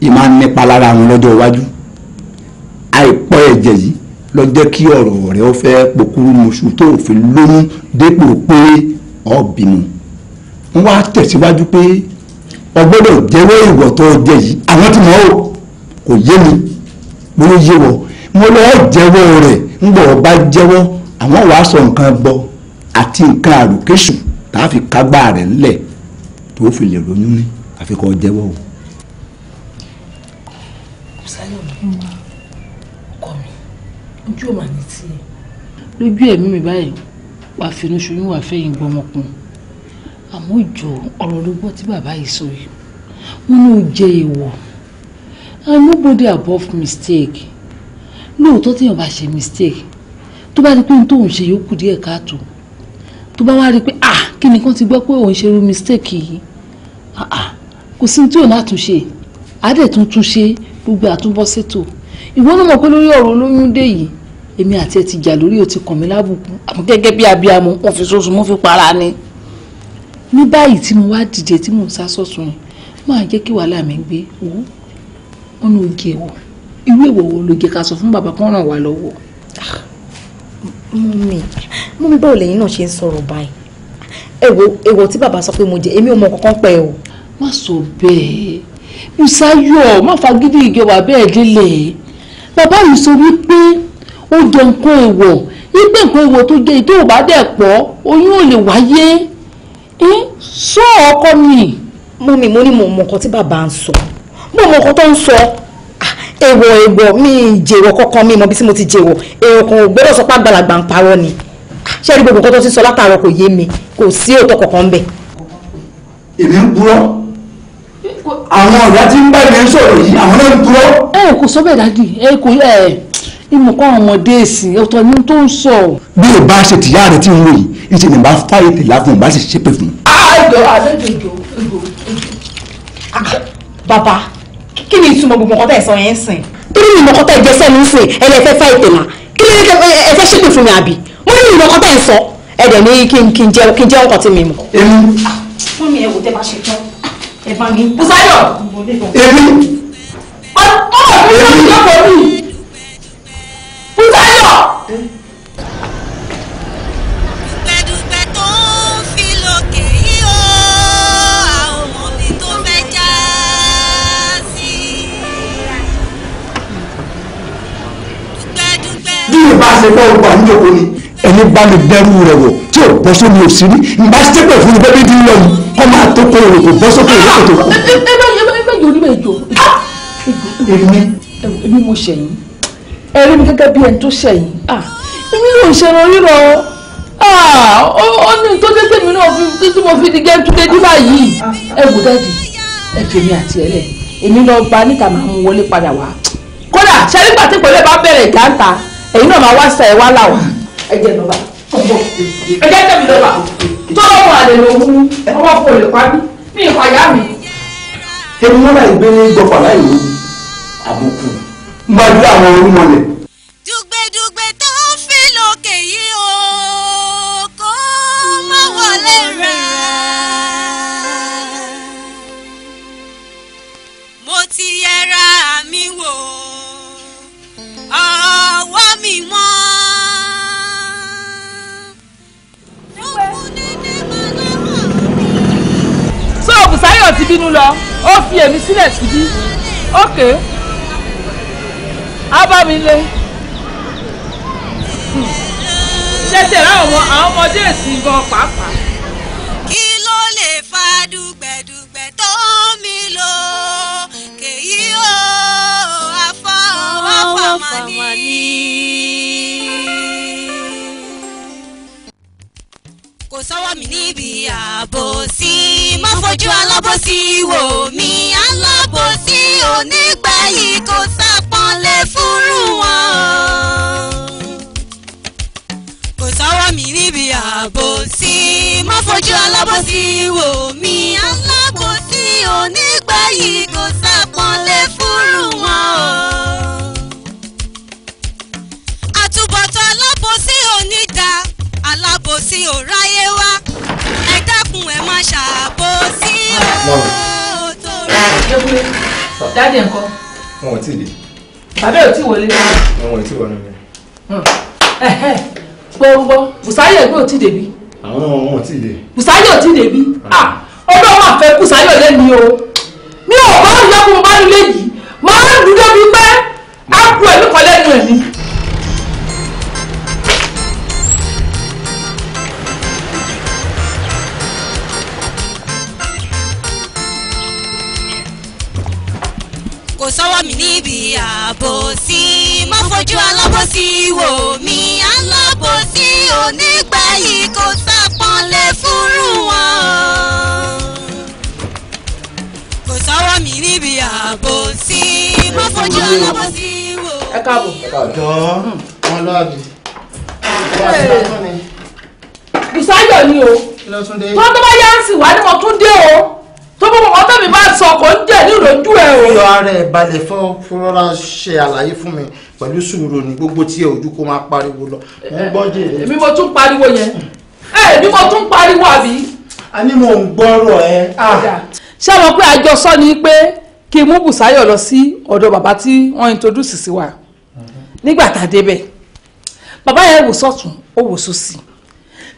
ì nípa lára àwọn lọ́jọ́ iwájú àìpọ̀ ẹ̀jẹ̀ yìí lọ jẹ́ kí ọ̀rọ̀ rẹ̀ ó fẹ́ pokúrú muṣu tó fi lóyún dépò pé ọ bímọ ń wá tẹ̀síwájú pé ọ gbọ́dọ̀ jẹ́wọ́ ìwọ̀ tó jẹ yìí àwọn tí mọ̀ ọ́ kò yé mi mo ló yé wọ mo lọ jẹ́wọ́ rẹ̀ ń bọ̀ ọba jẹ́wọ́ àwọn wàá sọ nǹkan bọ àti nǹkan àròkésùn tá a fi kágbá rẹ̀ ńlẹ̀ tó fi lè ronú ní àfikọ́ jẹ́wọ́ o ojú ọmọ ní tiẹ̀. lójú ẹ̀mí mi báyìí wàá finú ṣoyún wàá fẹ́yìn gbọmọkun àmọ́ ìjọ ọ̀rọ̀ ló gbọ́ tí bàbá yìí sọ yìí wọ́n ní ó jẹ́ èèwọ̀ and nobody above mistake lóòótọ́ téèyàn bá ṣe mistake tó bá rí pé ohun tóun ṣe yòókù díẹ̀ káàtó tó bá wá rí pé ah kí ni kan ti gbọ́ pé òun ṣe irú mistake yìí ah ah kò sí ní tí òun àtúnṣe àádẹ́tún túnṣe gbogbo àtúnbọ́sètò ìwọ ló mọ̀ pé lórí ọ̀rọ̀ olóyún dé yìí èmi àti ẹ ti jà lórí o ti kàn mí lábùkù àmọ́ gẹ́gẹ́ bí abiyamọ wọn fi sọsọ mo fi para ni ní báyìí tí mo wá dìde tí mo ń sá sọ̀tún rìn máa jẹ́ kí wàhálà mi gbé wò ó ní oge ẹ̀wọ̀ irú èèwọ̀ wo ló jẹ́ ká sọ fún bàbá kan ràn wá lọ́wọ́. mọ́mí ah, mọ́mí báwo lẹ́yìn náà ṣe ń sọ̀rọ̀ báyìí èèwọ̀ tí bàbá sọ pé mo jẹ èmi ò mọ kankan pẹ́ o. má sọ bẹ́ẹ̀ Bùsáyọ̀ má fagídí ìjọba bẹ́ẹ̀ délé bàbá yìí sọ wípé ó jẹ nǹkan èèwọ̀ wípé nǹkan èèwọ̀ tó jẹ ìtò ò bá dẹ̀ pọ̀ oyún ò lè wáyé sọ ọkọ mi. mọ́mì mo ní mo mọ nǹkan tí bàbá ń sọ mo mọ nǹkan tó ń sọ ah, èèwọ̀ èèwọ̀ mi jèrò kankan mi mọ bí tí mo ti jèrò èèwọ̀ kan ò gbọ́dọ̀ sọ pé àgbàlagbà ń parọ́ ni ah, ṣé rí gbogbo nǹkan tó ti sọ látàárọ̀ kò yé mi kò sí òótọ́ kankan ń bẹ̀. èmi ń purọ́ àwọn ọ̀gá tí ń bá mi sọ̀rọ̀ yìí àwọn náà ń purọ́. ẹ kò sọ bẹ́ẹ̀ dájú ẹ kò ẹ ìmọ̀kọ́ ọmọdé èsì ọ̀tọ̀ ni tó ń sọ. bí o bá ṣe tìyá rẹ tí ń wò yìí ìṣẹ̀lẹ̀ bá fáyé tìlá fún un bá sì ṣépè fún un. Ah, àjọ àlejò ìjò ìjò ìjò bàbá kí ni ìtumọ̀ gbogbo nǹkan tẹ̀ sọ yẹn ń sìn. torí mi ìmọ̀kọ́ tẹ̀ jẹ́sẹ̀ mi ń sìn ẹ lè fẹ́ fá ìtẹ̀lá kí ló ẹ fẹ́ ṣépè fún mi àbí mo ní ìmọ̀kọ́ tẹ̀ sọ ẹ dẹ̀ ní kí n jẹ́ ọkọ̀ tí mi mọ̀. Ah, fún mi ẹ wò tẹ́ bá ṣe tán Bùsáyọ̀. Èmi. Ọ̀rọ̀ mi ló ń jókòó mi. Bùsáyọ̀. Bí mi bá ṣe fẹ́ gbà ń jókòó ni ẹni bá lè dẹrù rẹ̀ wò tí o bọ́ sómi ò sí ní ìgbà sẹ́pẹ̀ fún bẹ́ẹ̀ bí dín lọ́nu kọ́ máa tó kó èrò kò bọ́ sókè èrò kò tó. èmi èmi mo ṣẹ̀yìn ẹ̀rí mi gẹ́gẹ́ bí ẹni tó ṣẹ̀yìn èmi yóò ṣẹ̀rọ̀ rírọ̀ ó ní tó dé tèmi náà tí mo fi di gẹ́túndé dí báyìí ẹ wò dáàdì ẹ fèmi àti ẹ̀rẹ̀ èmi lọ bá níta máa ń wọlé padà wá kódà ṣẹ́rí gbàtí pẹ̀lú ẹ bá bẹ̀rẹ̀ ìjà ń ta èyí náà máa wá sa ẹ̀ wá là wá ẹjẹ lọba ẹjẹ tẹbi lọba tọwọ wà lè lọ wú ọwọ kò lè pa mí ìpàyà mi. èmi náà láì gbé gbọ́fà láì wú àbùkù máa dé àwọn orúmọlẹ̀. dùgbẹ̀dùgbẹ̀ tó fi lókè yìí o kò má wọlé rẹ̀. mo ti yẹra mi wò ọwọ́ mi mọ́. ti bínú lọ ó fi èmi sílẹ̀ síbí ókè á bá mi lé ṣẹ̀ṣẹ̀ láwọn ọmọ àwọn ọmọdé èsì gan pàápàá. kí ló lè fa dùgbẹ̀dùgbẹ̀ tó mi lò kèyí ó afọ́wọ́ fàmà kò sọ́wọ́ mi níbi ààbò má fojú aláwọ̀ alábòsí wò mí alábòsí onígbẹ̀yìn kò sápọ́nlé fúrú wọn. kò sáwọ́ mi níbi àbòsí má fojú alábòsí wò mí alábòsí onígbẹ̀yìn. Débúlé, dáàdì tí ì dé. Bàbá ò tí ì wọlé. Wọn ò tí ì wọlé. Hmm. Gbọ́ngbọ́, Bùsáyọ̀ ẹgbẹ́ ò tí ì débí. Àwọn wọn ò tí ì dé. Bùsáyọ̀ ò tí ì débí. Ah. Ah, Ọlọ́run máa fẹ́ Bùsáyọ̀ lẹ́ni o. Mi ò bá yọkùn bá nílé yìí, màá dúdú bíi pé á kú ẹ̀mí kan lẹ́nu ẹ̀mí. sọ́wọ́ mi níbi àbòsí má fojú alábòsí mi mí alábòsí onígbẹ̀yìn kò sápọ́nlé fúrú wọn. kò sọ́wọ́ mi níbi àbòsí má fojú alábòsí wò mí. ẹ káàbọ̀ jọ wọn lọ́ọ̀bì Bùsáyọ̀ ni o tó tó bá yá ń sì wá ní mo tún dé o tó bọ́ bọ́ tẹ́mi bá sọ kò ń jẹ́ ní lójú ẹ̀ o. yọ ara ẹ̀ balẹ̀ fún fúnra ṣe àlàyé fún mi pẹ̀lú sùúrù ní gbogbo tí ẹ ojú kó máa pariwo lọ. èmi mo tún pariwo yẹn èmi mo tún pariwo àbí. a ní mo ń gbọ́rọ̀ ẹ. Ah. ṣé mo pé àjọsọ ni pé kí n mú Bùsáyọ̀ lọ sí ọ̀dọ̀ bàbá tí wọ́n introduce sí wa nígbà tá a débẹ̀ bàbá yẹn wò sọ́tún ó wò sósì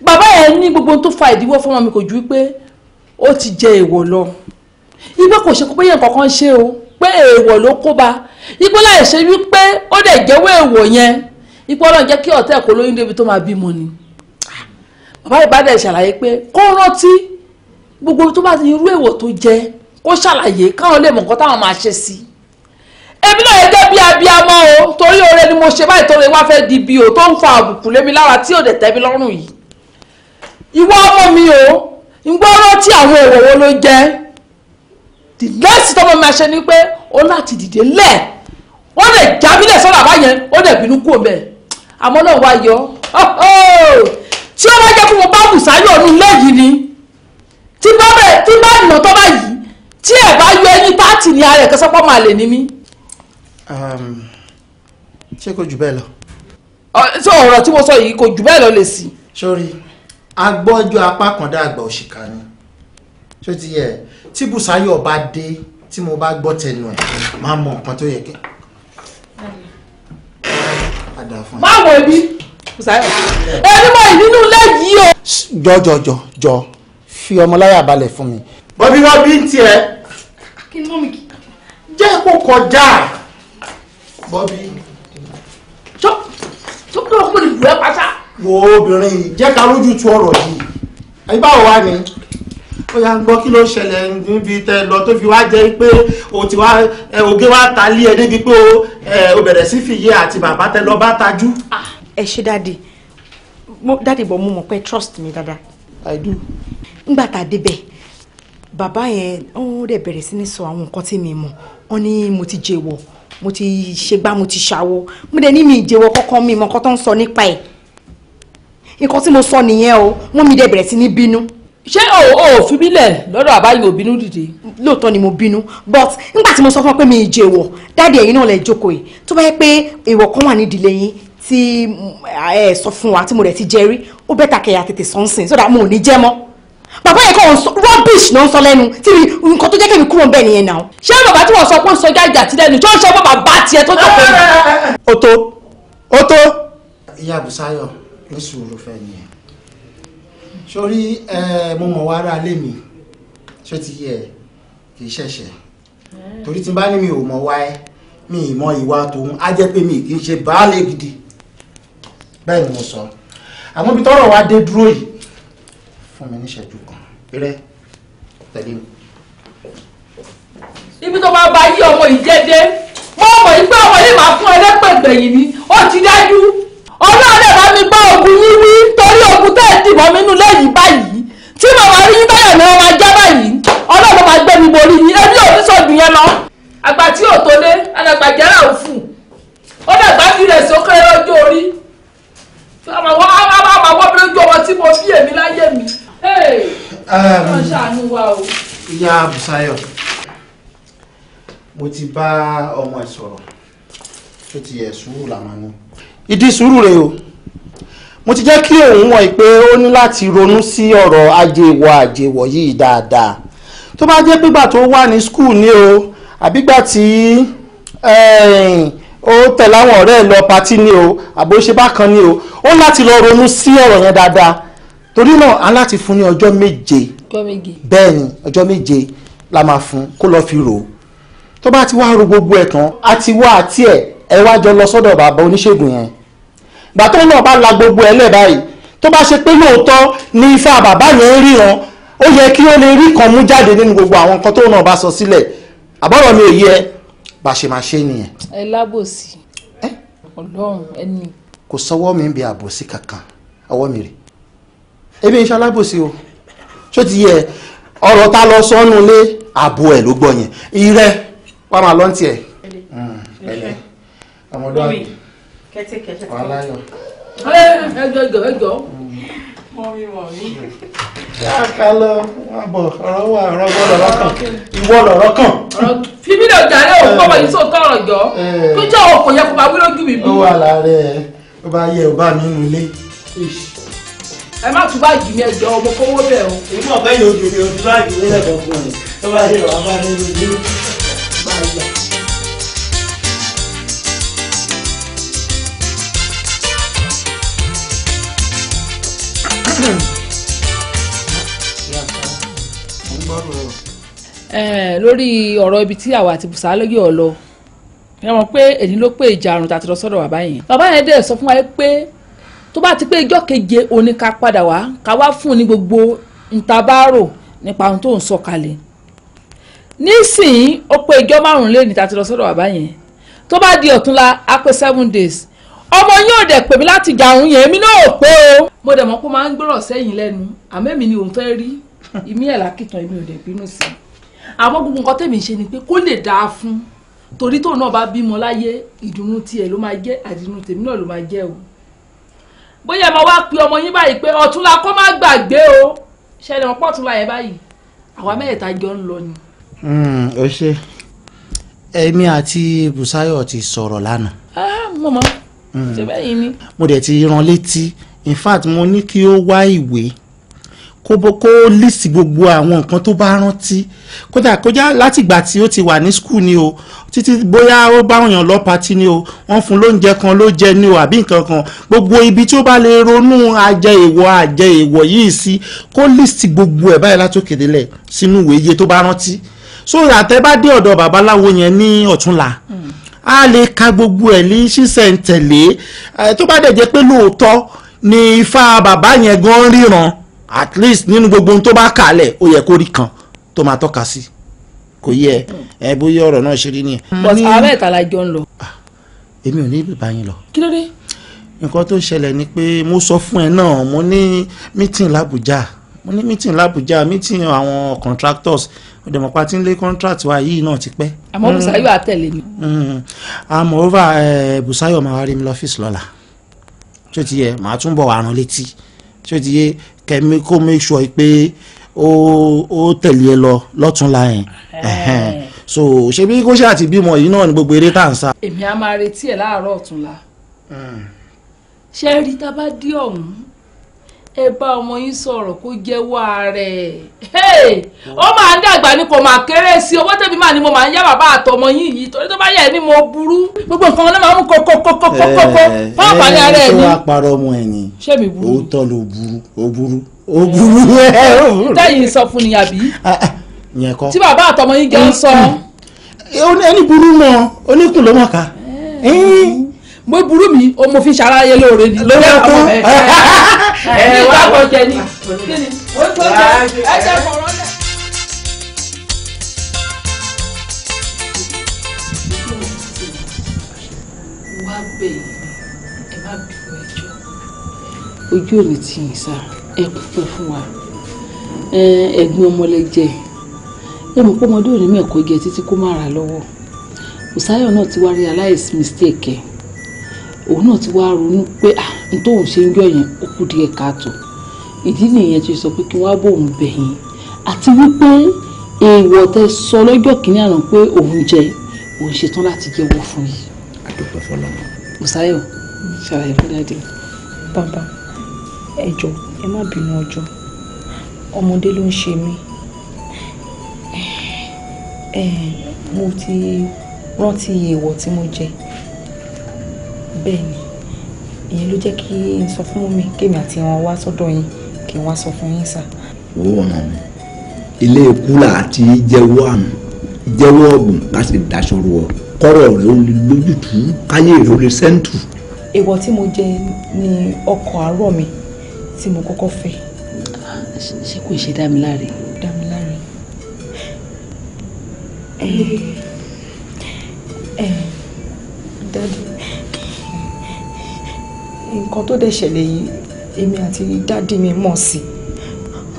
bàbá yẹn ní gbogbo tó fa ìdíwọ́ fún mi kò ju pé ó ti jẹ èèwọ̀ lọ ibẹ̀ kò ṣe kó péye nǹkan kan ṣe o pé èèwọ̀ ló kó ba ipò láì ṣe wípé ó dẹ̀ jẹ́wọ́ èèwọ̀ yẹn ipò ọlọ́run jẹ́ kí ọ̀tẹ́ ẹ̀kọ́ lóyún débi tó máa bímọ ni bàbá ìbàdàn ṣàlàyé pé kó rántí gbogbo tó bá ti irú èèwọ̀ tó jẹ kó ṣàlàyé káwọn lè mọ̀ nǹkan táwọn máa ṣe sí i èmi náà yẹ jẹ́ bí abiyamọ o torí oore ni mo ṣe báyìí torí wá fẹ́ di bí o tó ń fa àbùkù lémi lára tí ò dẹ̀ tẹ́ lọ́rùn yìí ìwọ ọmọ mi o ngbọ́rọ́ tí àwọn òwòwò ló jẹ́ the next tọ́mọ máa ṣe ni pé ó láti dìde lẹ̀ wọ́n lè jábílẹ̀ sọ́dọ̀ àbáyẹn ó lè bínú kú ọ̀bẹ àmọ́ náà wá yọ tí ó bá jẹ́ fún mo bá wù sáyọ̀ ọ̀nù lẹ́yìn ni tí bá bẹ̀rẹ̀ tí bá nà tọ́ báyìí tí ẹ̀ bá yọ ẹyin pààtì ní ara ẹ̀ kẹsọ́pọ̀ máa lè ní mí. Um, ṣé kò jù bẹ́ẹ̀ lọ. sọ ọ̀rọ̀ tí mo sọ yìí kò jù bẹ́ẹ̀ lọ lè sí. sórí agbọ́jọ́ apá kan dá àgbà òṣìkà ni ṣó ti yẹ tí Bùsáyọ̀ bá dé tí mo bá gbọ́ tẹnu ẹ̀ máa mọ nǹkan tó yẹ kí. máa wọ ibi Bùsáyọ̀ ẹni mọ ìbínú ilé yìí o. jọjọjọ jọ fi ọmọláyà balẹ̀ fún mi. bọ́bí wá bí ń tiẹ̀. kí ni mọ́mì kí. jẹ́ kó kọjá bọ́bí. jọ́ tó kúrò kúrò ìlú ẹ̀ pátá wo obìnrin yìí jẹ́ ká rújú tu ọ̀rọ̀ yìí ẹ̀yin báwo wá ni ó yà ń gbọ́ kí ló ṣẹlẹ̀ níbi tẹ lọ tó fi wá jẹ́ pé o ti wá oge wá ta lé ẹ débi pé o bẹ̀rẹ̀ sí fìyé àti bàbá tẹ lọ bá tajú. Ah, ẹ ṣe dáàdì dáàdì bọ̀ mo mọ̀ pé trust mi dáadáa. I do. ngbà tá a débẹ̀ bàbá yẹn ó dẹ̀ bẹ̀rẹ̀ sí ní sọ àwọn nǹkan tí mi mọ̀ wọ́n ní mo ti jẹ́wọ́ mo ti ṣègbà mo ti ṣàwọ́ mo dẹ̀ ní mi ìjẹ́wọ́ kọ́kọ́ mi mọ̀ kọ́ tó ń sọ nípa ẹ̀ nǹkan tí mo sọ nìyẹn o mú mi dẹ̀ bẹ̀rẹ̀ sí ní bínú. ṣé o ò fi mí lẹ̀ lọ́dọ̀ àbáyọ òbínú dìde. lóòótọ́ ni mo bínú but nígbà tí mo sọ fún ọ pé mi ìjẹ̀wọ̀ dáàdi ẹ̀yin náà lẹ̀ jókòó yìí tó bá yẹ pé èèwọ̀ kan wà nídìílé yín tí ẹ sọ fún wa tí mo rẹ̀ ti jẹ rí ó bẹ́tà kẹyà tètè sọ́nsìn sódà mo ò ní jẹ́ mọ́ bàbá yẹn kò ń sọ rubbish ló ń sọ lẹ́nu tí mi nǹkan tó jẹ́ kí mi kúrò ń bẹ̀ nìyẹn náà. ṣé bàbá tí wọ́n sọ pé ń sọ jáde àti lẹ́nu tí wọ́n sọ pé bàbá tiẹ̀ tó jókòó. ó tó ó tó. ìyá Bùsáyọ̀ ní sùúrù fẹ́ ni ẹ̀ sórí mo mọ̀ wá ara lé mi ṣé ti yẹ kì í ṣẹ̀ṣẹ̀ torí tí n bá ní mi ò mọ̀ wá ẹ mi ì mọ ìwà tòun á jẹ́ pé mi kì í ṣe baálé gidi bẹ́ẹ̀ ni mo sọ àmọ́ ibi tọ́rọ̀ wa dé dúró yìí fún mi níṣẹ́jú kan rẹ tẹ̀lé mi. ibi tó máa bá yí ọmọ yìí jẹ́ mọ̀ yí pé ọmọ yìí máa fún ẹlẹ́pẹ̀gbẹ̀yìn ni ó ti dájú ọlọ́run lè bá mi gbọ́ ogun yín wí torí ogun tẹ́ ẹ̀ dìbọn mi nù lẹ́yìn báyìí tí mo máa rí yín báyọ̀ ni wọ́n máa já báyìí ọlọ́run máa gbé mi borí yín ẹbí òbí sọ̀dù yẹn lọ. àgbà tí ò tó lé alàgbà jẹ́rà ò fún ó dàgbà fi rẹ̀ sókè lọ́jọ́ orí àmọ́ wọ́n á máa ọmọ tí mo fi èmi láyé mi. o. ìyá Bùsáyọ̀ mo ti bá ọmọ ẹ̀ sọ̀rọ̀ tó ti yẹ sùúrù làwọn ìdí sùúrù rèé o mo ti jẹ́ kí òun wọ̀nyí pé ó ní láti ronú sí ọ̀rọ̀ ajéwọ̀ ajéwọ̀ yìí dáadáa tó bá jẹ́ pé ìgbà tó wà ní skul ni o àbígbà tí ó tẹ̀lé àwọn ọ̀rẹ́ ẹ̀ lọ patí ni o àbó ṣe bákan ni o ó láti lọ ronú sí ọ̀rọ̀ yẹn dáadáa torí náà á láti fún ní ọjọ́ méje bẹ́ẹ̀ ni ọjọ́ méje la máa fún kó lọ́ọ́ fi rò ó tó bá ti wá ro gbogbo ẹ̀ tán àti wá àti ẹ̀ ẹ wá jọ lọ sọ́dọ̀ bàbá oníṣègùn yẹn gbàtọ́ náà bá la gbogbo ẹ̀ lẹ̀ báyìí tó bá ṣe pé lóòótọ́ ni ifá bàbá yẹn rí wọn ó yẹ kí ó lè rí kan mú jáde nínú gbogbo àwọn nǹkan tó náà bá sọ sílẹ̀ àbọ̀rọ̀ mi ò yẹ bá ṣe máa ṣe nìyẹn. ẹ lábòsí ọlọ́run ẹni. kò sọ́wọ́ mi ń bi àbòsí kankan ọwọ́ mi rè ebi ń alábòsí o ṣó ti yẹ ọ̀rọ̀ ta lọ sọ́nù lé àbò ẹ̀ ló gbọ́ yẹn ìrẹ́ wàá máa lọ́ntì ẹ̀ ọmọdé kẹtíkẹtí aláyọ. ẹjọ ẹjọ ẹjọ. mọ́mí mọ́mí. ṣáàkà lọ àbọ̀ ọ̀rọ̀ wà ọ̀rọ̀ gbọ́dọ̀ lọ́kàn ìwọ lọ̀rọ̀ kàn. fífi lè jàre òun kọ́mọ yìí sóòótọ́ ọ̀rọ̀ jọ tó jẹ́ òkò yẹ kó máa wí lójú mi bí. ó wà lára ẹ ó bá yẹ ó bá mi nù lé. ẹ má tún báàgì mi ẹjọ ọmọ kówó bẹ̀ o. ìmú ọ̀fẹ́ yóò ju ojú báàgì nílẹ̀ kan fún mi tó bá yẹ wàá bá mi nù lé. lórí ọ̀rọ̀ ibi tí àwa àti bùsà lóye ọ̀ lọ ẹ mọ̀ pé èyí ló pé ìjà àrùn tàti lọ sọ́dọ̀ bàbá yẹn bàbá yẹn dẹ̀ sọ fún wa pé tó bá ti pé ijọ́ keje òní ká padà wá ká wá fún ní gbogbo ntabaro nípa ohun tó ń sọ kalẹ̀ nísìnyí ó pé ijọ́ márùn lé ní tàti lọ sọ́dọ̀ bàbá yẹn tó bá di ọ̀túnla á pé seven days ọmọ yín ò dẹ̀ pè mí láti jà òun yẹn èmi náà ò pé o. mo dẹ̀ mọ̀ pé máa ń gbọ́rọ̀ sẹ́yìn lẹ́nu àmọ́ èmi ni òun fẹ́ rí ìmí ẹ̀ lákìtàn èmi ò dẹ̀ bínú sí i. àmọ́ gbogbo nǹkan tèmi ń ṣe ni pé kó lè dáa fún torí tóun náà bá bímọ láyé ìdùnnú tiẹ̀ ló máa jẹ́ àdìnnú tèmi náà ló máa jẹ́ o. bóyá mo wá pe ọmọ yín báyìí pé ọ̀túnla kó má gbàgbé o ṣẹlẹ̀ wọn pọ̀túnla yẹn báyìí àwa hmm. mẹ́ẹ̀ta hmm, ah mama ṣe mm. bẹ́ẹ̀ ni. mo dẹ̀ ti rán létí in fact mo ní kí ó wá ìwé kó bó kó list gbogbo àwọn nǹkan tó bá rántí kódà kójá látìgbà tí ó ti wà ní skul ni o títí bóyá ó bá òyàn lọ patí ni o wọ́n fún lóúnjẹ kan ló jẹ ni o àbí nǹkan kan gbogbo ibi tí ó bá lè ronú ajẹ èèwọ̀ ajẹ èèwọ̀ yìí sí kó list gbogbo ẹ̀ báyìí látòkè délẹ̀ sínú ìwé iye tó bá rántí so àtẹ bá dé ọ̀dọ̀ babaláwo yẹn ní ọ̀túnla. Mm a lè ka gbogbo ẹ̀ ní ṣísẹ̀ntẹ̀lé tó bá dẹ̀ jẹ́ pé lóòótọ́ ni ifá bàbá yẹn gan ríran at least nínú gbogbo ohun tó bá kàlẹ̀ ó yẹ kó rí kan tó máa tọ́ka sí kò yẹ ẹ bóyá ọ̀rọ̀ náà ṣe rí nìyẹn. Mm, but ààrẹ ìtàlá jọ ń lọ. Ah, èmi ò ní bàbá yín lọ. kí ló dé. nǹkan tó ṣẹlẹ̀ ni pé mo sọ fún ẹ náà mo ní mítìn làbújá mo ní mítìn làbújá mítìn àwọn contractors ìdẹ̀mọ̀pá tí ń lé contract wa yìí náà ti pẹ́. àmọ́ mm. Bùsáyọ̀ àtẹ̀lé mi. àmọ́ mm. ah, over eh, Bùsáyọ̀ máa wá rí mi lọ́fíìsì lọ́la ṣé ti yẹ màá tún bọ̀ àrùn létí ṣé ti yẹ kẹ́mi kó make sure pé ó tẹ̀lé ẹ lọ lọ́túnla yẹn eh. so ṣe bí kó ṣe àti bímọ yìí náà ni gbogbo eré tá à ń sá. èmi á máa retí ẹ láàárọ̀ ọ̀túnla mm. ṣé rí tá a bá dé ọ̀hún ẹ bá ọmọ yín sọ̀rọ̀ kó jẹ́wọ́ ààrẹ ó máa ń dàgbà ni kò máa kéré sí owó tẹ̀mí máa ni mo máa ń yá bàbá àtọmọ yín yìí torí tó bá yẹ ni mo burú gbogbo nǹkan náà máa ń kó kókókókókó fáwọn ààrẹ ẹ̀ ni. ẹ ẹ ṣé wàá parọ́ ọmọ ẹ ni òótọ́ ló burú ó burú ó eh, burú ẹ eh, ó burú. tẹ́yìn sọ fún ni àbí ah, ah, tí bàbá àtọmọ yín jẹ́ ń sọ. Eh, ẹni burú mọ oníkùn ló mọ̀ ká mo burú mi o mo fi ṣàlàyé lóore ni. lórí ọkọ ẹ wá kọ jẹ ní. ó tó jẹ ẹ jẹ kọ̀ọ̀rọ̀ lẹ̀. wá bẹ̀ yìí ẹ má bínú ojú ò ní tì sá ẹ púpọ̀ fún wa ẹ̀gbọ́n ọmọlẹ́jẹ̀ ẹ mọ̀ pé ọmọdé ò ní jẹ títí kó má ra lọ́wọ́ òsáyọ̀ náà ti wá rí aláìsí mistake ẹ̀ òun náà ti wá ronú pé ah n tóun ṣe ń jọ yẹn ó kù díẹ̀ káàtó ìdí nìyẹn ti sọ pé kí wọ́n á bòun bẹ̀yìn àti wípé èèwọ̀ tẹ sọ lọ́jọ́ kìíní àná pé òun jẹ òun ṣetán láti jẹ́wọ́ fún yìí. àdúgbò fọlọ́mọ. Mùsáyọ̀ ṣàlàyé fún dáadé. bàbá ẹ ẹ má bínú ọjọ́ ọmọdé ló ń ṣe mí mo ti rántí èèwọ̀ tí mo jẹ bẹ́ẹ̀ ni ìyẹn ló jẹ́ kí n sọ fún mi kémi àti wọn wá sọ́dọ̀ yín kí n wá sọ fún yín sà. owó ọ̀nà mi ilé kúlà àti jẹ́wọ́ àmì jẹ́wọ́ ọ̀gbìn ká sì daṣọ rọ kọ́rọ̀ rẹ̀ ó lè lójútùú káyé rẹ̀ ó lè sẹ́ńtù. ìwọ tí mo jẹ ni ọkọ̀ àárọ̀ mi tí mo kọ́kọ́ fẹ́. ṣé kò ṣe dámiláre. dámiláre. ẹ ẹ. nǹkan tó dẹ̀ ṣẹlẹ̀ yìí èmi àti dáàdì mi mọ̀ sí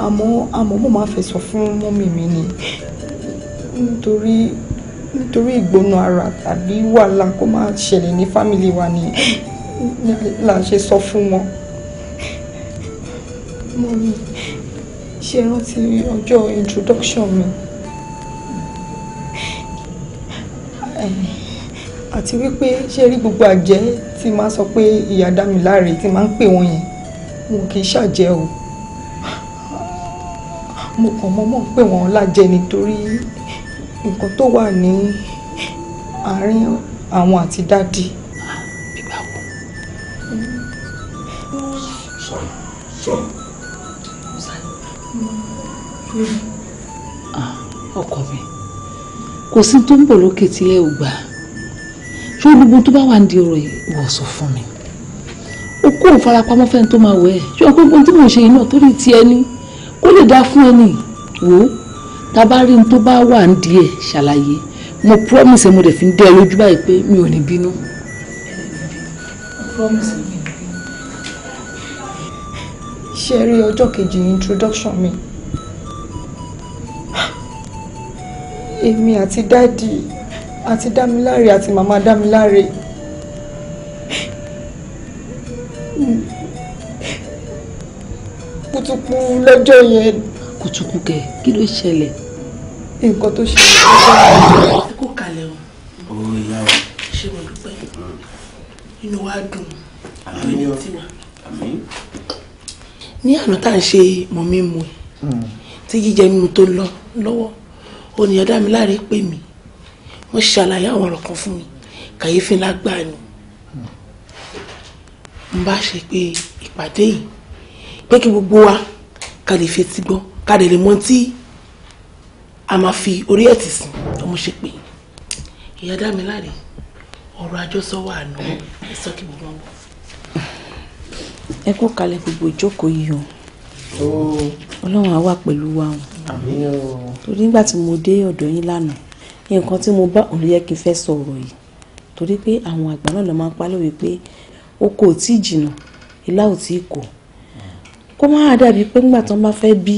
àmọ́ àmọ́ mo máa fẹ́ sọ fún mọ́mì mi ni nítorí nítorí ìgbóná ara tàbí wàhálà kó máa ṣẹlẹ̀ ní fámìlì wa ni là ń ṣe sọ fún wọn. mọ́mì ṣe rántí ọjọ́ introduction mi. Um, àti wípé ṣé rí gbogbo àjẹ́ tí máa sọ pé ìyá dá mi láre tí máa ń pè wọ́n yẹn wọn kì í ṣàjẹ́ o mo kàn mọ́ mọ́ pé wọ́n lájẹ nítorí nǹkan tó wà ní àárín àwọn àti dádì. Ah, ọkọ mi kò sí tó ń bọ̀ lókè tí ẹ ò gbà á gbogbo tó bá wà ní ọ̀rọ̀ yìí wọ́n sọ fún mi o kó o farapamọ́ fẹ́ni tó máa wẹ̀ ẹ́ ṣé o pé ohun tí mò ń ṣe yìí náà torí ti ẹni kó lè dá fún ẹni wò ó tá a bá rí ní tó bá wà ní díẹ̀ ṣàlàyé mo promise mo dẹ̀ fi ń dẹ́ ẹ lójú báyìí pé mi ò ní bínú. promise mi ṣe rí ọjọ́ kejì introduction mi èmi àti dáàdi àti dámiláre àti màmá dámiláre kùtùkù lọ́jọ́ yẹn. kùtùkù kẹ kí ló ṣẹlẹ̀. nǹkan tó ṣẹlẹ̀ lọ́jọ́ yẹn. kó kalẹ̀ o. o ìyá o. ṣé mo dúpẹ́ mm. inú wa dùn àbí ní tiwa. ní àná tá à ń ṣe mọ̀mí mu mm. tí jíjẹ mímu tó lọ lọ́wọ́ ó ní ọ̀dá mi láre pè mí wọ́n ṣàlàyé àwọn ọ̀rọ̀ kan fún mi kàyéfì ńlá gbà ni n bá ṣe pé ìpàdé yìí pé kí gbogbo wa ká lè fetí gbọ́ ká lè lè mọ tí a máa fi orí ẹ̀ tì sìn ọmọ ṣe pé ìyá dá mi láre ọ̀rọ̀ àjọsọ wà nù ẹ sọ kí gbogbo wọn. ẹ kú kalẹ̀ gbogbo ìjókòó yìí o ọlọ́run á wà pẹ̀lú wa o torí nígbà tí mo dé ọ̀dọ̀ yín lánàá nǹkan tí mo bá òun ló yẹ kí n fẹ́ sọ̀rọ̀ yìí torí pé àwọn àgbà náà ló máa ń pálówe pé oko ò tí ì jìnnà ilá ò tí ì kò kó má dàbí pé ńgbà tán bá fẹ́ bí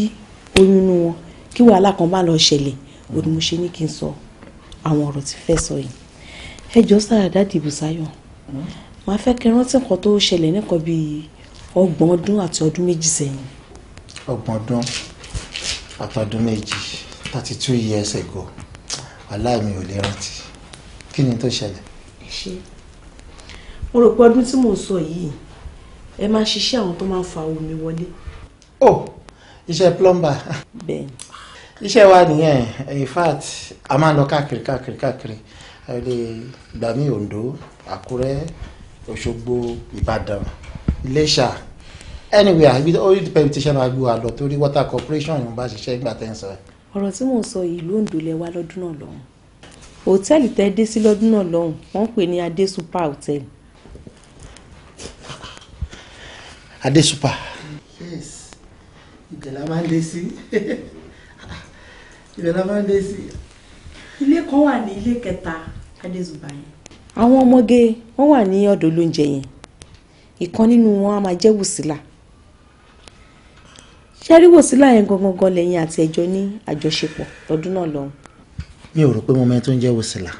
oyún inú wọn kí wàhálà kan bá lọ ṣẹlẹ̀ òun ni mo ṣe ní kí n sọ àwọn ọ̀rọ̀ tí fẹ́ sọ yìí ẹ jọ sára dáàdì Bùsáyọ̀ fẹ́ kí rántí nǹkan tó ṣẹlẹ̀ nìkan bíi ọgbọ̀n ọdún àti ọdún méjì sẹ́yìn. ọgbọ̀n ọdún àtọdún méjì thirty two years ago aláìmí ò lè rántí kí ni tó ṣẹlẹ̀. ẹ ṣe mo rò pé ọdún tí mò ń sọ yìí ẹ máa ṣiṣẹ́ àwọn tó máa ń fa omi wọlé. o iṣẹ́ plumber. bẹ́ẹ̀ni. iṣẹ́ wa nìyẹn in fact a máa lọ káàkiri káàkiri káàkiri ilé gbàmí Oǹdó Àkúrẹ́ Òṣogbo Ìbàdàn Iléṣà anyway ibi tó rí the petition wa gbé wa lọ torí water corporation ìwọ̀nba ṣiṣẹ́ ìgbà tẹ́ ń sọ ẹ̀ ọ̀rọ̀ tí mò ń sọ yìí lóńdó lẹ́wà lọ́dún náà lọ́hùn òtẹ́ẹ̀lì tẹ́ dé sí lọ́dún náà lọ́hùn wọ́n pè ní adé super hotel. adé super. yes ìjẹ̀lá máa ń dé sí ìjẹ̀lá máa ń dé sí. ilé kan wà ní ilé kẹta adé super yẹn. àwọn ọmọge wọn wà ní ọ̀dọ̀ olóúnjẹ yẹn ìkan nínú wọn á máa jẹ́ wùsílà ṣẹ́ríwò sílẹ̀ yẹn gangan gan lẹ́yìn àti ẹjọ́ ní àjọṣepọ̀ lọ́dún náà lọ́hùn. mi ò rò pé mo mẹ́ni tó ń jẹ́ wòsílà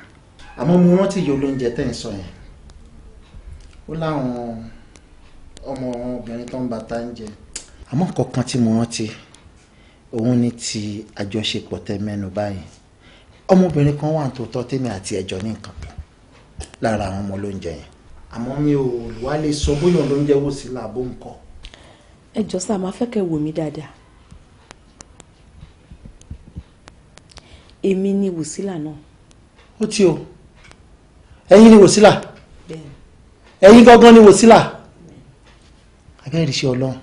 àmọ́ mo rántí ìyá olóúnjẹ tẹ́ ń sọ yẹn ó láwọn ọmọ obìnrin tó ń ba ta ń jẹ. àmọ́ nǹkan tí mo rántí òun ni ti àjọṣepọ̀ tẹ́ mẹ́nu báyìí ọmọbìnrin kan wà tó tọ́ tèmi àti ẹjọ́ ní nǹkan pọ̀ lára àwọn ọmọ olóúnjẹ yẹn àmọ́ mi ò wá lè sọ bóyá olóúnjẹ wòsílà bó ń kọ́ ẹ jọ sá máa fẹ́ kẹ́ wò mí dáadáa èmi ni wòsílà náà. ó ti o ẹ̀yin ni wòsílà ẹ̀yin gangan ni wòsílà abẹ́rẹ́ ìṣe ọlọ́run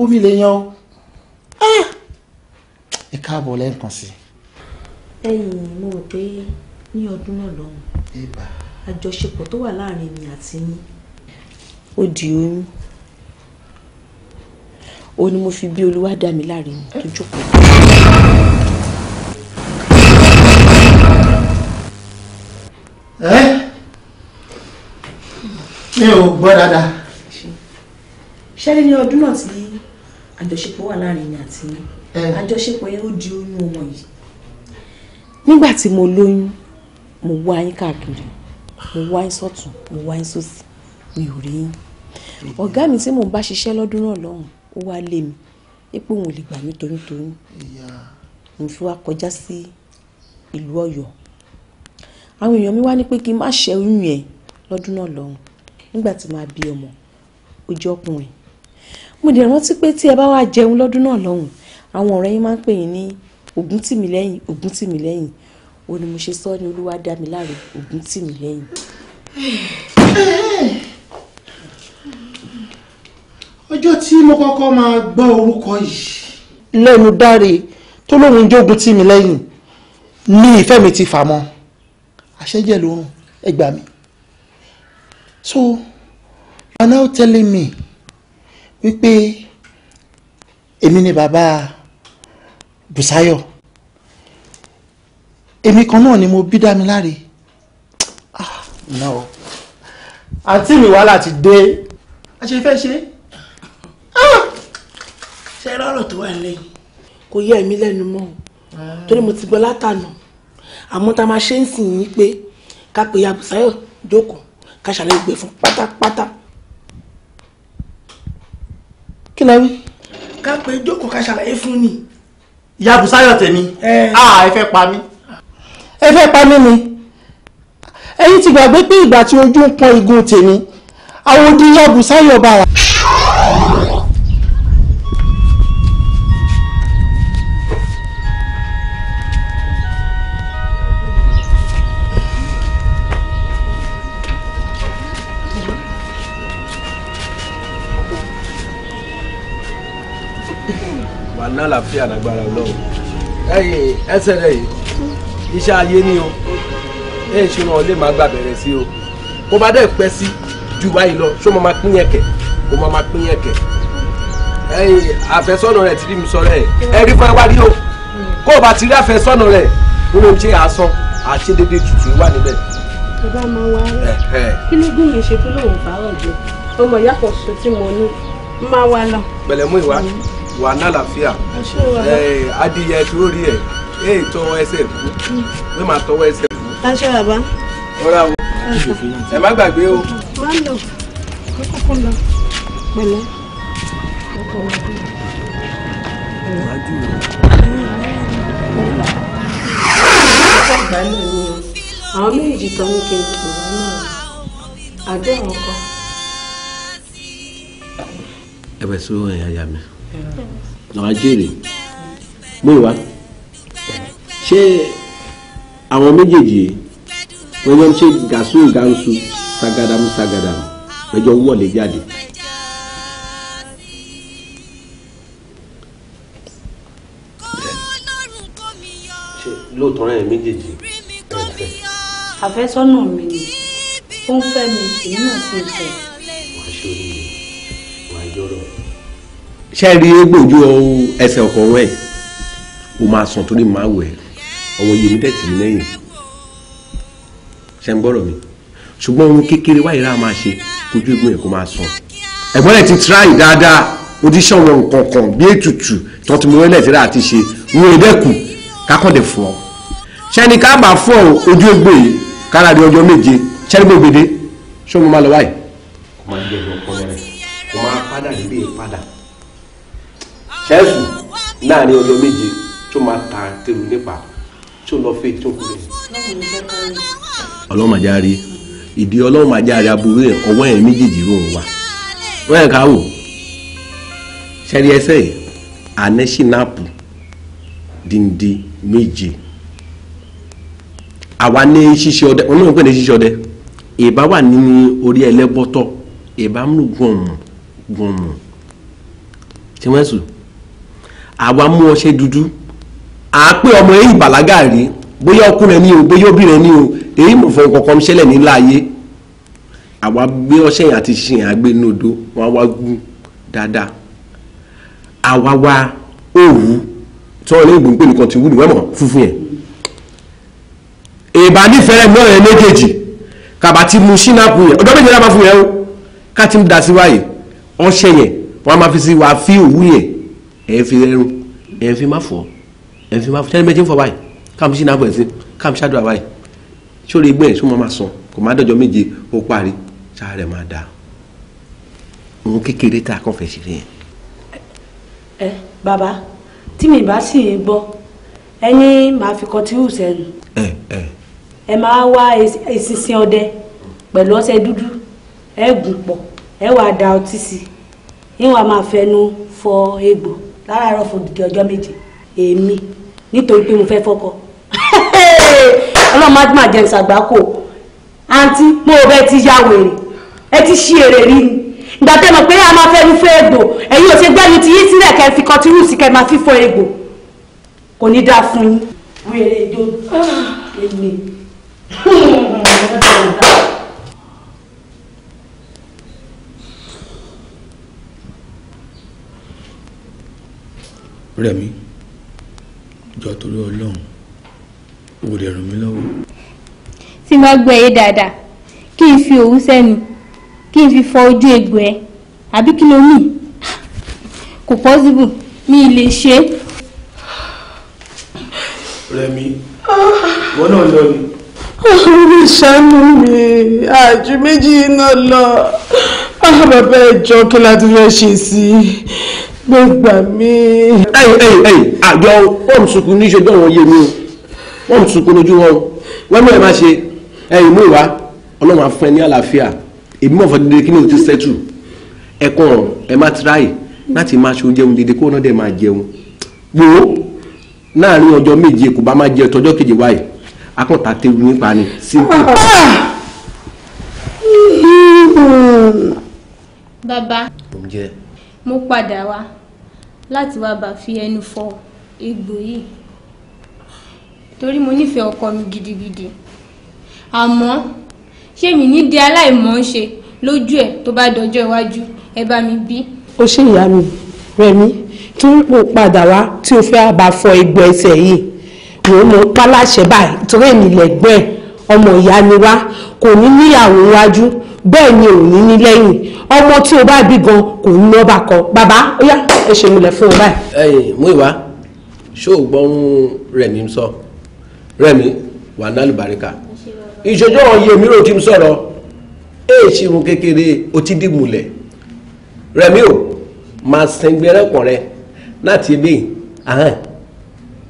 omi lè yan o ah! ẹ káàbọ̀ lẹ́ẹ̀kan sí i. ẹ̀yin mo rò pé ní ọdún náà lọ́hùn àjọṣepọ̀ tó wà láàrin mi àti yín ó di oyún òun ni mo fi bí olúwa dá mi láre mi tó jókòó. mi ò gbọ́ dáadáa. ṣẹ́ni ní ọdún náà tí àjọṣepọ̀ wà láàrin mi àti àjọṣepọ̀ yẹn ó di oyún ọmọ yìí nígbà tí mo lóyún mo wá yín káàkiri mo wá yín sọ́tún mo wá yín sósì mi ò rí yín ọ̀gá mi tí mò ń bá ṣiṣẹ́ lọ́dún náà lọ́hùn ó wá lé mi ipò òun ò lè gbà mí toyúntoyún mo fi wá kọjá sí ìlú Ọ̀yọ́ àwọn èèyàn mi wá ní pé kí n má ṣe oyún yẹn lọ́dún náà lọ́hùn nígbà tí màá bí ọmọ ojú ọkùnrin mo dẹ̀ rántí pé tí ẹ bá wá jẹun lọ́dún náà lọ́hùn àwọn ọ̀rẹ́ yín máa ń pè yín ní ògún tì mí lẹ́yìn ògún tì mí lẹ́yìn ó mo ṣe sọ ni olúwa dá mi láre ògún tì mí lẹ́yìn ọjọ́ tí mo kọ́kọ́ máa gbọ́ orúkọ yìí. lẹ́nu dáre tó lóun jogun tì mí lẹ́yìn ní ìfẹ́ mi ti fà mọ́ àṣẹ́jẹ́ ló rùn ẹ gbà so you are now telling me wípé èmi ni bàbá Bùsáyọ̀ èmi kan náà ni mo bí dá mi láre. Ah, no àǹtí mi wàhálà ti dé. a ṣe fẹ́ ṣe é ṣe rọrùn tó wà lẹ́yìn kò yẹ ẹ̀mí lẹ́nu mọ́ o ah. torí mo ti gbọ́ látànà àmọ́ tá a máa ṣe ń sìn yín pé ká pe Abùsáyọ̀ jókòó ká ṣàlàyé gbè fún pátápátá kí la wí. ká pe jókòó ká ṣàlàyé fún ni. ìyá Abùsáyọ̀ tèmi eh. a ah, ẹ fẹ́ pa mí. ẹ fẹ́ pa mí ni ẹ̀yin ti gbàgbé pé ìgbà tí ojú ń pọn igun tèmi àwọn odi ìyá Abùsáyọ̀ bára. ní àlàáfíà lágbára Ọlọ́run ẹ̀yin ẹsẹ̀ rẹ yìí iṣẹ́ ayé ni o ẹ ìṣúná ọ lè má gbà bẹ̀rẹ̀ sí o kó bá dẹ̀ pẹ́ sí ju báyìí lọ ṣó mo máa pín yẹn kẹ̀ kó mo máa pín yẹn kẹ̀ ẹ̀yin àfẹ́sọ́nà rẹ̀ tí rí mi sọ̀rọ̀ ẹ̀ ẹ rí fún ẹ o kó o bá ti rí àfẹ́sọ́nà rẹ̀ nínú ṣe àsán àṣedédé tutù wà níbẹ̀. bàbá máa wá rẹ kí ló gún mi ṣe tó lóun bá ọ̀jẹ̀ ọmọ ìyá kan ṣoṣo tí mo ní máa wá lọ. pẹ̀lẹ́ ìwà. Mm wà nálàáfíà adìyẹ tí ó rí ẹ ẹ tọwọ́ ẹsẹ̀ kú ẹ máa tọwọ́ ẹsẹ̀ kú. aṣọ àbá. rọra o ẹ má gbàgbé o. má lọ kókó lọ pẹ̀lẹ́. àwọn méjì tán ní kejì kò wá náà àdéhùn kan. ẹ bẹ̀ sí òun ẹ̀yà mi àwọn ajéèrè wa. ṣé àwọn méjèèjì wọ́n jọ ń ṣe gàṣú gàṣú sagadamu sagadamu wọ́n jọ wọlé jáde. lóòótọ́ rẹ̀ méjèèjì ẹ̀fẹ́. àfẹ́sọ́nà mi ni ó ń fẹ́ mi èmi náà sì ń wàá ṣe oríire ṣẹ́ẹ̀rí egbòjú ẹsẹ̀ ọkọ̀ rẹ̀ o máa sàn torí máa wẹ̀ ọmọ yìí mi tẹ̀sí lẹ́yìn ṣe ń gbọ́rọ̀ mi ṣùgbọ́n ohun kékeré wáyé rà máa ṣe kojú egbò yẹn máa sàn ẹ̀gbọ́n rẹ̀ ti tíráì dáadáa o ti ṣọ̀rọ̀ nǹkan kan bí ètùtù tọ́tù mi wẹ́lẹ̀ tí rà ṣe ń wọ́n ẹ̀dẹ́kù kákọ̀dẹ̀ fún ọ ṣẹ́ni ká fún ọ ojú egbò yìí kára di ọjọ́ méje ṣẹ́ni gbògbèdé ṣé o máa lọ wáyé. kò máa ń ṣẹ́ẹ̀sù láàrin ọjọ́ méje tó máa ta tèrò nípa tó lọ fẹ́ tó kú rẹ̀. ọlọ́run máa járe ìdí ọlọ́run máa járe aburú ẹ̀ ọwọ́ ẹ̀ méjèèjì ló ń wà wọ́n ẹ̀ ká wò ṣẹ́rí ẹsẹ̀ yìí anẹ́sínápù dìndín méje àwa ní ṣíṣe ọdẹ wọn náà pè ní ṣíṣe ọdẹ ìbá wà ní orí ẹlẹ́bọ́tọ̀ ìbá mú gbọ̀mù gbọ̀mù tí wọ́n sùn àwa mú ọṣẹ dúdú à á pé ọmọ èyí ìbàlágà rí bóyá ọkùnrin ni o bóyá obìnrin ni o èyí mọ̀ fọ nǹkan kan ṣẹlẹ̀ nílá ayé àwa gbé ọṣẹ yẹn àti ṣiṣẹ́ yẹn àgbẹ̀ nódó wọn wá gún dáadáa àwa wá òwú tí wọn lé ìgbò ń pè nìkan ti wú nìwẹ́ mọ̀ funfun yẹn èèbà nífẹ̀ẹ́ mọ́ ẹ̀ méjèèjì kàbà ti mu sínápù yẹn ọjọ́ méje náà máa fún yẹn o ká ti ń da wáyé ọṣẹ yẹn wọn máa fi sí wàá fí òwú yẹn ẹ̀ fi ẹrù ẹ̀ fi má fọ̀ ẹ̀ fi má fọ̀ sẹ́ni mẹ́tí ń fọ̀ báyìí káàmù sí nàbọ̀ ẹ̀sìn káàmù ṣáàdùn àbáyìí sórí egbò ẹ̀ sọ máa sàn kò má dọ̀jọ́ méje ó parí sáà rẹ̀ máa òun kékeré tá a kàn fẹ́ ṣe rẹ̀ yẹn. ẹ bàbá tí mi bá sì ń gbọ́ ẹni màá fi kọtírù sẹ́nu ẹ máa wá eṣinṣin ọdẹ pẹ̀lú ọṣẹ dúdú ẹ gùn pọ̀ ẹ wàá da ọtí sí i ìwọ̀n a máa fẹnu fọ egbò láràárọ̀ fún òdìdí ọjọ́ méje èmi nítorí pé mo fẹ́ fọ́kọ ọlọ́mọ adúmọ̀ jẹ́ ìsàgbákò àǹtí mo ò bẹ́ẹ̀ ti ya wèrè ẹ ti ṣí èrè rí ni ìgbà tẹ́ mọ̀ pé a máa fẹ́ irúfẹ́ egbò ẹ̀yin ò ṣe gbẹ́nu ti yí sílẹ̀ kẹ́ fi kọtírù sí kẹ́ máa fífọ egbò kò ní dáa fún yín. wèrè ìjọ ah, èmi. Rẹ̀mí jọ torí Ọlọ́run ò lè ràn mí lọ́wọ́. tí mo gbọ́ ẹ dáadáa kí n fi òwú sẹ́nu kí n fi fọ ojú egbò ẹ àbí kí ló mì kò pọ́sibù mi lè ṣe. Rẹ̀mí wọn náà lọ ni. orí ìṣàánú mi àjù méjì náà lọ ah, bàbá ẹjọ́ kí la ti ṣe sí i gbẹgbà mi. ẹyìn ẹyìn ẹyìn àjọ wọn sunkún níṣẹ dọwọn yé mi o wọn sunkún lójú wọn wọn mú ẹ má ṣe ẹyìn mú ìwá Ọlọ́run á fún ẹ ní àlàáfíà èmi mọ̀ fọ́ dédé kí ni o ti sẹ́tù ẹ̀kan ẹ má tíráyì láti máa ṣe oúnjẹ dédé kó náà dẹ̀ máa jẹun wo láàrin ọjọ́ méje kò bá máa jẹ tọjọ́ kejì wáyé akọ̀tà tẹ́lu nípa ni simple. Ah! Hmm. bàbá mo padà wá láti wá bá fi ẹnu fọ egbò yìí torí mo nífẹ̀ẹ́ ọkọ mi gidigidi àmọ́ ṣé mi ní di aláìmọ̀ ń ṣe lójú ẹ̀ tó bá dọjọ́ iwájú ẹ bá mi bí. ó ṣe ìyá mi rẹmi torí pò padà wá tí o fẹ́ bá fọ egbò ẹsẹ̀ yìí wò ó mọ páláṣẹ báyìí torí èmi lẹ́gbẹ́ ọmọ ìyá ni wá kò ní níyàwó wájú bẹ́ẹ̀ ni ò ní ní lẹ́yìn ọmọ tí o bá bí gan kò ní lọ́ba kọ bàbá ó yá ẹ ṣe múlẹ̀ fún ọ báyìí. mú ìwá ṣó o gbọ́n rẹ̀mí sọ rẹ̀mí wà nálùbáríkà ìṣòjọ́ ọ̀yẹ́ mi ò ti ń sọ̀rọ̀ èè ṣirun kékeré o ti dì múlẹ̀ rẹ̀mí o máa sẹ́ngbẹ́rẹ́pọ̀ rẹ láti ebí ahọ́n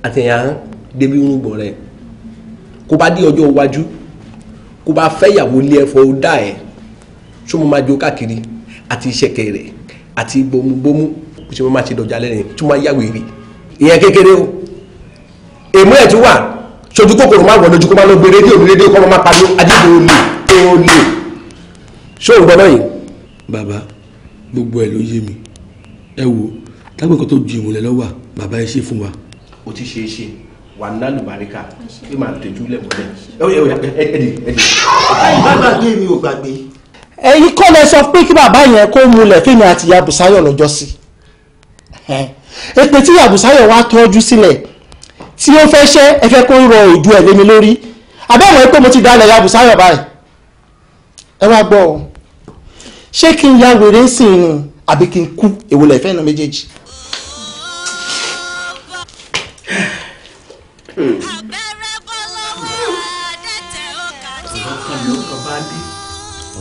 àtẹ̀yìn ahọ́n débi irúgbọ̀n rẹ kó bá dé ọjọ́ iwájú kó bá fẹ́ yàwó ilé ẹ̀fọ́ ó dà ẹ́ ṣó mo máa jó káàkiri àti ìṣẹ̀kẹ̀ rẹ̀ àti gbómúgbómú kò ṣe mo máa ṣe dọ̀jà lẹ́rìn tó máa yá wèrè ìyẹn kékeré o èmú ẹ̀ tún wà sojú kòkòrò máa wọ̀ lójú kó máa lọ gbé rédíò ní rédíò kọ́ máa pariwo adébò olè olè ṣó ń gbọ́dọ̀ yìí. bàbá gbogbo ẹ ló yé mi ẹ wo táwọn nǹkan tó ju ìmùlẹ̀ lọ́wọ́ bàbá ẹ ṣe fún wa. o ti ṣe é ṣe wà ní alùbáríkà bí màá tẹ̀jú lẹ̀ mọ́lẹ̀ ẹ ẹ ẹ ẹ ẹ ẹ ẹ ẹ ẹ ẹ ẹ ẹ ẹ ẹ ẹ ẹ̀yin kọ́ lẹ sọ pé kí bàbá yẹn kó múlẹ̀ fíìmù àti ìyá Bùsáyọ̀ lọ́jọ́ sí èpè tí ìyá Bùsáyọ̀ wá tọ́jú sílẹ̀ tí ó fẹ́ ṣẹ́ ẹ fẹ́ kó rọ òdu ẹ̀ lémi lórí àbẹ́wọ̀n pé mo ti dalẹ̀ ìyá Bùsáyọ̀ báyìí ẹ wá gbọ́ ọ ṣé kí n ya wèrè sí inú àbí kí n kú èwo lẹ fẹ́ nà méjèèjì. Hmm.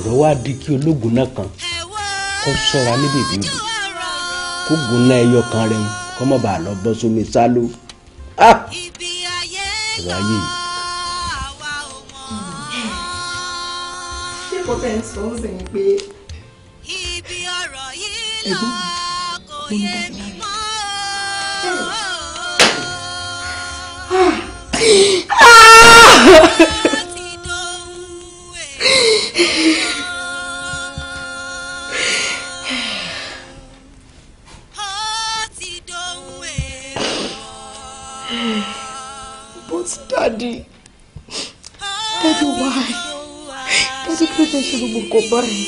ló wá di kí ológun náà kan kó sọ́ra níbi ìbíbi kó gun náà ẹyọ kan rẹ kó má bàa lọ bọ́ sómi sálọ. ọ̀rọ̀ ayé yìí. ṣé kò tẹ̀ ń sọ ń sìn ní pé. ibi ọ̀rọ̀ yìí lọ kò yé mi mọ́. Ah! guilt daddy daddy why daddy kí ló fẹ́ ṣe gbogbo nǹkan báyìí.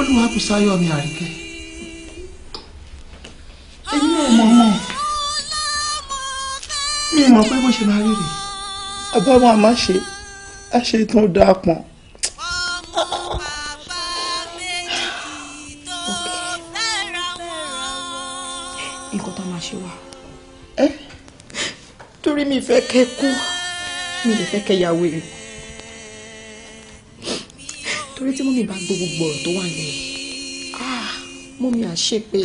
olùwàbùsáyọ̀ mi àríkẹ́ èmi ò mọ̀ mọ̀ mi mọ̀ pé bó ṣe máa rí rèé. àbámọ̀ àmá ṣe àṣetán dáa pọ̀n. nǹkan tó máa ṣe wà. ẹ́ torí mi fẹ́ kẹ́ kú mi lè fẹ́ kẹ́ ya wèrè torí tí mọ́mí bá gbogbo ọ̀rọ̀ tó wà nílẹ̀ ah, mọ́mí à ṣépè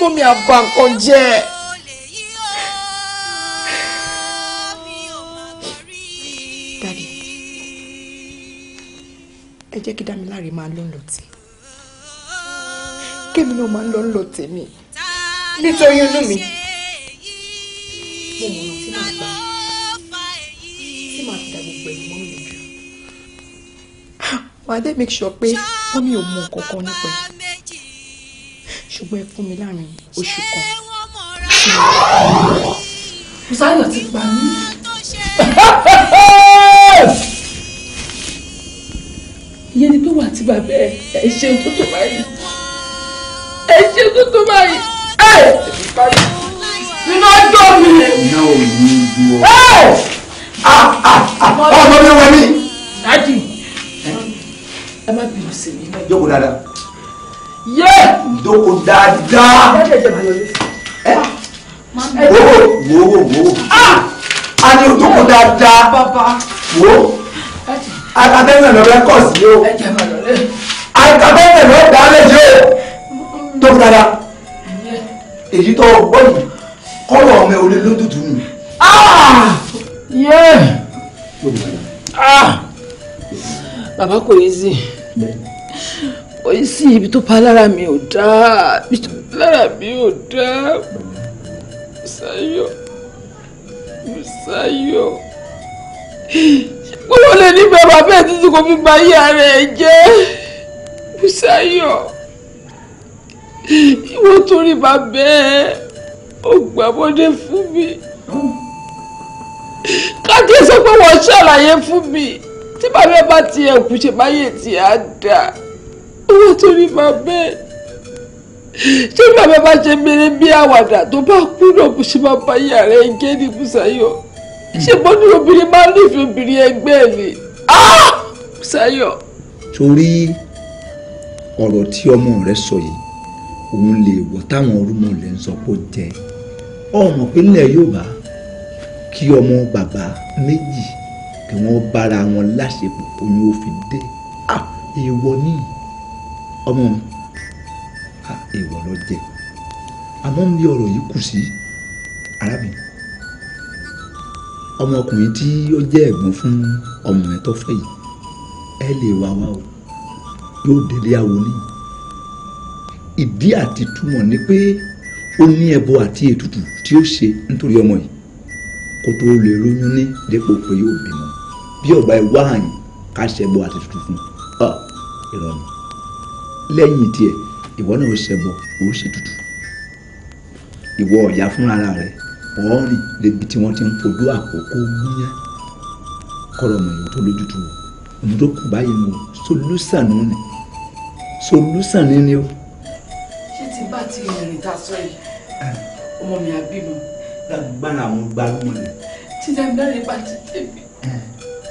mọ́mí à bà nǹkan jẹ́ ẹ jẹ́ kí dámiláre máa lọ lọ tí kémi náà máa ń lọ tèmi nítorí inú mi mọ̀ ọ̀nà tí màá gbà tí màá fi dá gbogbo ẹ̀yìn mọ́ lójú. wàá dé make sure pé wọ́n mi ò mọ kankan nípa ẹ̀ ṣùgbọ́n ẹ fún mi láàrin oṣù kan. Bùsáyọ̀ ti pa mí. ìyẹn ni pé wà á ti bàbá ẹ ẹ ṣe tó tó báyìí ẹ ṣe tó tó báyìí ẹ ẹ ti pa iná jó mi. iná ò ní ju ọ. ọmọ mi wẹ mí. dadi ẹ má bínú sí mi. jókòó dáadáa. yé. jókòó dáadáa. dáadáa jẹ màá yọrí. ẹ wo wo wo wo. a ní jókòó dáadáa. bàbá. wo akadẹ́nà lọ́rẹ́ kọ̀ sí o akadẹ́nà lọ́rẹ́ dálé yìí o tó dára èyí tó gbọ́ yìí kọ́rọ̀ ọmọ ẹ̀ olè lódùdú nù. Ah! Ah! bàbá kò yé sí kò yé sí ibi tó pa lára mi ò dáa ibi tó pa lára mi ò dáa Musayọ̀ Musayọ̀ kúrò lè nífẹ̀ẹ́ bàbá ẹ̀ títí kò fi ba ayé ara ẹ̀ jẹ́ Musayọ̀ ìwọ torí bàbá ẹ̀ ó gbàbọdé fún mi kájí sọ pé wọ́n ṣàlàyé fún mi tí bàbá bá ti ẹ̀kú ṣe báyé tí a dà owó tó ní bàbá ẹ̀ ṣé bàbá bá ṣe mèrè bí àwàdà tó bá kú náà kò ṣe máa bá yà rẹ̀ gé ní Bùsáyọ̀ ṣé mo ní obìnrin máa ń nífẹ̀ẹ́ obìnrin ẹgbẹ́ ẹ̀ ni ah! Bùsáyọ̀. torí ọ̀rọ̀ tí ọmọ rẹ sọ yìí òun lè wọ táwọn orúmọ lè ń sọ pé ó jẹ ọmọ pínlẹ̀ Yorùbá kí ọmọ bàbá méjì kí wọ́n bára wọn láṣepọ̀ oyún òfin dé èèwọ̀ ní ọmọ èèwọ̀ lọ jẹ àmọ́ ń bí ọ̀rọ̀ yìí kù sí arábìnrin ọmọkùnrin tí ó jẹ́ ẹ̀gbọ́n fún ọmọ ẹ̀ tó fẹ́ yìí ẹ lè wá wá o yóò délé awo ní ìdí àti túmọ̀ ni pé ó ní ẹbọ àti ètùtù tí ó ṣe nítorí ọmọ yìí kó tó lè lóyún ní dépò pé yóò bímọ bí ọba ẹ wá àyìn ká ṣẹbọ àti ètùtù fún ọ ìrọ̀rùn lẹ́yìn tiẹ̀ ìwọ náà ó ṣẹbọ ó ṣètùtù ìwọ ọ̀yà fúnra rẹ ọ̀ọ́rìn débi tí wọ́n ti ń fojú àkókò múyẹ́ kọ́rọ̀mọ̀ ìwọ tó lójútu o òun tó kù báyìí nù solúsàn nù ni solúsàn ni ni o. ṣé ti bá ti rìn ta sọ yìí ọmọ mi àbímọ. lágbára àwọn gbalúmọ ni. títí agbára bá ti tẹ̀mí.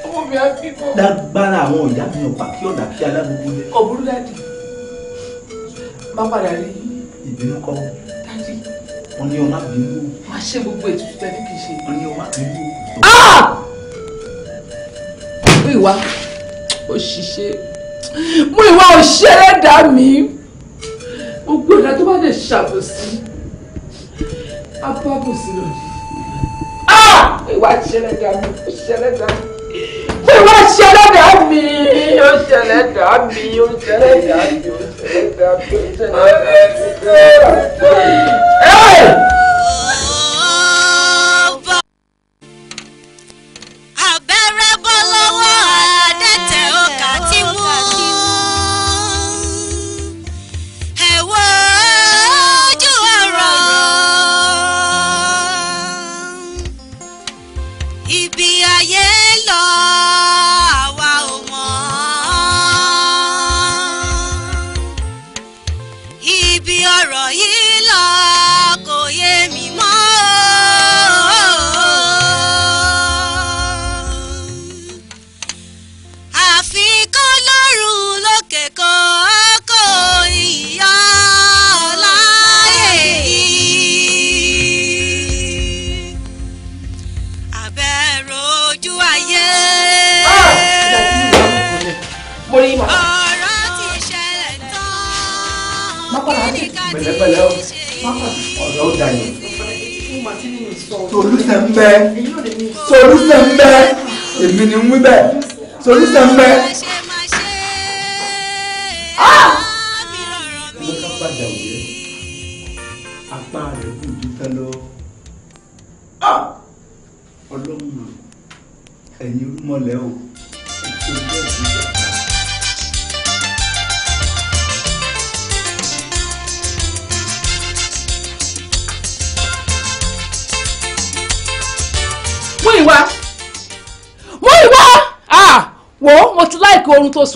ọmọ mi àbímọ. lágbára àwọn ìyá mi ọ̀pá kí ọ̀dà kí alágbogbo lé. ọ̀bùrú dáàdì má padà rí. ìbínú kọ́. dáàdì. wọ́n ní ọmọ bínú. wọ́n á ṣe gbogbo ètùtù tẹ́lẹ̀ kì í ṣe. wọ́n ní ọmọ bínú. Ah! mú ìwà òṣìṣẹ́ mú ìwà òṣìṣẹ́ rẹ̀ dà mí gbogbo ìdá tó bá lè ṣàbòsí abábòsí lọ ni. Ah! ìwà ṣẹlẹ̀ dà mí ó ṣẹlẹ̀ dà mí ìwà ṣẹlẹ̀ dà mí ó ṣẹlẹ̀ dà mí ó ṣẹlẹ̀ dà mí ó ṣẹlẹ̀ dà mí ó ṣẹlẹ̀ dà mí.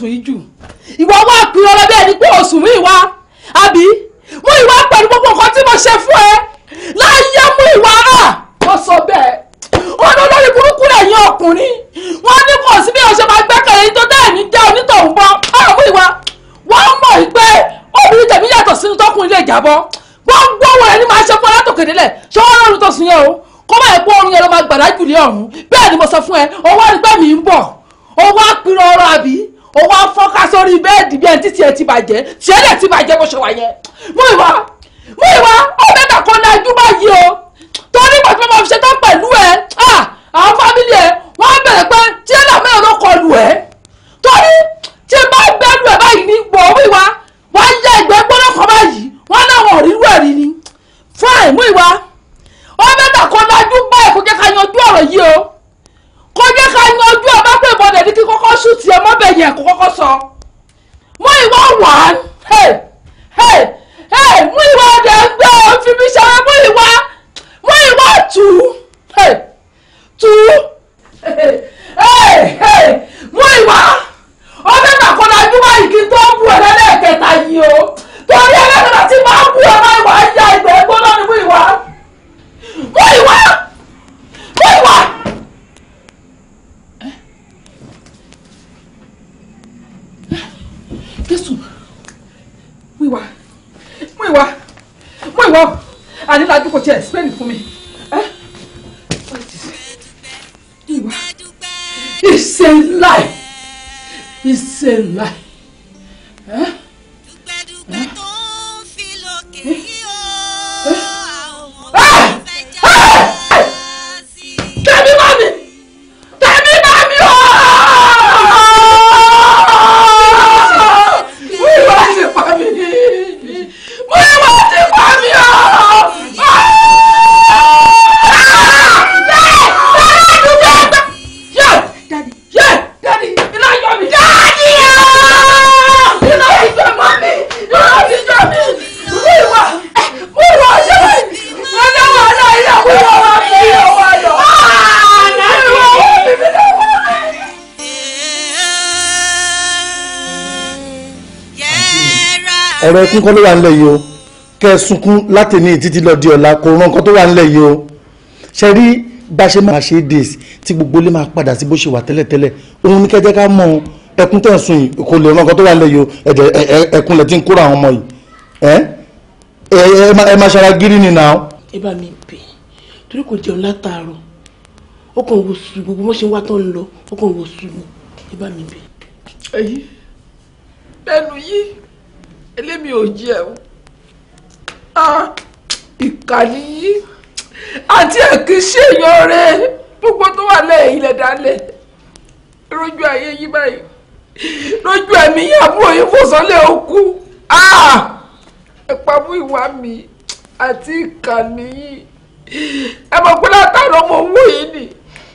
sùn yìí bàjẹ́ tiẹ̀ dẹ̀ ti sunkún kọ́ ló wà nílẹ̀ yìí o kẹ́ ẹ sunkún láti ní títí lọ di ọ̀la kò ràn nǹkan tó wà nílẹ̀ yìí o ṣe rí bá ṣe máa ṣe days tí gbogbo lè máa padà sí bó ṣe wà tẹ́lẹ̀tẹ́lẹ̀ òun ní kẹ́jẹ́ ká mọ̀ ẹkún tẹ̀ ń yìí kò lè ràn nǹkan tó wà nílẹ̀ yìí o ẹ̀jẹ̀ ẹkún lẹ̀ ti ń kóra àwọn ọmọ yìí ẹ ẹ máa ṣara gírí ni nà. ẹ bá mi bẹ torí kò jẹun látàárọ̀ ó wò sùn gbogbo mọ́ṣẹ́ wá tán lọ ó wò sùn ẹ bá mi bẹ. ẹyin lẹnu yìí elémi ò jẹ o ìkà nìyí àti ẹ̀kí ṣèyàn rẹ gbogbo tó wà lẹ́yìn ilẹ̀ dálẹ̀ lójú ayé yí báyìí lójú ẹ̀mí àbúrò yìí fòsánlẹ̀ òkú ẹ̀pàmú ìwà mi àti ìkà nìyí ẹ mọ̀ pé látàrí ọmọ owó yìí ni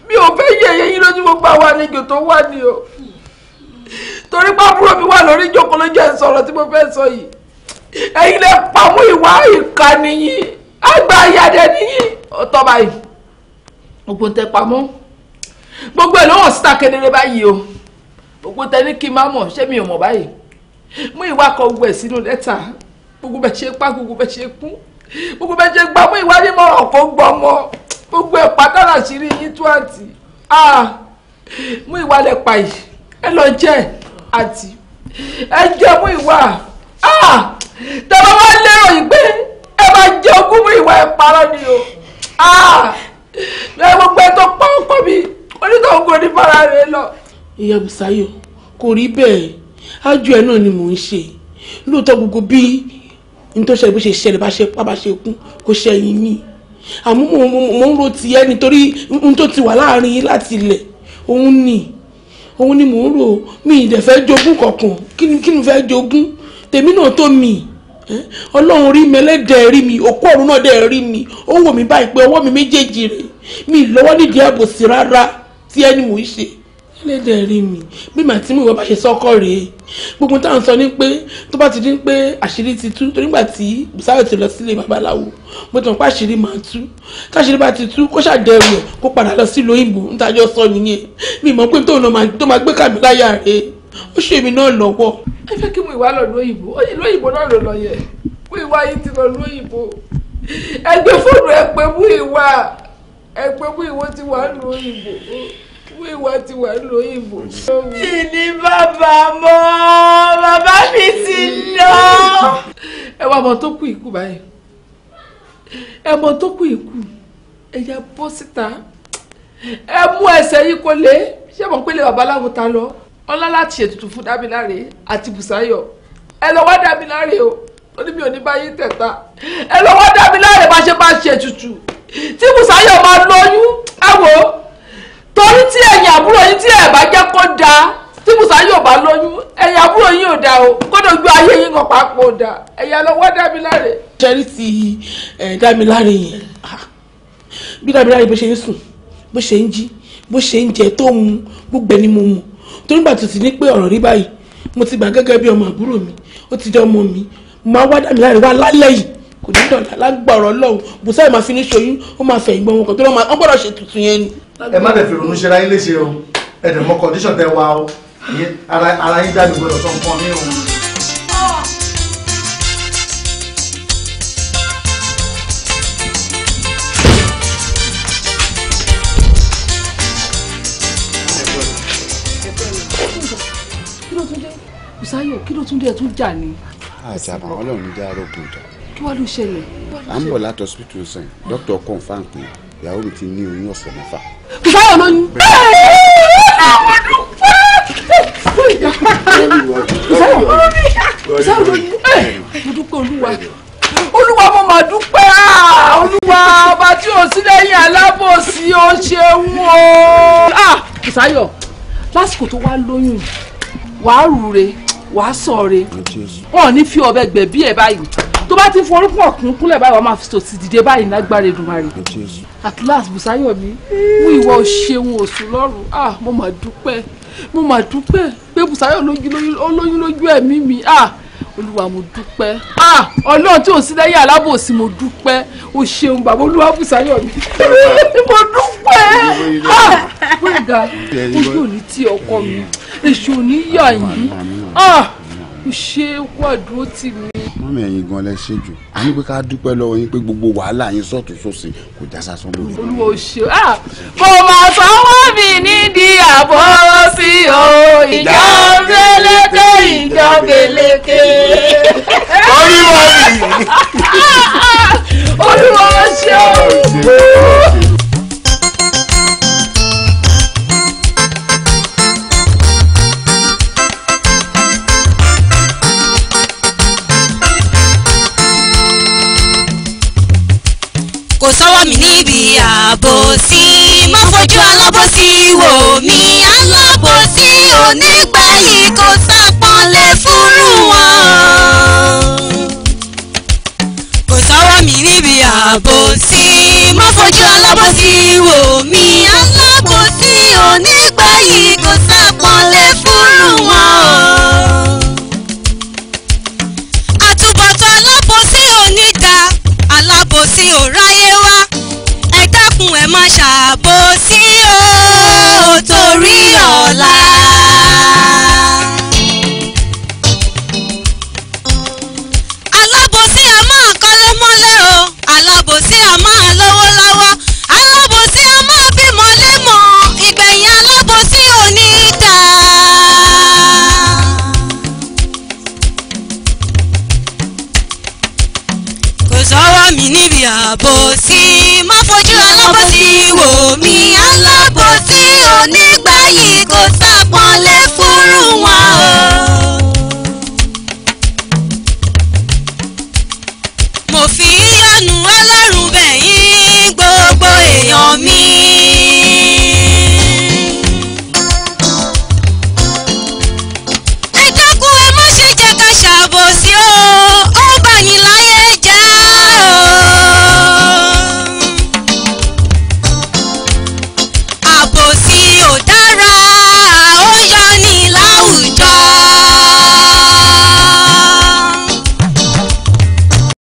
mi ò fẹ́ yẹ̀yẹ́ yín lójú gbogbo àwọn àlejò tó wà ní o torí pé àbúrò mi wà lórí ìjókòó ló jẹ́ sọ̀rọ̀ tí mo fẹ́ sọ yìí ẹ̀yin lè pamọ́ ìwà ìka nìyí àgbà ìyàdẹ nìyí ọ̀tọ̀ báyìí gbogbo tẹ pamọ́ gbogbo ẹ̀ ló hàn síta kedere báyìí o gbogbo tẹ ní kí n má mọ̀ ṣé mi ò mọ̀ báyìí mú ìwà kan gbẹ̀ sínú lẹ́tà gbogbo bẹ́ẹ̀ ṣe pa gbogbo bẹ́ẹ̀ ṣe kú gbogbo bẹ́ẹ̀ ṣe gbà mú ìwà nímọ̀ ọ̀kọ́ gbọ́ ọmọ gbogbo ẹ̀ pátánà sí yín tó àǹtí ah! mú ìwà lẹ pa yìí ẹ lọ jẹ́ àti ẹ jẹ́ mú ìwà ah! tọ́ba bá lérò yìí pé ẹ máa jẹ ogún mú ìwà ẹ̀ parọ́ ni o ah! ẹ gbogbo ẹ tó pọ́npọ́n mi onítọ̀hún kò ní fara rẹ̀ lọ. ìyá Bùsáyọ̀ kò rí bẹ́ẹ̀ ájú ẹ náà ni mò ń ṣe lóòótọ́ gbogbo bí n tó ṣẹlẹ̀ bó ṣe ṣẹlẹ̀ bá ṣe pa bá ṣe kú kò ṣẹyìn mi àmọ́ mo ń ro tiẹ̀ nítorí n tó ti wà láàrin yín láti ilẹ̀ òun ni òun ni mò ń rò mi ìdẹ̀ fẹ́ jogún kankan kí ni fẹ́ jogún tèmi náà tó mi ọlọ́run rí mi ẹlẹ́dẹ̀ẹ́ rí mi òkú ọ̀run náà dẹ̀ rí mi ó wò mí báyìí pé ọwọ́ mi méjèèjì rè mi lọ́wọ́ nídìí àbòsí rárá tí ẹni mò ń ṣe ẹlẹ́dẹ̀ rí mi bí màá tí mò ń bá ṣe sọ́kọ̀ rèé gbogbo táwọn sọ ni pé tó bá ti dín pé àṣírí ti tú torí gbà tí Bùsáyọ̀ ti lọ sílé babaláwo mo tàn pé àṣírí máa tú táṣírí bá ti tú kó ṣàdẹrù ẹ̀ kó padà lọ sílùú òyìnbó nítajọ́ sọ nìyẹn mi mọ̀ pé tóun náà tó máa gbé kàmí láyà rèé ó ṣe èmi náà lọ́wọ́. ẹ fẹ́ kí mo ìwà lọ lóyìnbó lóyìnbó náà ló lọ yẹ mo ìwà lọ lóyìnbó ẹgbẹ́ fóònù ẹ mú ìwà ẹ pé mú ìwọ ti wà lóyìnbó wíwá ti wà lóyìnbó. mi ní bàbá mọ́ bàbá mi ti lọ. ẹ wá ọmọ tó kú ikú báyìí ẹ mọ tó kú ikú ẹ yá bọ́ síta ẹ mú ẹsẹ̀ yìí kó lé ṣé mo pélé babaláwo ta lọ ọlá láti ṣètùtù fún dámiláre àti bùsáyọ̀ ẹ lọ wá dámiláre o ó ní mi ò ní báyìí tẹ̀ta ẹ lọ wá dámiláre bá ṣe bá ṣètùtù tí bùsáyọ̀ máa lóyún ẹ wò ó torí tí ẹ̀yin àbúrò yín tí ẹ̀ bá jẹ́ kó dáa tí musa yóò bá lóyún ẹ̀yin àbúrò yín ò dáa o kódà ojú ayé yín kan pàápàá ò dáa ẹ̀yà lọ́wọ́ dámiláre. sẹ́rí ti dámiláre yẹn ah, bí dámiláre bó ṣe ń sùn bó ṣe ń jí bó ṣe ń jẹ tó mu gbogbo ẹni mo mu torí gbà tó ti ní pé ọ̀rọ̀ rí báyìí mo ti gbà gẹ́gẹ́ bí ọmọ àbúrò mi ó ti dé ọmọ mi mo máa wá dámiláre wá lálẹ́ yìí kò ní dọ̀là lágbàrọ̀ lọ́hùn bùsà máa fi ní ṣoyún ó máa fẹ̀yìn gbọ́n wọn kan tó lọ́ máa gbọ́dọ̀ ṣe tuntun yẹn ni. ẹ má lè fi ronú ṣe ráyé léṣe o ẹ dẹ̀ mọ condition tẹ wa o ara yín dábì gbọdọ̀ sọ nǹkan ní òun. kí ló tún dé ẹ tún jà ni. àti àbàwọn Ọlọ́run dá arógun kí wàá ló ṣẹlẹ̀. à ń bọ̀ láti hospital sẹ́yìn dókítà confam pé ìyàwó mi ti ní oyún ọ̀sẹ̀ mẹ́fà. báyọ̀ ló ní. báyọ̀ ló ní. mo dúpẹ́ olúwa olúwa mo máa dúpẹ́ ah, olúwa ọba tí o sí lẹ́yìn alábòsí o ṣeun o. ìsáyọ̀ ah, lásìkò tó wá lóyún wàá rure wàá sọ̀re wọn ò ní fi ọ̀bẹ gbẹ̀bí ẹ̀ báyìí tó bá ti forúkún ọ̀kún kúnlẹ̀ báyìí wàá máa fi sòsì dìde báyìí lágbára Èdùmàrè at last busayomi, mi mú ìwọ ṣeun òsùn lọ́rùn ah mo mà dúpẹ́ mo mà dúpẹ́ pé Bùsáyọ̀ olóyún lójú ẹ̀mí mi ah olúwa mo dúpẹ́ ah ọlọ́run tí ò sí lẹ́yìn alábòsí mo dúpẹ́ o ṣeun bàbá olúwa Bùsáyọ̀ mo dúpẹ́ ah gbẹ̀gà ojú òní tí ọkọ mi èṣù òní yà yín ah o ṣe wà dúró mọ́mí ẹ̀yin gan lẹ ṣe jù a ní pé ká dúpẹ́ lọ́wọ́ yín pé gbogbo wàhálà yín sọ̀tún sósì kò já sásán lórí. olùwò ṣe à ah, mo máa sanwó mi nídìí àbọ̀ sí o ìjọ gbẹlẹkẹ ìjọ gbẹlẹkẹ. orí ah, ah, ṣe o. níbi àbòsí má fojú alábòsí wò mí alábòsí onígbẹ̀yìn kò sápọ́nlé fúrú wọn. kò sọ́wọ́ mi níbi àbòsí má fojú alábòsí wò mí alábòsí onígbẹ̀yìn kò sápọ́nlé ọ̀la. alábòsí a máa kọ́lé mọ́lé o alábòsí a máa lówó lọ́wọ́ alábòsí a máa bímọ lémọ̀ ìgbẹ̀yìn alábòsí ò ní dá. kò sọ́wọ́ mi níbi àbòsí má fojú alábòsí wò mí. me.